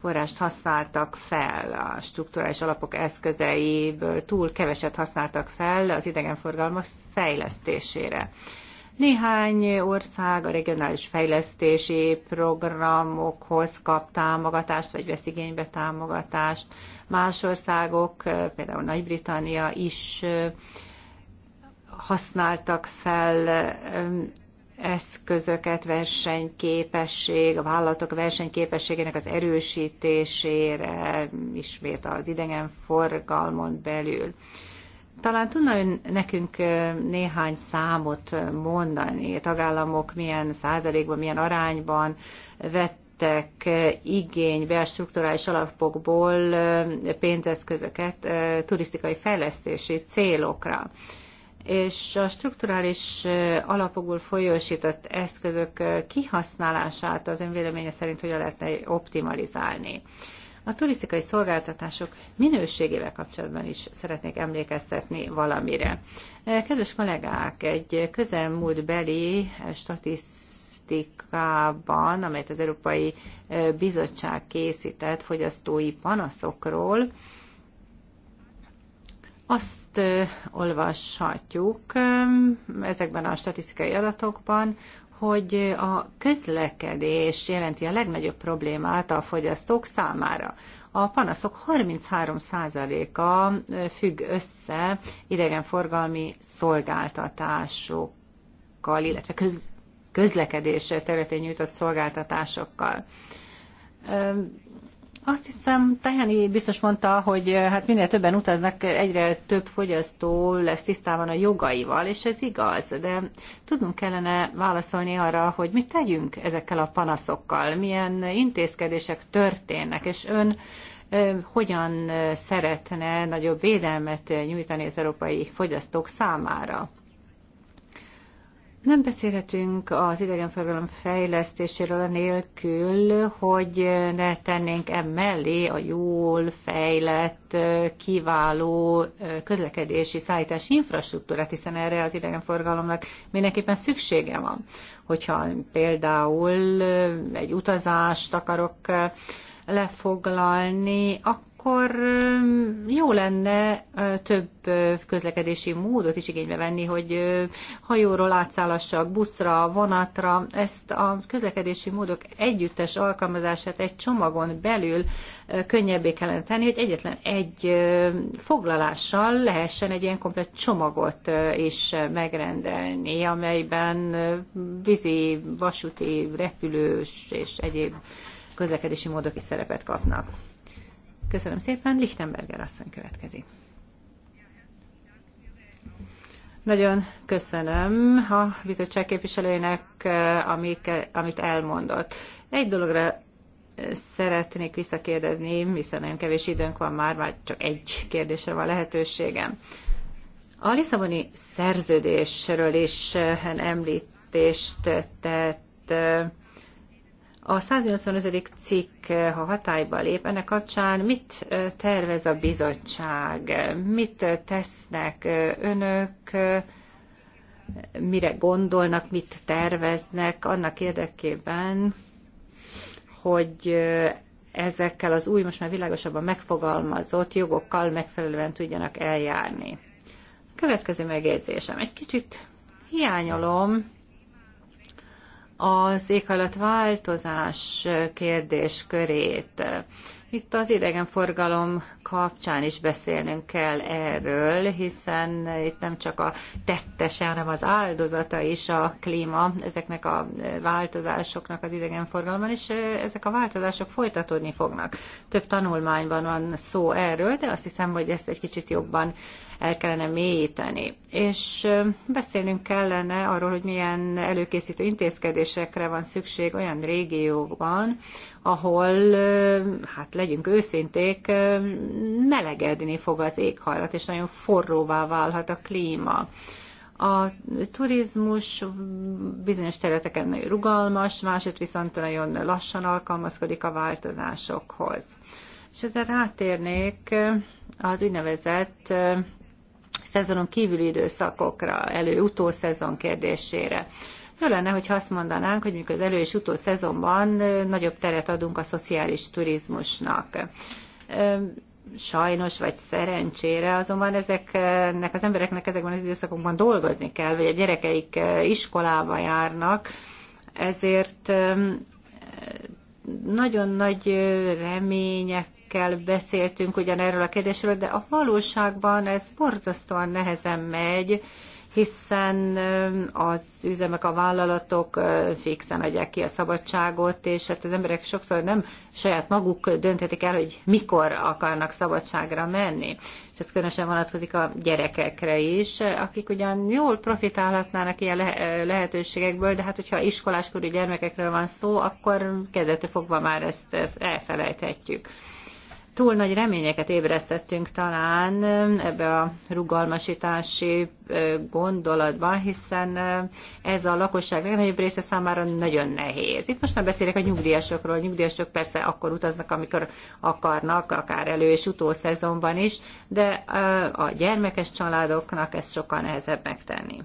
forrást használtak fel a strukturális alapok eszközeiből, túl keveset használtak fel az idegenforgalma fejlesztésére. Néhány ország a regionális fejlesztési programokhoz kap támogatást, vagy vesz igénybe támogatást. Más országok, eh, például Nagy-Britannia is eh, használtak fel eh, eszközöket, versenyképesség, a vállalatok versenyképességének az erősítésére, ismét az idegenforgalmon belül. Talán tudna ön nekünk néhány számot mondani, a tagállamok milyen százalékban, milyen arányban vettek igénybe a strukturális alapokból pénzeszközöket turisztikai fejlesztési célokra és a strukturális alapokból folyósított eszközök kihasználását az önvéleménye szerint hogyan lehetne optimalizálni. A turisztikai szolgáltatások minőségével kapcsolatban is szeretnék emlékeztetni valamire. Eh, kedves kollégák, egy közelmúltbeli statisztikai eh, statisztikában, amelyet az Európai eh, Bizottság készített fogyasztói panaszokról, azt olvashatjuk ezekben a statisztikai adatokban, hogy a közlekedés jelenti a legnagyobb problémát a fogyasztók számára. A panaszok 33%-a függ össze idegenforgalmi szolgáltatásokkal, illetve köz, közlekedés területén nyújtott szolgáltatásokkal. Azt hiszem, Tajani biztos mondta, hogy eh, hát minél többen utaznak, egyre több fogyasztó lesz tisztában a jogaival, és ez igaz, de tudnunk kellene válaszolni arra, hogy mit tegyünk ezekkel a panaszokkal, milyen intézkedések történnek, és ön eh, hogyan eh, szeretne nagyobb védelmet nyújtani az európai fogyasztók számára. Nem beszélhetünk az idegenforgalom fejlesztéséről anélkül, hogy ne tennénk emellé a jól fejlett, kiváló közlekedési szállítási infrastruktúrát, hiszen erre az idegenforgalomnak mindenképpen szüksége van. Hogyha például egy utazást akarok lefoglalni, akkor akkor jó lenne több közlekedési módot is igénybe venni, hogy hajóról átszállassak buszra, vonatra. Ezt a közlekedési módok együttes alkalmazását egy csomagon belül könnyebbé kellene tenni, hogy egyetlen egy foglalással lehessen egy ilyen komplet csomagot is megrendelni, amelyben vízi, vasúti, repülős és egyéb közlekedési módok is szerepet kapnak. Köszönöm szépen. Lichtenberger asszony következik. Nagyon köszönöm a bizottság képviselőjének, eh, amik, eh, amit elmondott. Egy dologra eh, szeretnék visszakérdezni, hiszen nagyon kevés időnk van már, már csak egy kérdésre van lehetőségem. A Lisszaboni szerződésről is említést tett a 185. cikk, ha hatályba lép, ennek kapcsán mit tervez a bizottság? Mit tesznek önök? Mire gondolnak, mit terveznek annak érdekében, hogy ezekkel az új, most már világosabban megfogalmazott jogokkal megfelelően tudjanak eljárni. A következő megjegyzésem. Egy kicsit hiányolom az éghajlatváltozás kérdéskörét. Itt az idegenforgalom kapcsán is beszélnünk kell erről, hiszen itt nem csak a tettese, hanem az áldozata is a klíma ezeknek a változásoknak az idegenforgalomban, és ezek a változások folytatódni fognak. Több tanulmányban van szó erről, de azt hiszem, hogy ezt egy kicsit jobban el kellene mélyíteni. És beszélnünk kellene arról, hogy milyen előkészítő intézkedésekre van szükség olyan régiókban, ahol, hát legyünk őszinték, melegedni fog az éghajlat, és nagyon forróvá válhat a klíma. A turizmus bizonyos területeken nagyon rugalmas, másért viszont nagyon lassan alkalmazkodik a változásokhoz. És ezzel rátérnék az úgynevezett szezonon kívüli időszakokra, elő-utószezon kérdésére. Jó lenne, hogyha azt mondanánk, hogy mikor az elő- és utószezonban nagyobb teret adunk a szociális turizmusnak. Sajnos vagy szerencsére azonban ezeknek az embereknek ezekben az időszakokban dolgozni kell, vagy a gyerekeik iskolába járnak, ezért nagyon nagy remények szakértőkkel beszéltünk ugyanerről a kérdésről, de a valóságban ez borzasztóan nehezen megy, hiszen az üzemek, a vállalatok fixen adják ki a szabadságot, és hát az emberek sokszor nem saját maguk dönthetik el, hogy mikor akarnak szabadságra menni. És ez különösen vonatkozik a gyerekekre is, akik ugyan jól profitálhatnának ilyen lehetőségekből, de hát hogyha iskoláskorú gyermekekről van szó, akkor kezdetől fogva már ezt elfelejthetjük túl nagy reményeket ébresztettünk talán um, ebbe a rugalmasítási gondolatban, hiszen ez a lakosság legnagyobb része számára nagyon nehéz. Itt most nem beszélek a nyugdíjasokról. A nyugdíjasok persze akkor utaznak, amikor akarnak, akár elő- és utószezonban is, de a gyermekes családoknak ez sokkal nehezebb megtenni.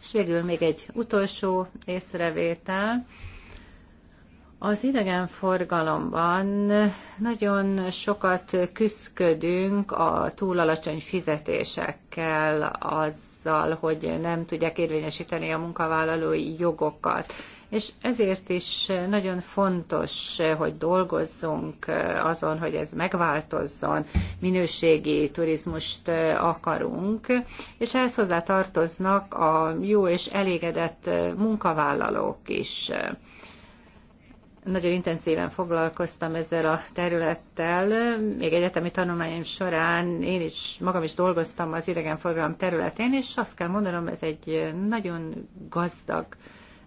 És végül még egy utolsó észrevétel. Az idegenforgalomban nagyon sokat küzdködünk a túl alacsony fizetésekkel, azzal, hogy nem tudják érvényesíteni a munkavállalói jogokat. És ezért is nagyon fontos, hogy dolgozzunk azon, hogy ez megváltozzon, minőségi turizmust akarunk, és ehhez hozzá tartoznak a jó és elégedett munkavállalók is nagyon intenzíven foglalkoztam ezzel a területtel. Még egyetemi tanulmányom során én is magam is dolgoztam az idegenforgalom területén, és azt kell mondanom, ez egy nagyon gazdag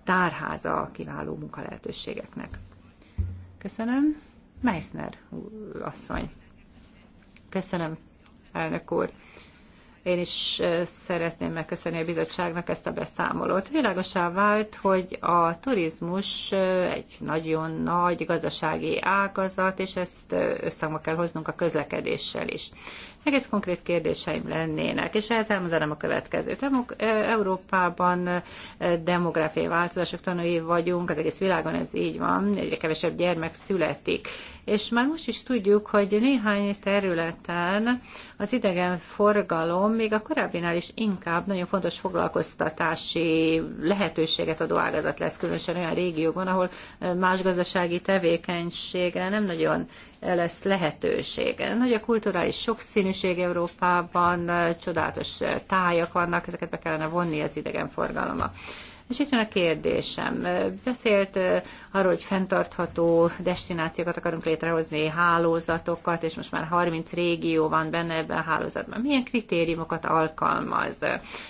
tárháza a kiváló munkalehetőségeknek. Köszönöm. Meissner asszony. Köszönöm, elnök úr. Én is szeretném megköszönni a bizottságnak ezt a beszámolót. Világosá vált, hogy a turizmus egy nagyon nagy gazdasági ágazat, és ezt összhangba kell hoznunk a közlekedéssel is. Egész konkrét kérdéseim lennének, és ehhez elmondanám a következőt. Európában demográfiai változások tanúi vagyunk, az egész világon ez így van, egyre kevesebb gyermek születik és már most is tudjuk, hogy néhány területen az idegen forgalom még a korábbinál is inkább nagyon fontos foglalkoztatási lehetőséget adó ágazat lesz, különösen olyan régiókban, ahol eh, más gazdasági tevékenységre nem nagyon eh, lesz lehetőség. Nagy a kulturális sokszínűség Európában, eh, csodálatos tájak vannak, ezeket be kellene vonni az forgalomba. És itt jön a kérdésem. Beszélt arról, hogy fenntartható destinációkat akarunk létrehozni, hálózatokat, és most már 30 régió van benne ebben a hálózatban. Milyen kritériumokat alkalmaz?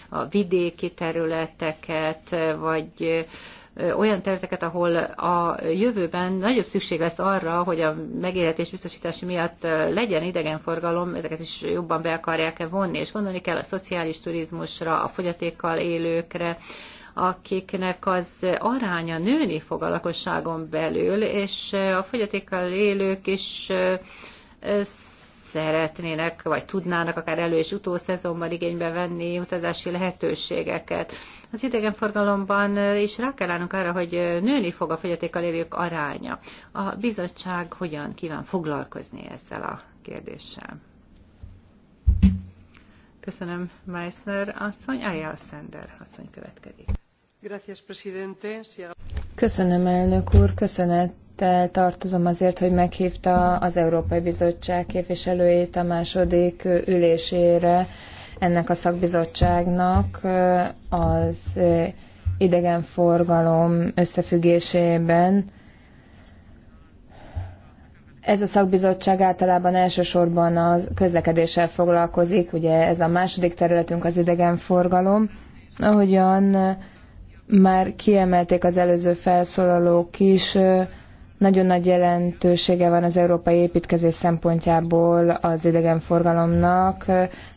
A vidéki területeket, vagy olyan területeket, ahol a jövőben nagyobb szükség lesz arra, hogy a megélhetés biztosítási miatt legyen idegenforgalom, ezeket is jobban be akarják -e vonni, és gondolni kell a szociális turizmusra, a fogyatékkal élőkre, akiknek az aránya nőni fog a lakosságon belül, és a fogyatékkal élők is szeretnének, vagy tudnának akár elő- és utószezonban igénybe venni utazási lehetőségeket. Az idegenforgalomban is rá kell állnunk arra, hogy nőni fog a fogyatékkal élők aránya. A bizottság hogyan kíván foglalkozni ezzel a kérdéssel? Köszönöm, Meissner asszony. Ájjá, Szender asszony következik. Köszönöm, elnök úr, köszönettel tartozom azért, hogy meghívta az Európai Bizottság képviselőjét a második ülésére ennek a szakbizottságnak az idegenforgalom összefüggésében. Ez a szakbizottság általában elsősorban a közlekedéssel foglalkozik, ugye ez a második területünk az idegenforgalom. Ahogyan már kiemelték az előző felszólalók is, nagyon nagy jelentősége van az európai építkezés szempontjából az idegenforgalomnak.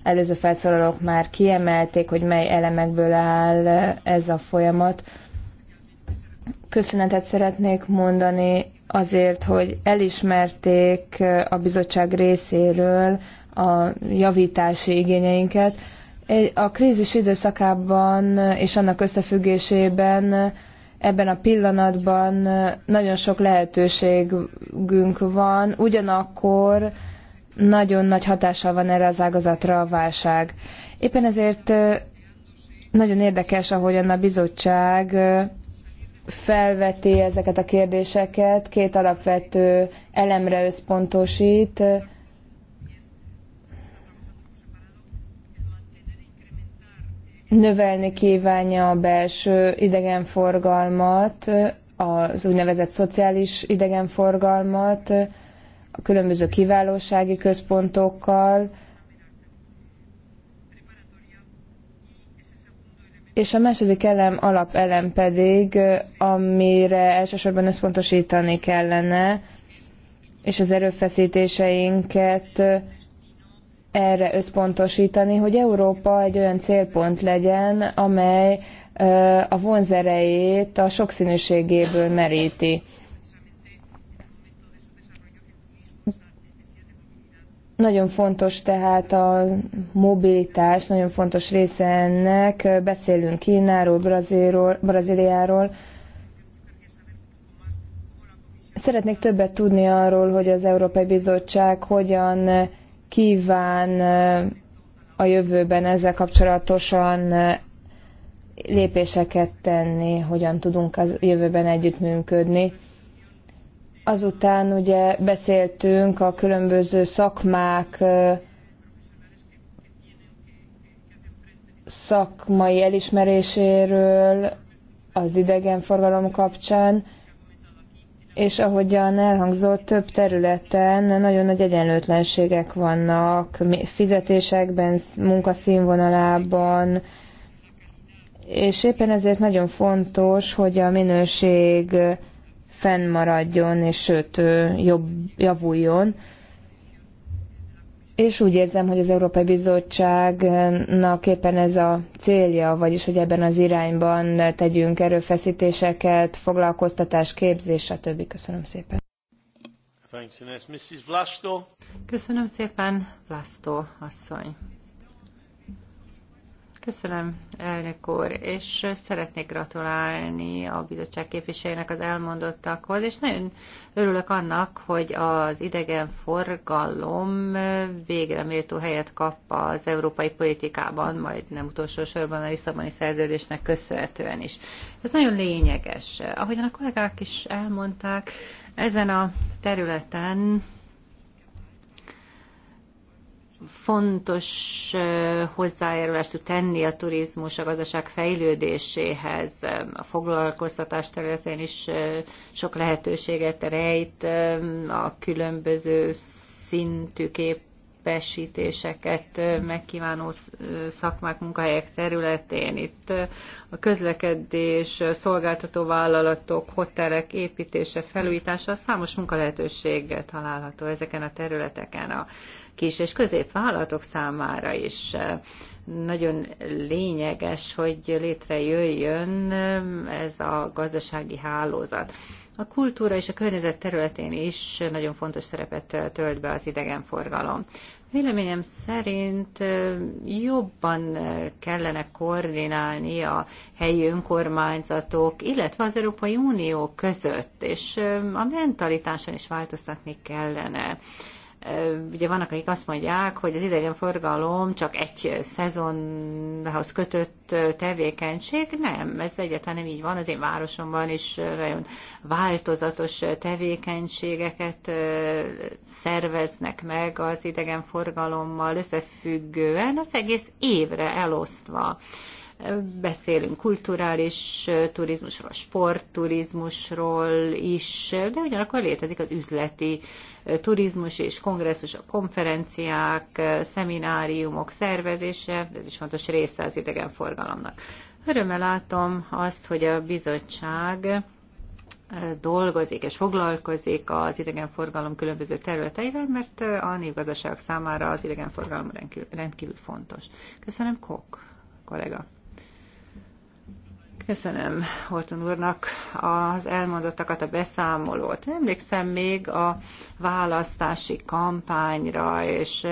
Előző felszólalók már kiemelték, hogy mely elemekből áll ez a folyamat. Köszönetet szeretnék mondani azért, hogy elismerték a bizottság részéről a javítási igényeinket. A krízis időszakában és annak összefüggésében ebben a pillanatban nagyon sok lehetőségünk van, ugyanakkor nagyon nagy hatással van erre az ágazatra a válság. Éppen ezért nagyon érdekes, ahogyan a bizottság felveti ezeket a kérdéseket, két alapvető elemre összpontosít, növelni kívánja a belső idegenforgalmat, az úgynevezett szociális idegenforgalmat, a különböző kiválósági központokkal, És a második elem, alapelem pedig, amire elsősorban összpontosítani kellene, és az erőfeszítéseinket erre összpontosítani, hogy Európa egy olyan célpont legyen, amely a vonzerejét a sokszínűségéből meríti. Nagyon fontos tehát a mobilitás, nagyon fontos része ennek. Beszélünk Kínáról, Brazíról, Brazíliáról. Szeretnék többet tudni arról, hogy az Európai Bizottság hogyan kíván a jövőben ezzel kapcsolatosan lépéseket tenni, hogyan tudunk a jövőben együttműködni. Azután ugye beszéltünk a különböző szakmák szakmai elismeréséről az idegenforgalom kapcsán, és ahogyan elhangzott, több területen nagyon nagy egyenlőtlenségek vannak, fizetésekben, munkaszínvonalában, és éppen ezért nagyon fontos, hogy a minőség fennmaradjon, és sőt, jobb, javuljon és úgy érzem, hogy az Európai Bizottságnak éppen ez a célja, vagyis hogy ebben az irányban tegyünk erőfeszítéseket, foglalkoztatás, képzés, stb. Köszönöm szépen. Köszönöm szépen, Vlasto asszony. Köszönöm, elnök úr, és szeretnék gratulálni a bizottság képviselőnek az elmondottakhoz, és nagyon örülök annak, hogy az idegen forgalom végre méltó helyet kap az európai politikában, majd nem utolsó sorban a Lisszaboni szerződésnek köszönhetően is. Ez nagyon lényeges. Ahogyan a kollégák is elmondták, ezen a területen fontos hozzájárulást tud tenni a turizmus a gazdaság fejlődéséhez. A foglalkoztatás területén is sok lehetőséget rejt a különböző szintű képesítéseket megkívánó szakmák, munkahelyek területén. Itt a közlekedés, szolgáltató vállalatok hotelek építése, felújítása, számos munkalehetőség található ezeken a területeken. A kis és középvállalatok számára is nagyon lényeges, hogy létrejöjjön ez a gazdasági hálózat. A kultúra és a környezet területén is nagyon fontos szerepet tölt be az idegenforgalom. Véleményem szerint jobban kellene koordinálni a helyi önkormányzatok, illetve az Európai Unió között, és a mentalitáson is változtatni kellene. Ugye vannak, akik azt mondják, hogy az idegenforgalom csak egy szezonhoz kötött tevékenység. Nem, ez egyáltalán nem így van. Az én városomban is nagyon változatos tevékenységeket szerveznek meg az idegenforgalommal összefüggően, az egész évre elosztva beszélünk kulturális turizmusról, sportturizmusról is, de ugyanakkor létezik az üzleti turizmus és a konferenciák, szemináriumok szervezése, ez is fontos része az idegenforgalomnak. Örömmel látom azt, hogy a bizottság eh, dolgozik és foglalkozik az idegenforgalom különböző területeivel, mert eh, a névgazdaság számára az idegenforgalom rendkívül fontos. Köszönöm, Kok kollega. Köszönöm Horton úrnak az elmondottakat, a beszámolót. Emlékszem még a választási kampányra, és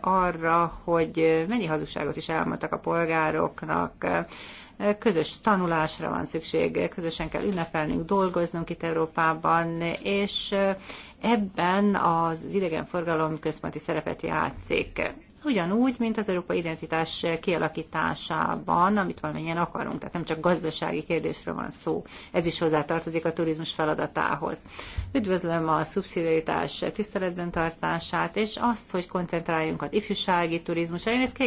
arra, hogy mennyi hazugságot is elmondtak a polgároknak, közös tanulásra van szükség, közösen kell ünnepelnünk, dolgoznunk itt Európában, és ebben az idegenforgalom központi szerepet játszik ugyanúgy, mint az európai identitás kialakításában, amit valamennyien akarunk, tehát nem csak gazdasági kérdésről van szó, ez is hozzátartozik a turizmus feladatához. Üdvözlöm a szubszidiaritás tiszteletben tartását, és azt, hogy koncentráljunk az ifjúsági turizmusra. Én ezt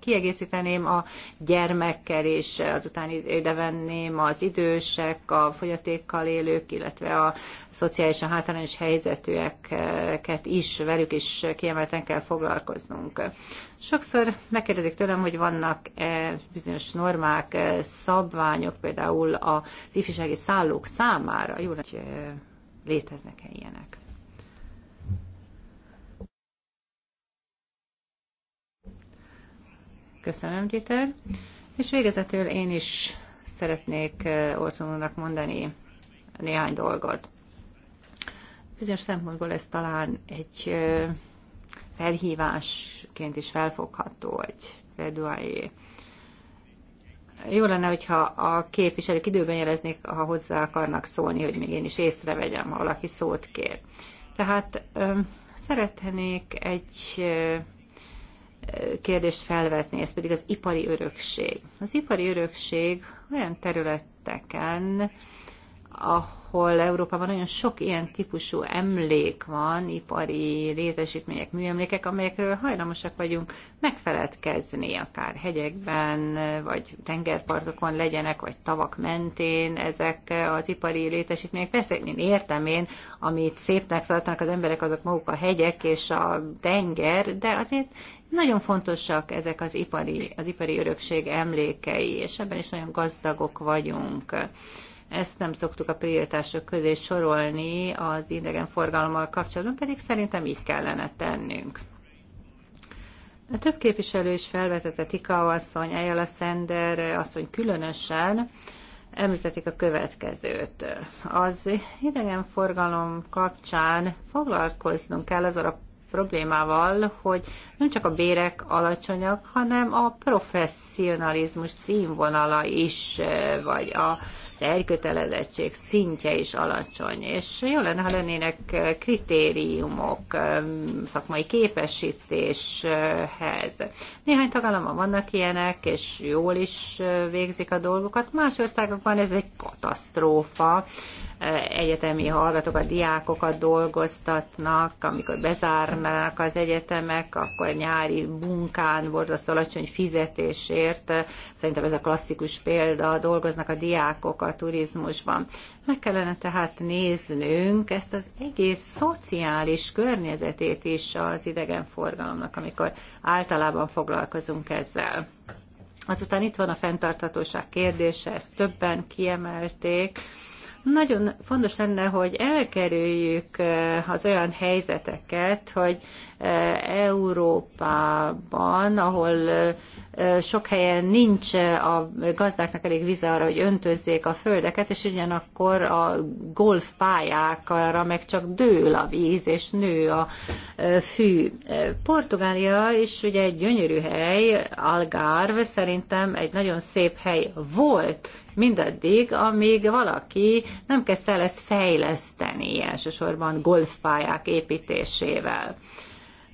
kiegészíteném a gyermekkel, és azután idevenném az idősek, a fogyatékkal élők, illetve a szociálisan hátrányos helyzetűeket is, velük is kiemelten kell foglalkoznunk. Sokszor megkérdezik tőlem, hogy vannak-e bizonyos normák, eh, szabványok, például az ifjúsági szállók számára. Jó, hogy eh, léteznek-e ilyenek? Köszönöm, Dieter. És végezetül én is szeretnék eh, Ortonónak mondani néhány dolgot. Bizonyos szempontból ez talán egy felhívásként is felfogható egy Ferduáé. Jó lenne, hogyha a képviselők időben jeleznék, ha hozzá akarnak szólni, hogy még én is észrevegyem, ha valaki szót kér. Tehát szeretnék egy kérdést felvetni, ez pedig az ipari örökség. Az ipari örökség olyan területeken, ahol Európában nagyon sok ilyen típusú emlék van, ipari létesítmények, műemlékek, amelyekről hajlamosak vagyunk megfeledkezni, akár hegyekben, vagy tengerpartokon legyenek, vagy tavak mentén ezek az ipari létesítmények. Persze én értem én, amit szépnek tartanak az emberek, azok maguk a hegyek és a tenger, de azért nagyon fontosak ezek az ipari, az ipari örökség emlékei, és ebben is nagyon gazdagok vagyunk ezt nem szoktuk a prioritások közé sorolni az idegenforgalommal kapcsolatban, pedig szerintem így kellene tennünk. A több képviselő is felvetette Tika asszony, Ayala Sender asszony különösen, említették a következőt. Az idegenforgalom kapcsán foglalkoznunk kell azzal a problémával, hogy nem csak a bérek alacsonyak, hanem a professzionalizmus színvonala is, eh, vagy az elkötelezettség szintje is alacsony. És jó lenne, ha lennének eh, kritériumok eh, szakmai képesítéshez. Néhány tagállamban vannak ilyenek, és jól is végzik a dolgokat. Más országokban ez egy katasztrófa egyetemi hallgatókat, diákokat dolgoztatnak, amikor bezárnak az egyetemek, akkor nyári munkán az alacsony fizetésért, szerintem ez a klasszikus példa, dolgoznak a diákok a turizmusban. Meg kellene tehát néznünk ezt az egész szociális környezetét is az idegenforgalomnak, amikor általában foglalkozunk ezzel. Azután itt van a fenntarthatóság kérdése, ezt többen kiemelték nagyon fontos lenne, hogy elkerüljük az olyan helyzeteket, hogy Európában, ahol sok helyen nincs a gazdáknak elég vize arra, hogy öntözzék a földeket, és ugyanakkor a golfpályákra meg csak dől a víz, és nő a fű. Portugália is ugye egy gyönyörű hely, Algarve szerintem egy nagyon szép hely volt, mindaddig, amíg valaki nem kezdte el ezt fejleszteni, elsősorban golfpályák építésével.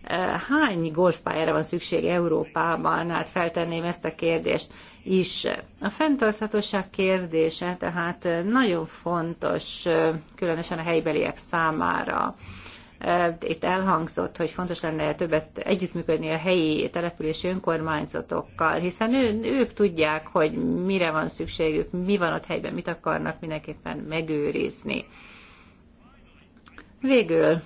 Eh, hány golfpályára van szükség Európában? Hát feltenném ezt a kérdést is. A fenntarthatóság kérdése tehát eh, nagyon fontos, eh, különösen a helybeliek számára. Itt elhangzott, hogy fontos lenne többet együttműködni a helyi települési önkormányzatokkal, hiszen ő, ők tudják, hogy mire van szükségük, mi van ott helyben, mit akarnak mindenképpen megőrizni. Végül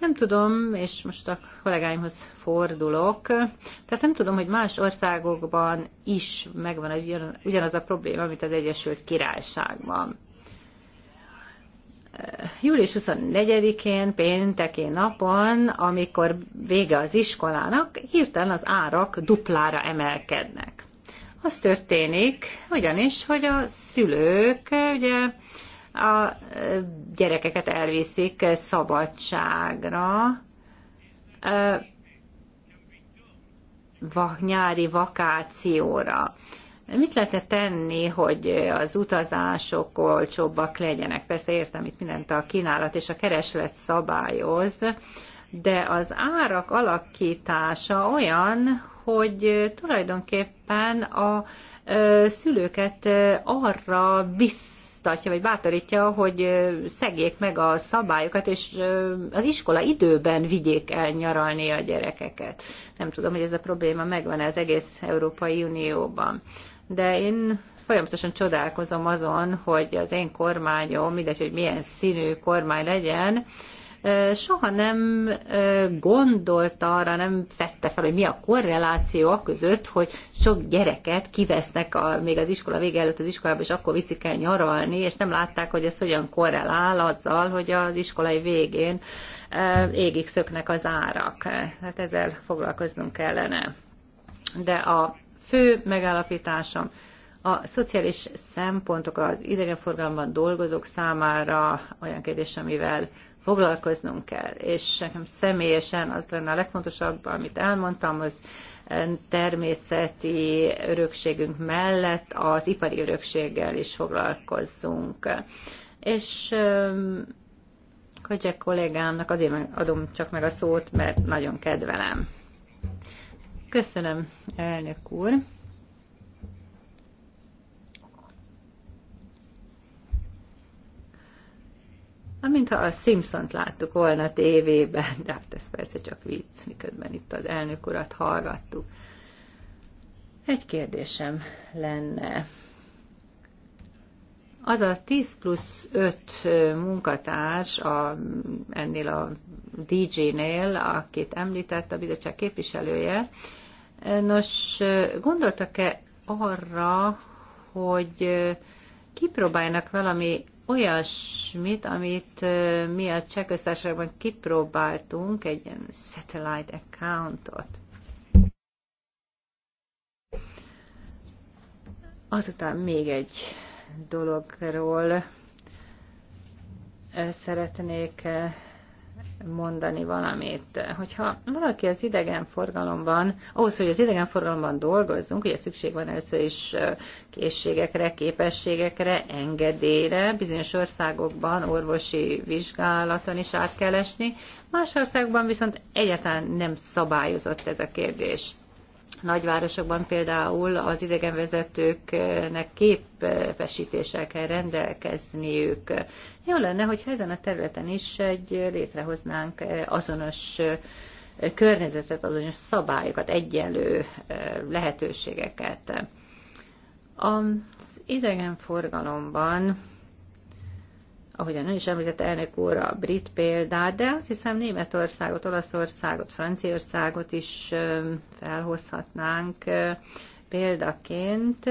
nem tudom, és most a kollégáimhoz fordulok, tehát nem tudom, hogy más országokban is megvan ugyanaz a probléma, mint az Egyesült Királyságban július 24-én, pénteki napon, amikor vége az iskolának, hirtelen az árak duplára emelkednek. Az történik, ugyanis, hogy a szülők ugye a gyerekeket elviszik szabadságra, nyári vakációra. Mit lehetne tenni, hogy az utazások olcsóbbak legyenek? Persze értem, itt mindent a kínálat és a kereslet szabályoz, de az árak alakítása olyan, hogy tulajdonképpen a szülőket arra biztatja, vagy bátorítja, hogy szegjék meg a szabályokat, és az iskola időben vigyék el nyaralni a gyerekeket. Nem tudom, hogy ez a probléma megvan e az egész Európai Unióban de én folyamatosan csodálkozom azon, hogy az én kormányom, mindegy, hogy milyen színű kormány legyen, soha nem gondolta arra, nem fette fel, hogy mi a korreláció a között, hogy sok gyereket kivesznek a, még az iskola vége előtt az iskolába, és akkor viszik el nyaralni, és nem látták, hogy ez hogyan korrelál azzal, hogy az iskolai végén égig szöknek az árak. Hát ezzel foglalkoznunk kellene. De a fő megállapításom. A szociális szempontok az idegenforgalomban dolgozók számára olyan kérdés, amivel foglalkoznunk kell. És nekem személyesen az lenne a legfontosabb, amit elmondtam, az e, természeti örökségünk mellett az ipari örökséggel is foglalkozzunk. És e, Kajcsek kollégámnak azért adom csak meg a szót, mert nagyon kedvelem. Köszönöm, elnök úr. ha a Simpsont láttuk volna tévében, de hát ez persze csak vicc, miközben itt az elnök urat hallgattuk. Egy kérdésem lenne. Az a 10 plusz 5 munkatárs a, ennél a DJ-nél, akit említett a bizottság képviselője, Nos, gondoltak-e arra, hogy kipróbálnak valami olyasmit, amit mi a Csehköztársaságban kipróbáltunk, egy ilyen satellite accountot. Azután még egy dologról szeretnék mondani valamit. Hogyha valaki az idegenforgalomban, ahhoz, hogy az idegenforgalomban dolgozzunk, ugye szükség van először is készségekre, képességekre, engedélyre, bizonyos országokban orvosi vizsgálaton is át kell esni, más országokban viszont egyáltalán nem szabályozott ez a kérdés. Nagyvárosokban például az idegenvezetőknek képesítéssel kell rendelkezniük. Jó lenne, hogy ezen a területen is egy létrehoznánk azonos környezetet, azonos szabályokat, egyenlő lehetőségeket. Az idegenforgalomban ahogyan ön is említett elnök úr, a brit példát, de azt hiszem Németországot, Olaszországot, Franciaországot is felhozhatnánk példaként.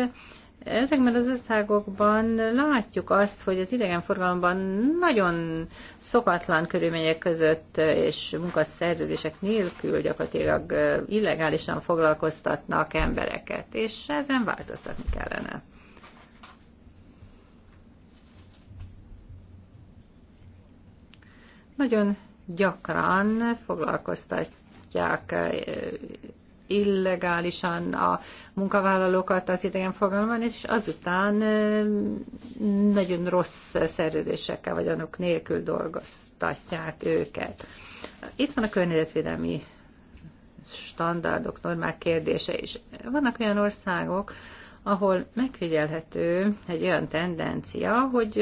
Ezekben az országokban látjuk azt, hogy az idegenforgalomban nagyon szokatlan körülmények között és munkaszerződések nélkül gyakorlatilag illegálisan foglalkoztatnak embereket, és ezen változtatni kellene. Nagyon gyakran foglalkoztatják eh, illegálisan a munkavállalókat az idegenforgalomban, és azután eh, nagyon rossz szerződésekkel vagy annak nélkül dolgoztatják őket. Itt van a környezetvédelmi standardok, normák kérdése is. Vannak olyan országok, ahol megfigyelhető egy olyan tendencia, hogy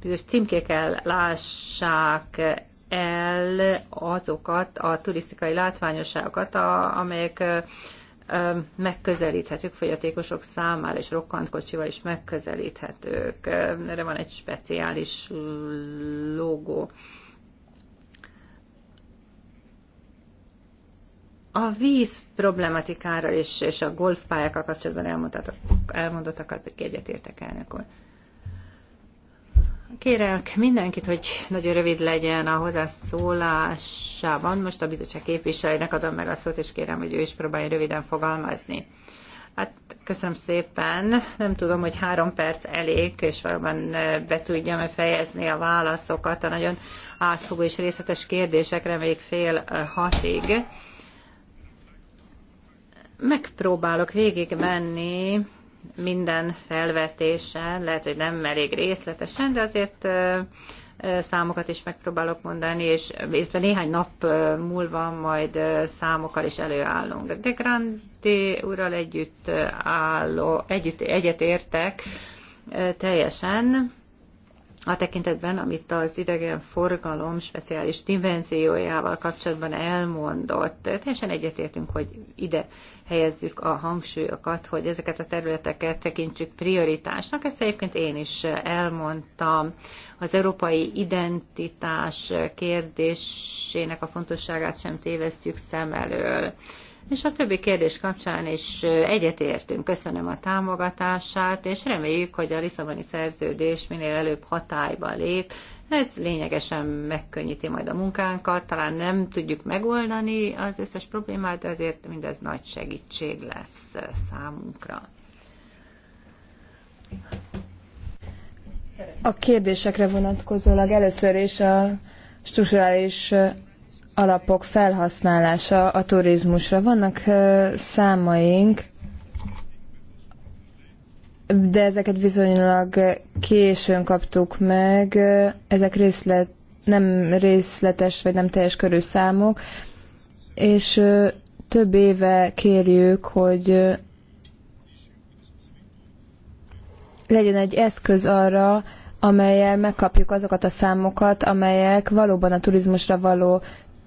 bizonyos címkékkel lássák el azokat a turisztikai látványosságokat, amelyek megközelíthetők fogyatékosok számára, és kocsival is megközelíthetők. Erre van egy speciális logó. A víz problematikára és, és a golfpályákkal kapcsolatban elmondottak, elmondottakkal pedig egyetértek elnök úr. Kérek mindenkit, hogy nagyon rövid legyen a hozzászólásában. Most a bizottság képviselőnek adom meg a szót, és kérem, hogy ő is próbálja röviden fogalmazni. Hát köszönöm szépen. Nem tudom, hogy három perc elég, és valóban be tudjam fejezni a válaszokat a nagyon átfogó és részletes kérdésekre még fél hatig megpróbálok végigmenni minden felvetésen, lehet, hogy nem elég részletesen, de azért számokat is megpróbálok mondani, és illetve néhány nap múlva majd számokkal is előállunk. De Grandi úrral együtt álló, együtt, egyetértek teljesen, a tekintetben, amit az idegen forgalom speciális dimenziójával kapcsolatban elmondott. Teljesen egyetértünk, hogy ide helyezzük a hangsúlyokat, hogy ezeket a területeket tekintsük prioritásnak. Ezt egyébként én is elmondtam. Az európai identitás kérdésének a fontosságát sem tévesztjük szem elől és a többi kérdés kapcsán is egyetértünk. Köszönöm a támogatását, és reméljük, hogy a Lisszaboni szerződés minél előbb hatályba lép. Ez lényegesen megkönnyíti majd a munkánkat, talán nem tudjuk megoldani az összes problémát, de azért mindez nagy segítség lesz számunkra. A kérdésekre vonatkozólag először is a strukturális alapok felhasználása a turizmusra. Vannak számaink, de ezeket viszonylag későn kaptuk meg. Ezek részlet, nem részletes vagy nem teljes körű számok, és több éve kérjük, hogy legyen egy eszköz arra, amelyel megkapjuk azokat a számokat, amelyek valóban a turizmusra való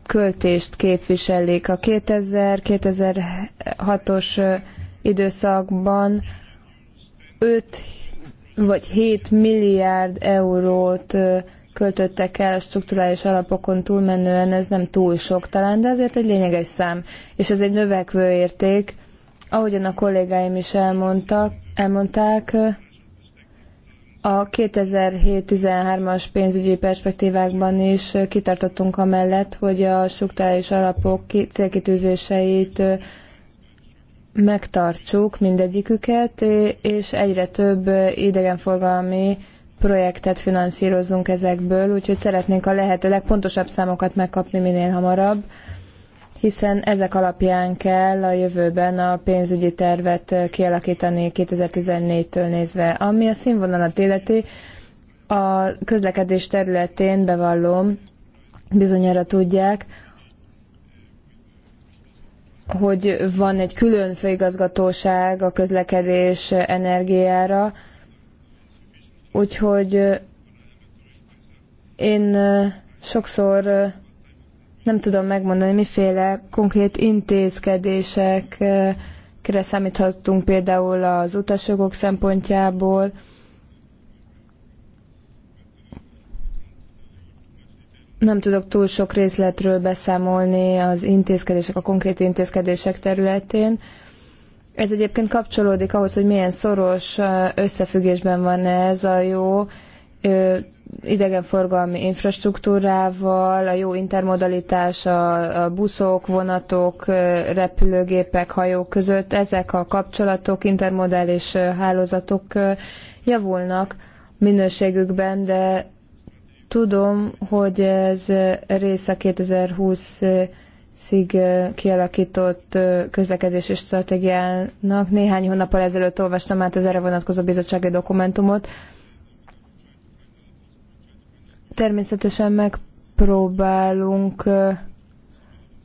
költést képviselik. A 2000-2006-os időszakban 5 vagy 7 milliárd eurót költöttek el a strukturális alapokon túlmenően, ez nem túl sok talán, de azért egy lényeges szám, és ez egy növekvő érték. Ahogyan a kollégáim is elmondtak, elmondták, a 2007-13-as pénzügyi perspektívákban is kitartottunk amellett, hogy a struktúrális alapok célkitűzéseit megtartsuk mindegyiküket, és egyre több idegenforgalmi projektet finanszírozunk ezekből, úgyhogy szeretnénk a lehető legpontosabb számokat megkapni minél hamarabb hiszen ezek alapján kell a jövőben a pénzügyi tervet kialakítani 2014-től nézve. Ami a színvonalat illeti, a közlekedés területén bevallom, bizonyára tudják, hogy van egy külön főigazgatóság a közlekedés energiára, úgyhogy én sokszor nem tudom megmondani, miféle konkrét intézkedésekre számíthatunk például az utasjogok szempontjából, Nem tudok túl sok részletről beszámolni az intézkedések, a konkrét intézkedések területén. Ez egyébként kapcsolódik ahhoz, hogy milyen szoros összefüggésben van ez a jó idegenforgalmi infrastruktúrával, a jó intermodalitás, a, buszok, vonatok, repülőgépek, hajók között, ezek a kapcsolatok, intermodális hálózatok javulnak minőségükben, de tudom, hogy ez része 2020-ig kialakított közlekedési stratégiának. Néhány hónappal ezelőtt olvastam át az erre vonatkozó bizottsági dokumentumot, Természetesen megpróbálunk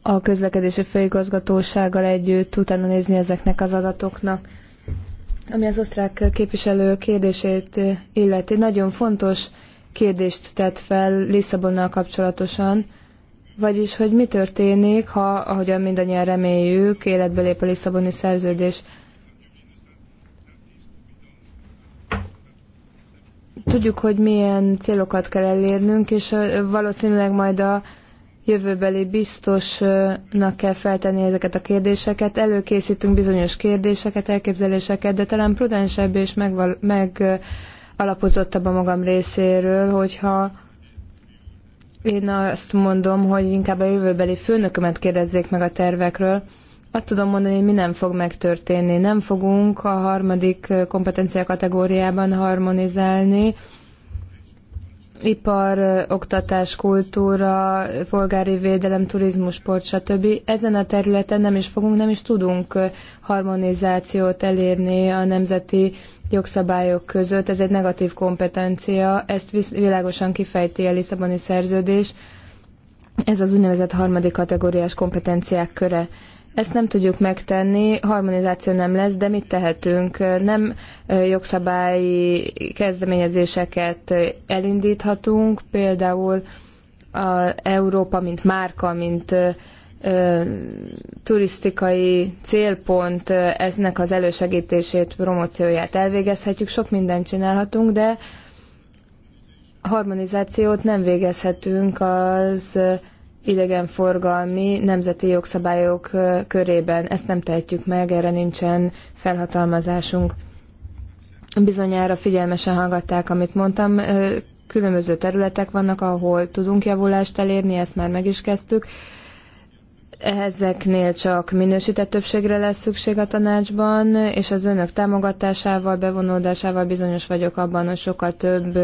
a közlekedési főigazgatósággal együtt utána nézni ezeknek az adatoknak. Ami az osztrák képviselő kérdését illeti, nagyon fontos kérdést tett fel Lisszabonnal kapcsolatosan, vagyis, hogy mi történik, ha, ahogyan mindannyian reméljük, életbe lép a Lisszaboni szerződés. Tudjuk, hogy milyen célokat kell elérnünk, és valószínűleg majd a jövőbeli biztosnak kell feltenni ezeket a kérdéseket. Előkészítünk bizonyos kérdéseket, elképzeléseket, de talán prudensebb és megval- megalapozottabb a magam részéről, hogyha én azt mondom, hogy inkább a jövőbeli főnökömet kérdezzék meg a tervekről, azt tudom mondani, hogy mi nem fog megtörténni. Nem fogunk a harmadik kompetencia kategóriában harmonizálni, ipar, oktatás, kultúra, polgári védelem, turizmus, sport, stb. Ezen a területen nem is fogunk, nem is tudunk harmonizációt elérni a nemzeti jogszabályok között. Ez egy negatív kompetencia, ezt világosan kifejti a Lisszaboni szerződés. Ez az úgynevezett harmadik kategóriás kompetenciák köre. Ezt nem tudjuk megtenni, harmonizáció nem lesz, de mit tehetünk? Nem jogszabályi kezdeményezéseket elindíthatunk, például a Európa, mint márka, mint turisztikai célpont eznek az elősegítését, promócióját elvégezhetjük, sok mindent csinálhatunk, de harmonizációt nem végezhetünk az idegenforgalmi nemzeti jogszabályok körében. Ezt nem tehetjük meg, erre nincsen felhatalmazásunk. Bizonyára figyelmesen hallgatták, amit mondtam. Különböző területek vannak, ahol tudunk javulást elérni, ezt már meg is kezdtük. Ezeknél csak minősített többségre lesz szükség a tanácsban, és az önök támogatásával, bevonódásával bizonyos vagyok abban, hogy sokkal több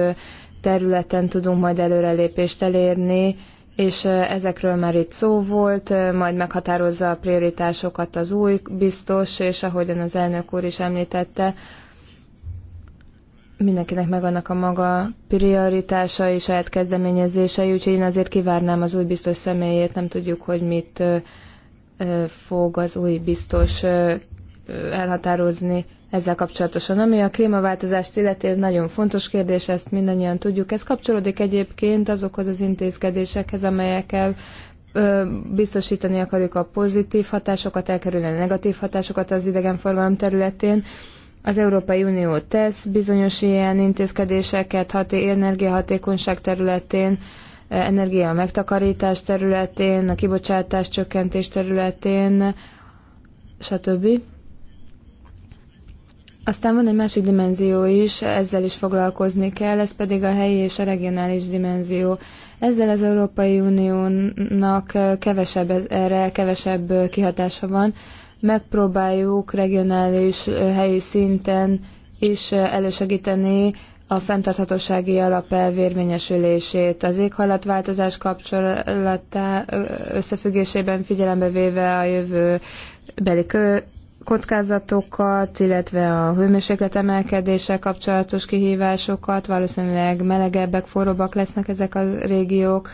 területen tudunk majd előrelépést elérni és ezekről már itt szó volt, majd meghatározza a prioritásokat az új biztos, és ahogyan az elnök úr is említette, mindenkinek megvannak a maga prioritásai, saját kezdeményezései, úgyhogy én azért kivárnám az új biztos személyét, nem tudjuk, hogy mit fog az új biztos elhatározni ezzel kapcsolatosan. Ami a klímaváltozást illeti, ez nagyon fontos kérdés, ezt mindannyian tudjuk. Ez kapcsolódik egyébként azokhoz az intézkedésekhez, amelyekkel biztosítani akarjuk a pozitív hatásokat, elkerülni a negatív hatásokat az idegenforgalom területén. Az Európai Unió tesz bizonyos ilyen intézkedéseket haté- energiahatékonyság területén, energia megtakarítás területén, a kibocsátás csökkentés területén, stb. Aztán van egy másik dimenzió is, ezzel is foglalkozni kell, ez pedig a helyi és a regionális dimenzió. Ezzel az Európai Uniónak kevesebb, erre kevesebb kihatása van. Megpróbáljuk regionális, helyi szinten is elősegíteni a fenntarthatósági alapelv érvényesülését. Az éghajlatváltozás kapcsolatá összefüggésében figyelembe véve a jövő beli kockázatokat, illetve a hőmérséklet emelkedéssel kapcsolatos kihívásokat, valószínűleg melegebbek, forróbbak lesznek ezek a régiók.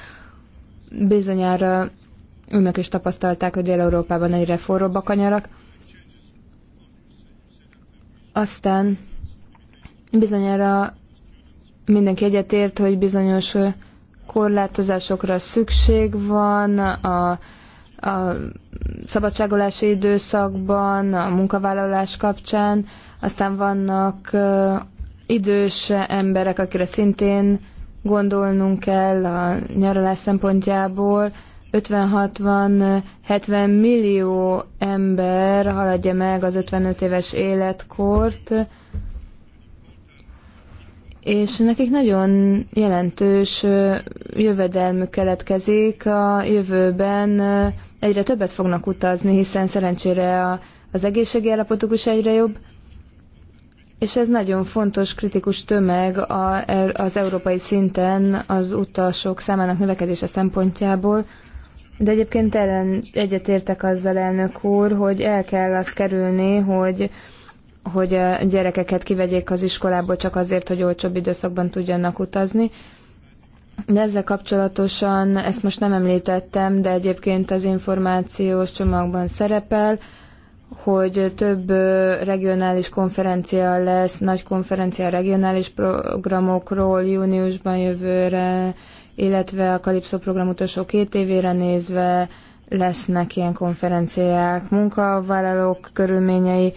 Bizonyára önök is tapasztalták, hogy Dél-Európában egyre forróbbak a nyarak. Aztán bizonyára mindenki egyetért, hogy bizonyos korlátozásokra szükség van, a a szabadságolási időszakban, a munkavállalás kapcsán, aztán vannak idős emberek, akire szintén gondolnunk kell a nyaralás szempontjából. 50-60-70 millió ember haladja meg az 55 éves életkort, és nekik nagyon jelentős jövedelmük keletkezik, a jövőben egyre többet fognak utazni, hiszen szerencsére a, az egészségi állapotuk is egyre jobb, és ez nagyon fontos kritikus tömeg a, er, az európai szinten az utasok számának növekedése szempontjából, de egyébként ellen egyetértek azzal elnök úr, hogy el kell azt kerülni, hogy hogy a gyerekeket kivegyék az iskolából csak azért, hogy olcsóbb időszakban tudjanak utazni. De ezzel kapcsolatosan, ezt most nem említettem, de egyébként az információs csomagban szerepel, hogy több regionális konferencia lesz, nagy konferencia regionális programokról júniusban jövőre, illetve a Kalipszó program utolsó két évére nézve lesznek ilyen konferenciák, munkavállalók körülményei,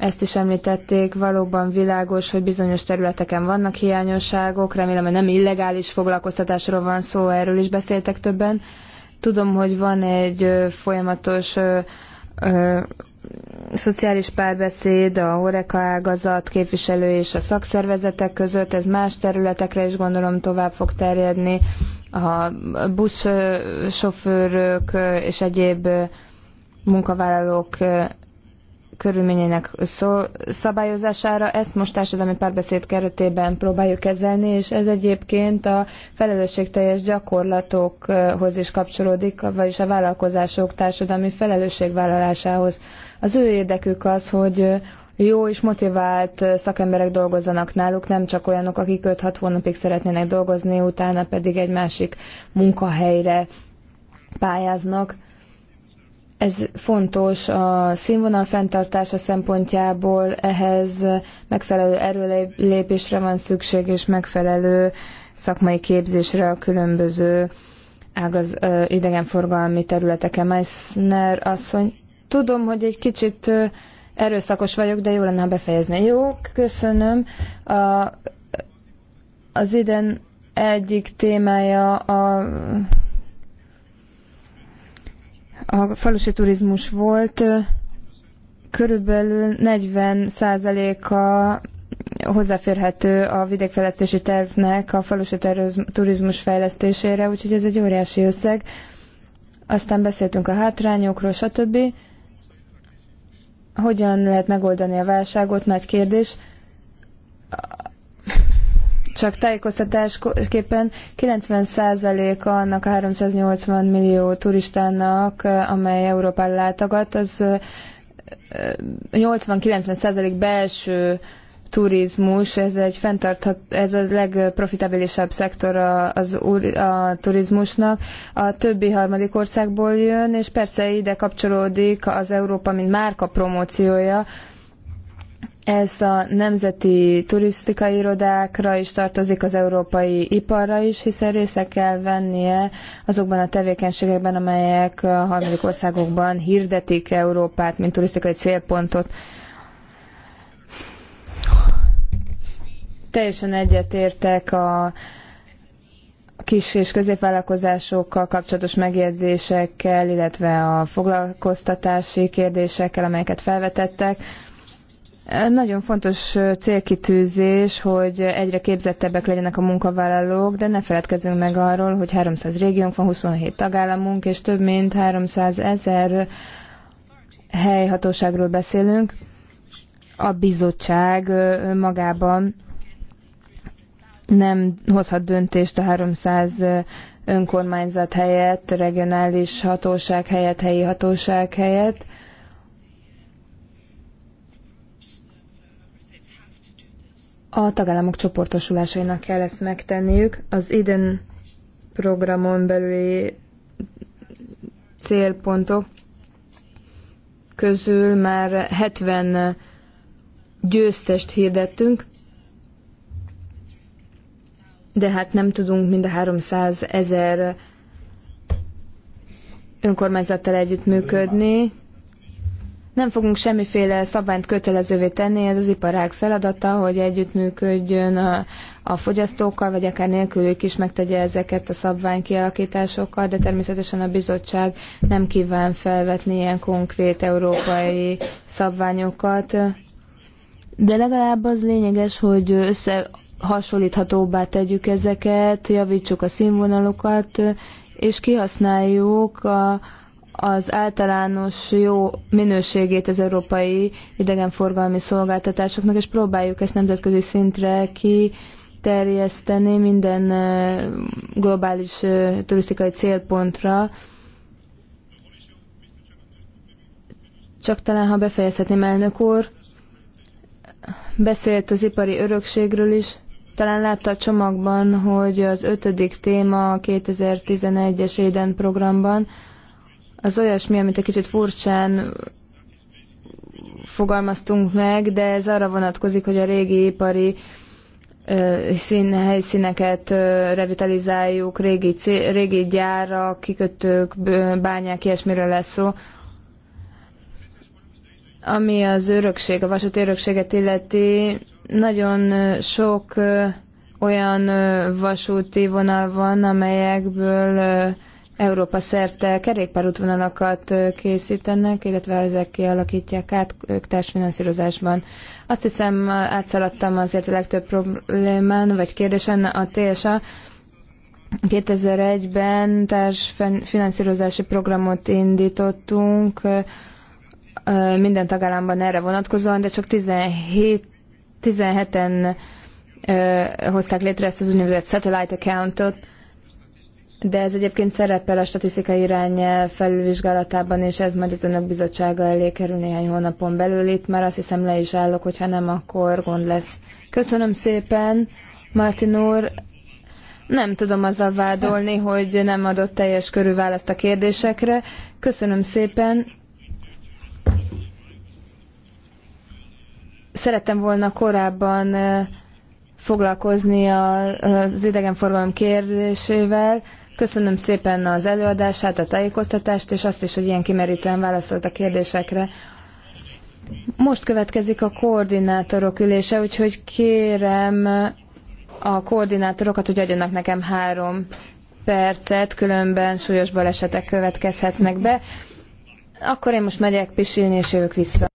ezt is említették, valóban világos, hogy bizonyos területeken vannak hiányosságok, remélem, hogy nem illegális foglalkoztatásról van szó, erről is beszéltek többen. Tudom, hogy van egy folyamatos ö, ö, szociális párbeszéd, a Horeca ágazat képviselő és a szakszervezetek között, ez más területekre is gondolom tovább fog terjedni. A buszsofőrök és egyéb munkavállalók körülményének szó, szabályozására. Ezt most társadalmi párbeszéd keretében próbáljuk kezelni, és ez egyébként a felelősségteljes gyakorlatokhoz is kapcsolódik, vagyis a vállalkozások társadalmi felelősségvállalásához. Az ő érdekük az, hogy jó és motivált szakemberek dolgozzanak náluk, nem csak olyanok, akik 5-6 hónapig szeretnének dolgozni, utána pedig egy másik munkahelyre pályáznak. Ez fontos a színvonal fenntartása szempontjából, ehhez megfelelő erőlépésre van szükség, és megfelelő szakmai képzésre a különböző ágaz, ö, idegenforgalmi területeken. Meissner asszony, tudom, hogy egy kicsit ö, erőszakos vagyok, de jó lenne, ha befejezni. Jó, köszönöm. A, az iden egyik témája a a falusi turizmus volt, körülbelül 40%-a hozzáférhető a vidékfejlesztési tervnek a falusi turizmus fejlesztésére, úgyhogy ez egy óriási összeg. Aztán beszéltünk a hátrányokról, stb. Hogyan lehet megoldani a válságot, nagy kérdés. Csak tájékoztatásképpen 90%-a annak 380 millió turistának, amely Európára látogat, az 80-90% belső turizmus, ez egy fenntarthat, ez a legprofitabilisabb szektor a, az, a turizmusnak. A többi harmadik országból jön, és persze ide kapcsolódik az Európa, mint márka promóciója, ez a nemzeti turisztikai irodákra is tartozik, az európai iparra is, hiszen része kell vennie azokban a tevékenységekben, amelyek a harmadik országokban hirdetik Európát, mint turisztikai célpontot. Teljesen egyetértek a kis és középvállalkozásokkal kapcsolatos megjegyzésekkel, illetve a foglalkoztatási kérdésekkel, amelyeket felvetettek nagyon fontos célkitűzés, hogy egyre képzettebbek legyenek a munkavállalók, de ne feledkezzünk meg arról, hogy 300 régiónk van, 27 tagállamunk, és több mint 300 ezer helyhatóságról beszélünk. A bizottság magában nem hozhat döntést a 300 önkormányzat helyett, regionális hatóság helyett, helyi hatóság helyett A tagállamok csoportosulásainak kell ezt megtenniük. Az IDEN programon belüli célpontok közül már 70 győztest hirdettünk, de hát nem tudunk mind a 300 ezer önkormányzattal együttműködni. Nem fogunk semmiféle szabályt kötelezővé tenni, ez az iparág feladata, hogy együttműködjön a, a fogyasztókkal, vagy akár nélkülük is megtegye ezeket a szabvány kialakításokkal, de természetesen a bizottság nem kíván felvetni ilyen konkrét európai szabványokat. De legalább az lényeges, hogy összehasonlíthatóbbá tegyük ezeket, javítsuk a színvonalukat, és kihasználjuk a, az általános jó minőségét az európai idegenforgalmi szolgáltatásoknak, és próbáljuk ezt nemzetközi szintre ki terjeszteni minden globális turisztikai célpontra. Csak talán, ha befejezhetném, elnök úr, beszélt az ipari örökségről is. Talán látta a csomagban, hogy az ötödik téma a 2011-es Éden programban, az olyasmi, amit egy kicsit furcsán fogalmaztunk meg, de ez arra vonatkozik, hogy a régi ipari szín, helyszíneket revitalizáljuk, régi, régi gyára, kikötők, bányák, ilyesmiről lesz szó. Ami az örökség, a vasúti örökséget illeti, nagyon sok olyan vasúti vonal van, amelyekből Európa szerte kerékpárútvonalakat készítenek, illetve ezek kialakítják át társfinanszírozásban. Azt hiszem, átszaladtam azért a legtöbb problémán, vagy kérdésen a TSA. 2001-ben társfinanszírozási programot indítottunk minden tagállamban erre vonatkozóan, de csak 17, 17-en hozták létre ezt az úgynevezett satellite accountot, de ez egyébként szerepel a statisztikai irány felülvizsgálatában, és ez majd az önök bizottsága elé kerül néhány hónapon belül. Itt már azt hiszem le is állok, hogyha nem, akkor gond lesz. Köszönöm szépen, Martin úr. Nem tudom azzal vádolni, hogy nem adott teljes körű választ a kérdésekre. Köszönöm szépen. Szerettem volna korábban eh, foglalkozni az idegenforgalom kérdésével, Köszönöm szépen az előadását, a tájékoztatást, és azt is, hogy ilyen kimerítően válaszolt a kérdésekre. Most következik a koordinátorok ülése, úgyhogy kérem a koordinátorokat, hogy adjanak nekem három percet, különben súlyos balesetek következhetnek be. Akkor én most megyek pisilni, és jövök vissza.